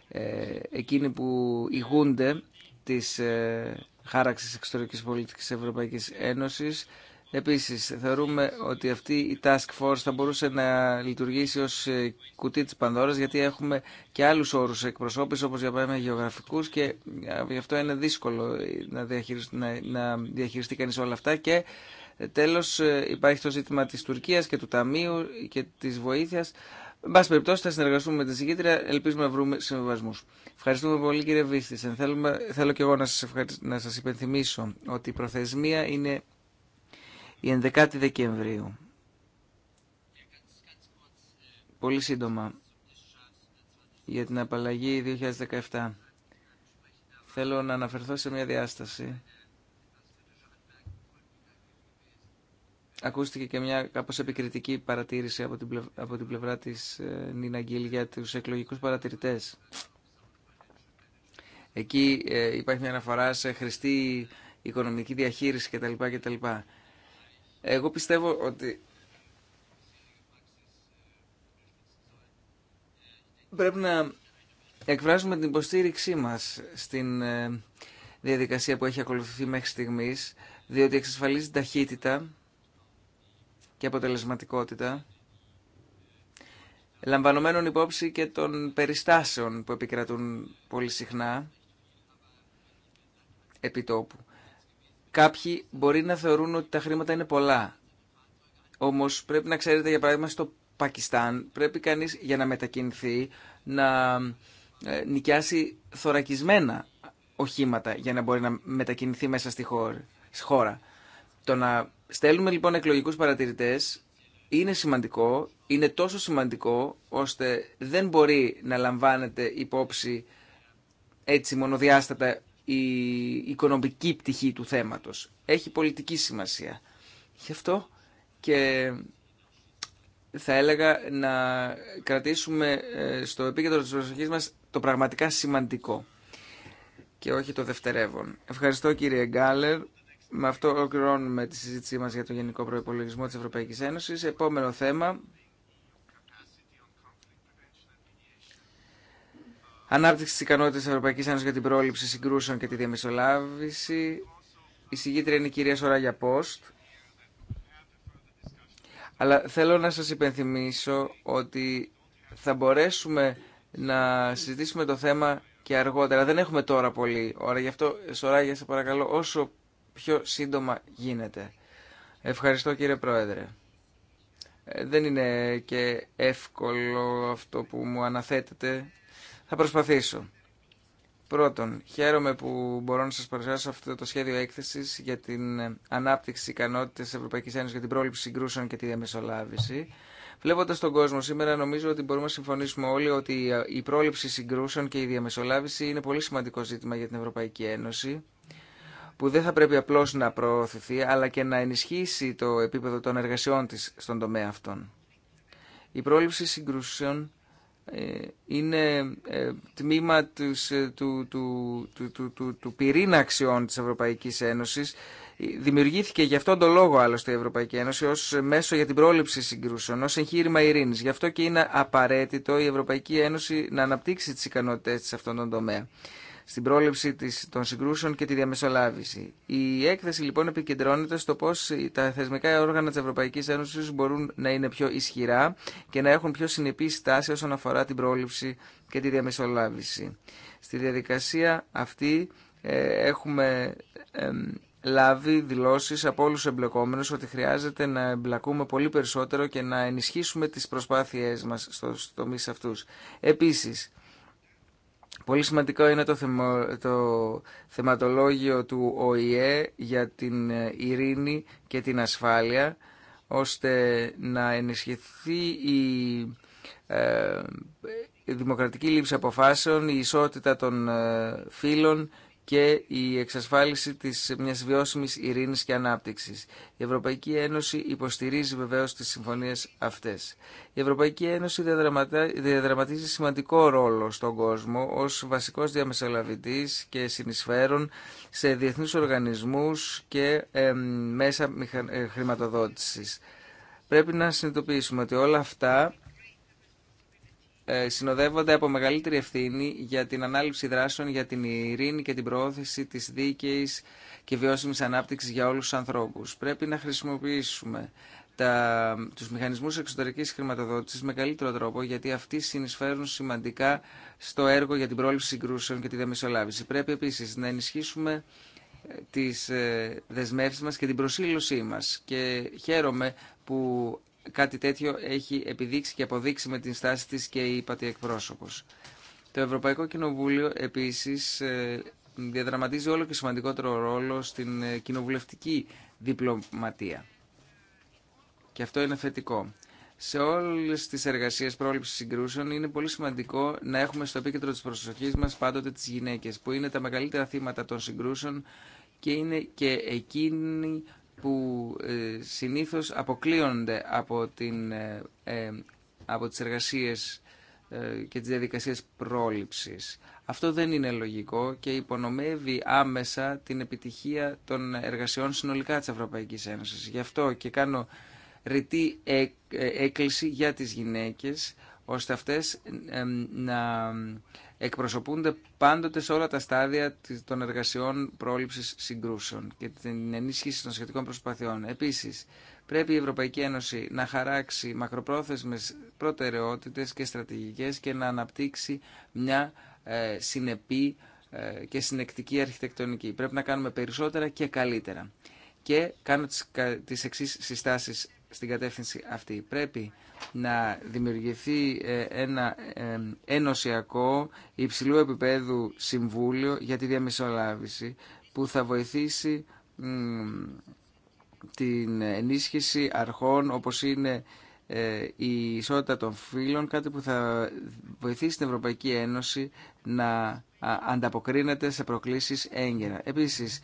ε, εκείνοι που ηγούνται της ε, χάραξης εξωτερικής πολιτικής Ευρωπαϊκής Ένωσης. Επίσης, θεωρούμε ότι αυτή η Task Force θα μπορούσε να λειτουργήσει ως ε, κουτί της Πανδώρας, γιατί έχουμε και άλλους όρους εκπροσώπης, όπως για παράδειγμα γεωγραφικούς, και γι' αυτό είναι δύσκολο να διαχειριστεί, να, να διαχειριστεί κανείς όλα αυτά. Και ε, τέλος, υπάρχει το ζήτημα της Τουρκίας και του Ταμείου και της βοήθειας. Εν πάση περιπτώσει, θα συνεργαστούμε με τη συγκίτρια. Ελπίζουμε να βρούμε συμβιβασμού. Ευχαριστούμε πολύ, κύριε Βίστη. Θέλω και εγώ να σα να σας υπενθυμίσω ότι η προθεσμία είναι η 11η Δεκεμβρίου. Πολύ σύντομα για την απαλλαγή 2017. Θέλω να αναφερθώ σε μια διάσταση Ακούστηκε και μια κάπως επικριτική παρατήρηση από την, πλευρά, από την πλευρά της ε, Νίνα Γκίλ για τους εκλογικούς παρατηρητές. Εκεί ε, υπάρχει μια αναφορά σε χρηστή οικονομική διαχείριση κτλ. κτλ. Εγώ πιστεύω ότι πρέπει να εκφράζουμε την υποστήριξή μας στην ε, διαδικασία που έχει ακολουθηθεί μέχρι στιγμής, διότι εξασφαλίζει ταχύτητα και αποτελεσματικότητα λαμβανομένων υπόψη και των περιστάσεων που επικρατούν πολύ συχνά επί τόπου. Κάποιοι μπορεί να θεωρούν ότι τα χρήματα είναι πολλά. Όμως πρέπει να ξέρετε για παράδειγμα στο Πακιστάν πρέπει κανείς για να μετακινηθεί να ε, νοικιάσει θωρακισμένα οχήματα για να μπορεί να μετακινηθεί μέσα στη χώρα. Το να Στέλνουμε λοιπόν εκλογικούς παρατηρητές, είναι σημαντικό, είναι τόσο σημαντικό ώστε δεν μπορεί να λαμβάνεται υπόψη έτσι μονοδιάστατα η οικονομική πτυχή του θέματος. Έχει πολιτική σημασία. Γι' αυτό και θα έλεγα να κρατήσουμε ε, στο επίκεντρο της προσοχής μας το πραγματικά σημαντικό και όχι το δευτερεύον. Ευχαριστώ κύριε Γκάλερ. Με αυτό ολοκληρώνουμε τη συζήτησή μας για το Γενικό Προϋπολογισμό της Ευρωπαϊκής Ένωσης. Επόμενο θέμα. Ανάπτυξη της ικανότητας της Ευρωπαϊκής Ένωσης για την πρόληψη συγκρούσεων και τη διαμεσολάβηση. Η συγγήτρια είναι η κυρία Σωράγια Πόστ. Αλλά θέλω να σας υπενθυμίσω ότι θα μπορέσουμε να συζητήσουμε το θέμα και αργότερα. Δεν έχουμε τώρα πολύ ώρα, γι' αυτό Σωράγια, σε παρακαλώ, όσο πιο σύντομα γίνεται. Ευχαριστώ κύριε Πρόεδρε. Ε, δεν είναι και εύκολο αυτό που μου αναθέτεται. Θα προσπαθήσω. Πρώτον, χαίρομαι που μπορώ να σας παρουσιάσω αυτό το σχέδιο έκθεσης για την ανάπτυξη ικανότητες της Ευρωπαϊκής Ένωσης για την πρόληψη συγκρούσεων και τη διαμεσολάβηση. Βλέποντα τον κόσμο σήμερα, νομίζω ότι μπορούμε να συμφωνήσουμε όλοι ότι η πρόληψη συγκρούσεων και η διαμεσολάβηση είναι πολύ σημαντικό ζήτημα για την Ευρωπαϊκή Ένωση που δεν θα πρέπει απλώς να προωθηθεί αλλά και να ενισχύσει το επίπεδο των εργασιών της στον τομέα αυτών. Η πρόληψη συγκρούσεων ε, είναι ε, τμήμα ε, του, του, του, του πυρήνα αξιών της Ευρωπαϊκής Ένωσης. Δημιουργήθηκε γι' αυτόν τον λόγο άλλωστε η Ευρωπαϊκή Ένωση ως μέσο για την πρόληψη συγκρούσεων, ως εγχείρημα ειρήνης. Γι' αυτό και είναι απαραίτητο η Ευρωπαϊκή Ένωση να αναπτύξει τις ικανότητες της σε αυτόν τον τομέα στην πρόληψη της, των συγκρούσεων και τη διαμεσολάβηση. Η έκθεση λοιπόν επικεντρώνεται στο πώς τα θεσμικά όργανα της Ευρωπαϊκής Ένωσης μπορούν να είναι πιο ισχυρά και να έχουν πιο συνεπή στάση όσον αφορά την πρόληψη και τη διαμεσολάβηση. Στη διαδικασία αυτή ε, έχουμε λάβει δηλώσεις από όλους τους εμπλεκόμενους ότι χρειάζεται να εμπλακούμε πολύ περισσότερο και να ενισχύσουμε τις προσπάθειές μας στους τομείς αυτούς. Επίσης, Πολύ σημαντικό είναι το, το θεματολόγιο του ΟΗΕ για την ε, ειρήνη και την ασφάλεια, ώστε να ενισχυθεί η, ε, η δημοκρατική λήψη αποφάσεων, η ισότητα των ε, φύλων και η εξασφάλιση της μιας βιώσιμης ειρήνης και ανάπτυξης. Η Ευρωπαϊκή Ένωση υποστηρίζει βεβαίως τις συμφωνίες αυτές. Η Ευρωπαϊκή Ένωση διαδραματίζει σημαντικό ρόλο στον κόσμο ως βασικός διαμεσολαβητής και συνεισφέρον σε διεθνούς οργανισμούς και μέσα ε, χρηματοδότησης. Πρέπει να συνειδητοποιήσουμε ότι όλα αυτά ε, συνοδεύονται από μεγαλύτερη ευθύνη για την ανάληψη δράσεων για την ειρήνη και την προώθηση τη δίκαιη και βιώσιμη ανάπτυξη για όλου του ανθρώπου. Πρέπει να χρησιμοποιήσουμε τα, τους μηχανισμούς εξωτερικής χρηματοδότησης με καλύτερο τρόπο γιατί αυτοί συνεισφέρουν σημαντικά στο έργο για την πρόληψη συγκρούσεων και τη διαμεσολάβηση. Πρέπει επίσης να ενισχύσουμε ε, τις ε, δεσμεύσεις μας και την προσήλωσή μας και χαίρομαι που κάτι τέτοιο έχει επιδείξει και αποδείξει με την στάση της και η πατή εκπρόσωπος. Το Ευρωπαϊκό Κοινοβούλιο επίσης ε, διαδραματίζει όλο και σημαντικότερο ρόλο στην ε, κοινοβουλευτική διπλωματία. Και αυτό είναι θετικό. Σε όλες τις εργασίες πρόληψης συγκρούσεων είναι πολύ σημαντικό να έχουμε στο επίκεντρο της προσοχής μας πάντοτε τις γυναίκες που είναι τα μεγαλύτερα θύματα των συγκρούσεων και είναι και εκείνοι που ε, συνήθως αποκλείονται από, την, ε, ε, από τις εργασίες και τις διαδικασίες πρόληψης. Αυτό δεν είναι λογικό και υπονομεύει άμεσα την επιτυχία των εργασιών συνολικά της Ευρωπαϊκής Ένωσης. Γι' αυτό και κάνω ρητή έκκληση για τις γυναίκες, ώστε αυτές να εκπροσωπούνται πάντοτε σε όλα τα στάδια των εργασιών πρόληψης συγκρούσεων και την ενίσχυση των σχετικών προσπαθειών. Επίσης, πρέπει η Ευρωπαϊκή Ένωση να χαράξει μακροπρόθεσμες προτεραιότητε και στρατηγικές και να αναπτύξει μια ε, συνεπή ε, και συνεκτική αρχιτεκτονική. Πρέπει να κάνουμε περισσότερα και καλύτερα. Και κάνω τις, τις εξής στην κατεύθυνση αυτή. Πρέπει να δημιουργηθεί ε, ένα ε, ενωσιακό υψηλού επίπεδου συμβούλιο για τη διαμεσολάβηση που θα βοηθήσει την ενίσχυση αρχών όπως είναι ε, η ισότητα των φύλων, κάτι που θα βοηθήσει την Ευρωπαϊκή Ένωση να ανταποκρίνεται σε προκλήσεις έγκαιρα. Επίσης,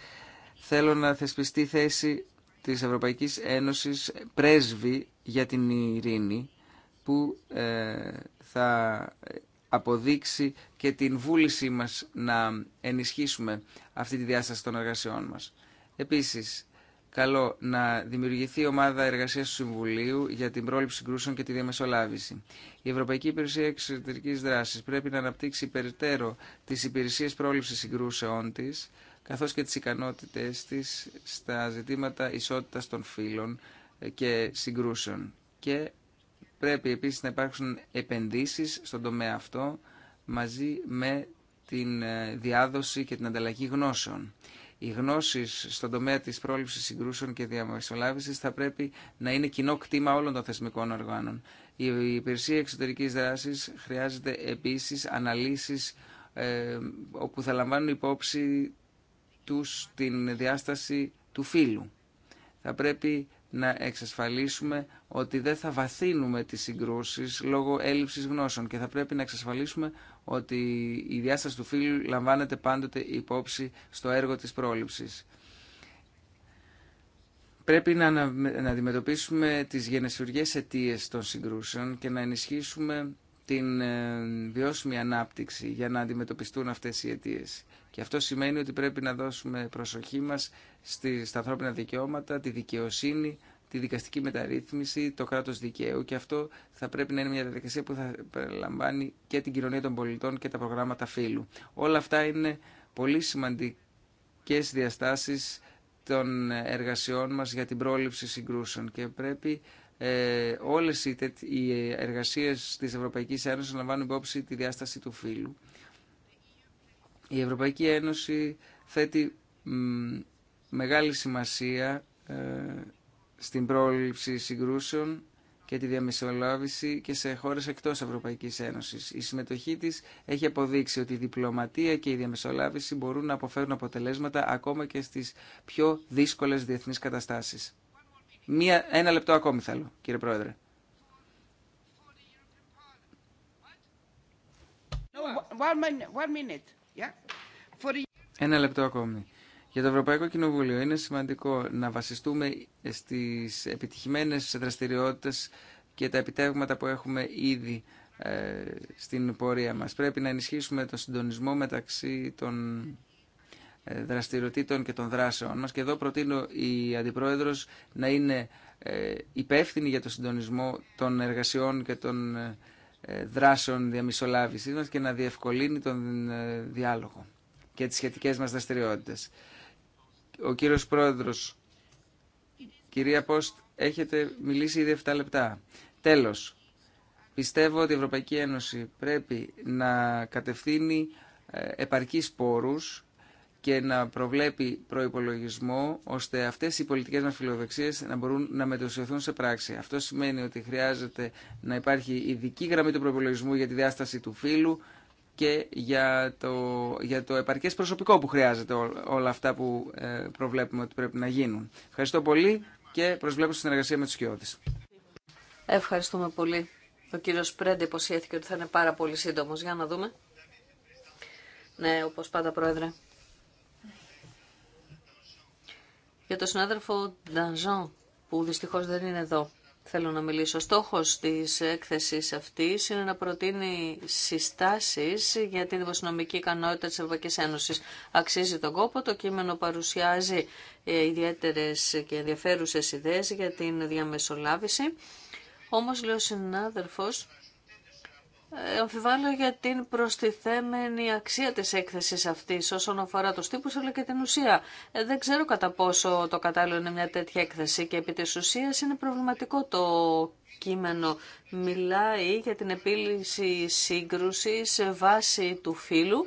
θέλω να θεσπιστεί θέση της Ευρωπαϊκής Ένωσης πρέσβη για την ειρήνη που ε, θα αποδείξει και την βούλησή μας να ενισχύσουμε αυτή τη διάσταση των εργασιών μας. Επίσης, καλό να δημιουργηθεί ομάδα εργασίας του Συμβουλίου για την πρόληψη συγκρούσεων και τη διαμεσολάβηση. Η Ευρωπαϊκή Υπηρεσία Εξωτερικής Δράσης πρέπει να αναπτύξει περιττέρω τις υπηρεσίες πρόληψης συγκρούσεών της, καθώς και τις ικανότητες της στα ζητήματα ισότητας των φύλων ε, και συγκρούσεων. Και πρέπει επίσης να υπάρξουν επενδύσεις στον τομέα αυτό μαζί με την ε, διάδοση και την ανταλλαγή γνώσεων. Οι γνώσει στον τομέα τη πρόληψη συγκρούσεων και διαμεσολάβηση θα πρέπει να είναι κοινό κτήμα όλων των θεσμικών οργάνων. Η υπηρεσία εξωτερική δράση χρειάζεται επίση αναλύσει ε, όπου θα λαμβάνουν υπόψη τους την διάσταση του φύλου. Θα πρέπει να εξασφαλίσουμε ότι δεν θα βαθύνουμε τις συγκρούσεις λόγω έλλειψης γνώσεων και θα πρέπει να εξασφαλίσουμε ότι η διάσταση του φύλου λαμβάνεται πάντοτε υπόψη στο έργο της πρόληψης. Πρέπει να, να αντιμετωπίσουμε τις γενεσιουργές αιτίες των συγκρούσεων και να ενισχύσουμε την ε, βιώσιμη ανάπτυξη για να αντιμετωπιστούν αυτές οι αιτίες Και αυτό σημαίνει ότι πρέπει να δώσουμε προσοχή μας στη, στα ανθρώπινα δικαιώματα, τη δικαιοσύνη, τη δικαστική μεταρρύθμιση, το κράτος δικαίου και αυτό θα πρέπει να είναι μια διαδικασία που θα περιλαμβάνει και την κοινωνία των πολιτών και τα προγράμματα φύλου. Όλα αυτά είναι πολύ σημαντικές διαστάσεις των εργασιών μας για την πρόληψη συγκρούσεων και πρέπει ε, όλες οι, οι εργασίες της Ευρωπαϊκής Ένωσης λαμβάνουν υπόψη τη διάσταση του φύλου. Η Ευρωπαϊκή Ένωση θέτει μ, μεγάλη σημασία ε, στην πρόληψη συγκρούσεων και τη διαμεσολάβηση και σε χώρες εκτός Ευρωπαϊκής Ένωσης. Η συμμετοχή της έχει αποδείξει ότι η διπλωματία και η διαμεσολάβηση μπορούν να αποφέρουν αποτελέσματα ακόμα και στις πιο δύσκολες διεθνείς καταστάσεις. Μία, ένα λεπτό ακόμη θέλω, κύριε Πρόεδρε. Ένα λεπτό ακόμη. Για το Ευρωπαϊκό Κοινοβούλιο είναι σημαντικό να βασιστούμε στις επιτυχημένες δραστηριότητες και τα επιτεύγματα που έχουμε ήδη ε, στην πορεία μας. Πρέπει να ενισχύσουμε το συντονισμό μεταξύ των ε, δραστηριοτήτων και των δράσεων μας και εδώ προτείνω η Αντιπρόεδρος να είναι ε, υπεύθυνη για το συντονισμό των εργασιών και των ε, δράσεων διαμισολάβησης μας και να διευκολύνει τον διάλογο και τις σχετικές μας δραστηριότητες. Ο κύριος Πρόεδρος, κυρία Πόστ, έχετε μιλήσει ήδη 7 λεπτά. Τέλος, πιστεύω ότι η Ευρωπαϊκή Ένωση πρέπει να κατευθύνει επαρκείς πόρους και να προβλέπει προπολογισμό ώστε αυτέ οι πολιτικέ μα φιλοδοξίε να μπορούν να μετουσιωθούν σε πράξη. Αυτό σημαίνει ότι χρειάζεται να υπάρχει ειδική γραμμή του προπολογισμού για τη διάσταση του φύλου και για το, για το επαρκές προσωπικό που χρειάζεται όλα αυτά που ε, προβλέπουμε ότι πρέπει να γίνουν. Ευχαριστώ πολύ και προσβλέπω συνεργασία με τους Κιώδης. Ευχαριστούμε πολύ. Ο κύριος Πρέντε υποσχέθηκε ότι θα είναι πάρα πολύ σύντομο Για να δούμε. Ναι, όπω πάντα, Πρόεδρε. Για τον συνάδελφο Ντανζόν, που δυστυχώ δεν είναι εδώ, θέλω να μιλήσω. Ο στόχο της έκθεσης αυτής είναι να προτείνει συστάσεις για την δημοσιονομική ικανότητα τη Ευρωπαϊκή Ένωσης. Αξίζει τον κόπο, το κείμενο παρουσιάζει ε, ιδιαίτερε και ενδιαφέρουσε ιδέε για την διαμεσολάβηση. όμω λέει ο ε, αμφιβάλλω για την προστιθέμενη αξία της έκθεσης αυτής όσον αφορά τους τύπους αλλά και την ουσία. Ε, δεν ξέρω κατά πόσο το κατάλληλο είναι μια τέτοια έκθεση και επί της ουσίας είναι προβληματικό το κείμενο. Μιλάει για την επίλυση σε βάση του φύλου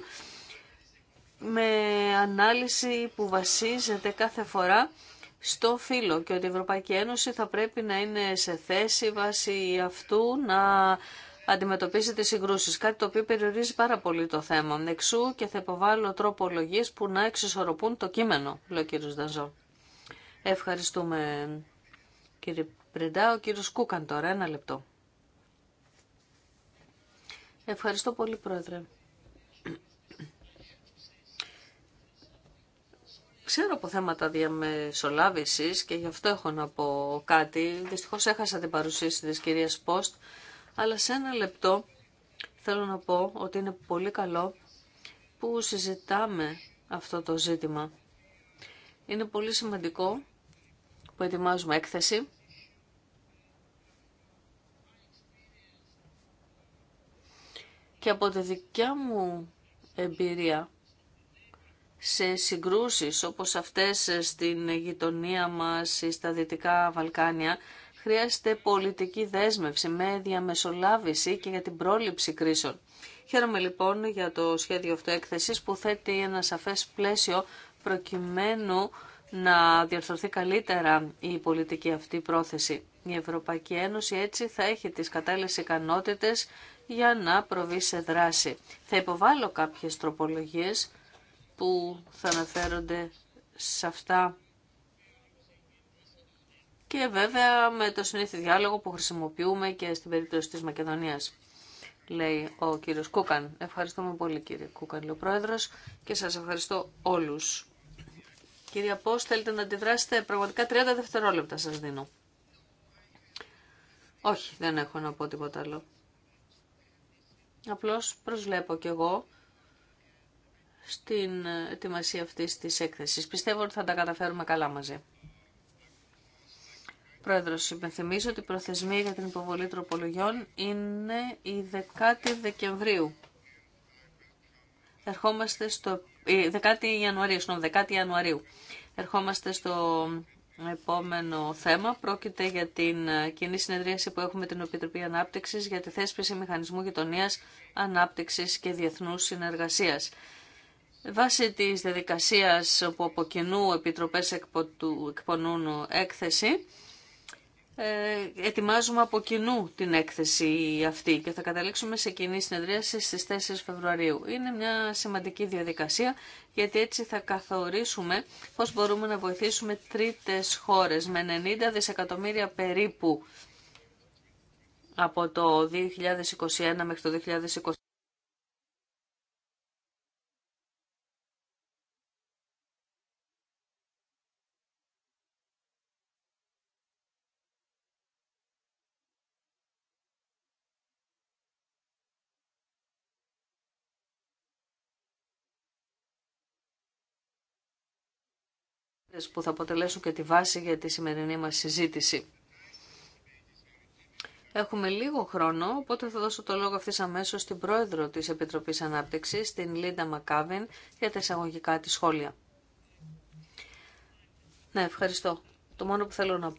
με ανάλυση που βασίζεται κάθε φορά στο φύλλο και ότι η Ευρωπαϊκή Ένωση θα πρέπει να είναι σε θέση βάσει αυτού να αντιμετωπίσει τις συγκρούσεις, κάτι το οποίο περιορίζει πάρα πολύ το θέμα. Εξού και θα υποβάλω τροπολογίες που να εξισορροπούν το κείμενο, λέει ο κύριος Δαζό. Ευχαριστούμε κύριε Πριντά. ο κύριο Κούκαν τώρα, ένα λεπτό. Ευχαριστώ πολύ πρόεδρε. Ξέρω από θέματα διαμεσολάβησης και γι' αυτό έχω να πω κάτι. Δυστυχώς έχασα την παρουσίαση της κυρίας Πόστ αλλά σε ένα λεπτό θέλω να πω ότι είναι πολύ καλό που συζητάμε αυτό το ζήτημα. Είναι πολύ σημαντικό που ετοιμάζουμε έκθεση. Και από τη δικιά μου εμπειρία σε συγκρούσεις όπως αυτές στην γειτονία μας ή στα Δυτικά Βαλκάνια, χρειάζεται πολιτική δέσμευση με διαμεσολάβηση και για την πρόληψη κρίσεων. Χαίρομαι λοιπόν για το σχέδιο αυτό έκθεσης που θέτει ένα σαφές πλαίσιο προκειμένου να διορθωθεί καλύτερα η πολιτική αυτή πρόθεση. Η Ευρωπαϊκή Ένωση έτσι θα έχει τις κατάλληλες ικανότητες για να προβεί σε δράση. Θα υποβάλω κάποιες τροπολογίες που θα αναφέρονται σε αυτά και βέβαια με το συνήθι διάλογο που χρησιμοποιούμε και στην περίπτωση της Μακεδονίας. Λέει ο κύριος Κούκαν. Ευχαριστούμε πολύ κύριε Κούκαν, λέει ο πρόεδρος, και σας ευχαριστώ όλους. Κύριε Πώς, θέλετε να αντιδράσετε πραγματικά 30 δευτερόλεπτα σας δίνω. Όχι, δεν έχω να πω τίποτα άλλο. Απλώς προσβλέπω κι εγώ στην ετοιμασία αυτή της έκθεσης. Πιστεύω ότι θα τα καταφέρουμε καλά μαζί. Πρόεδρος, υπενθυμίζω ότι η προθεσμία για την υποβολή τροπολογιών είναι η 10η Δεκεμβρίου. Ερχόμαστε στο... 10η Ιανουαρίου, 10η Ιανουαρίου. Ερχόμαστε στο επόμενο θέμα. Πρόκειται για την ε, κοινή συνεδρίαση που έχουμε την Επιτροπή Ανάπτυξη για τη θέσπιση μηχανισμού γειτονία, ανάπτυξη και διεθνού συνεργασία. Βάσει τη διαδικασία που από κοινού επιτροπέ εκπονούν ε, έκθεση, ε, ετοιμάζουμε από κοινού την έκθεση αυτή και θα καταλήξουμε σε κοινή συνεδρίαση στις 4 Φεβρουαρίου. Είναι μια σημαντική διαδικασία γιατί έτσι θα καθορίσουμε πώς μπορούμε να βοηθήσουμε τρίτες χώρες με 90 δισεκατομμύρια περίπου από το 2021 μέχρι το 2022. που θα αποτελέσουν και τη βάση για τη σημερινή μας συζήτηση. Έχουμε λίγο χρόνο, οπότε θα δώσω το λόγο αυτή αμέσως στην πρόεδρο της Επιτροπής Ανάπτυξη, την Λίντα Μακάβιν, για τα εισαγωγικά της σχόλια. Ναι, ευχαριστώ. Το μόνο που θέλω να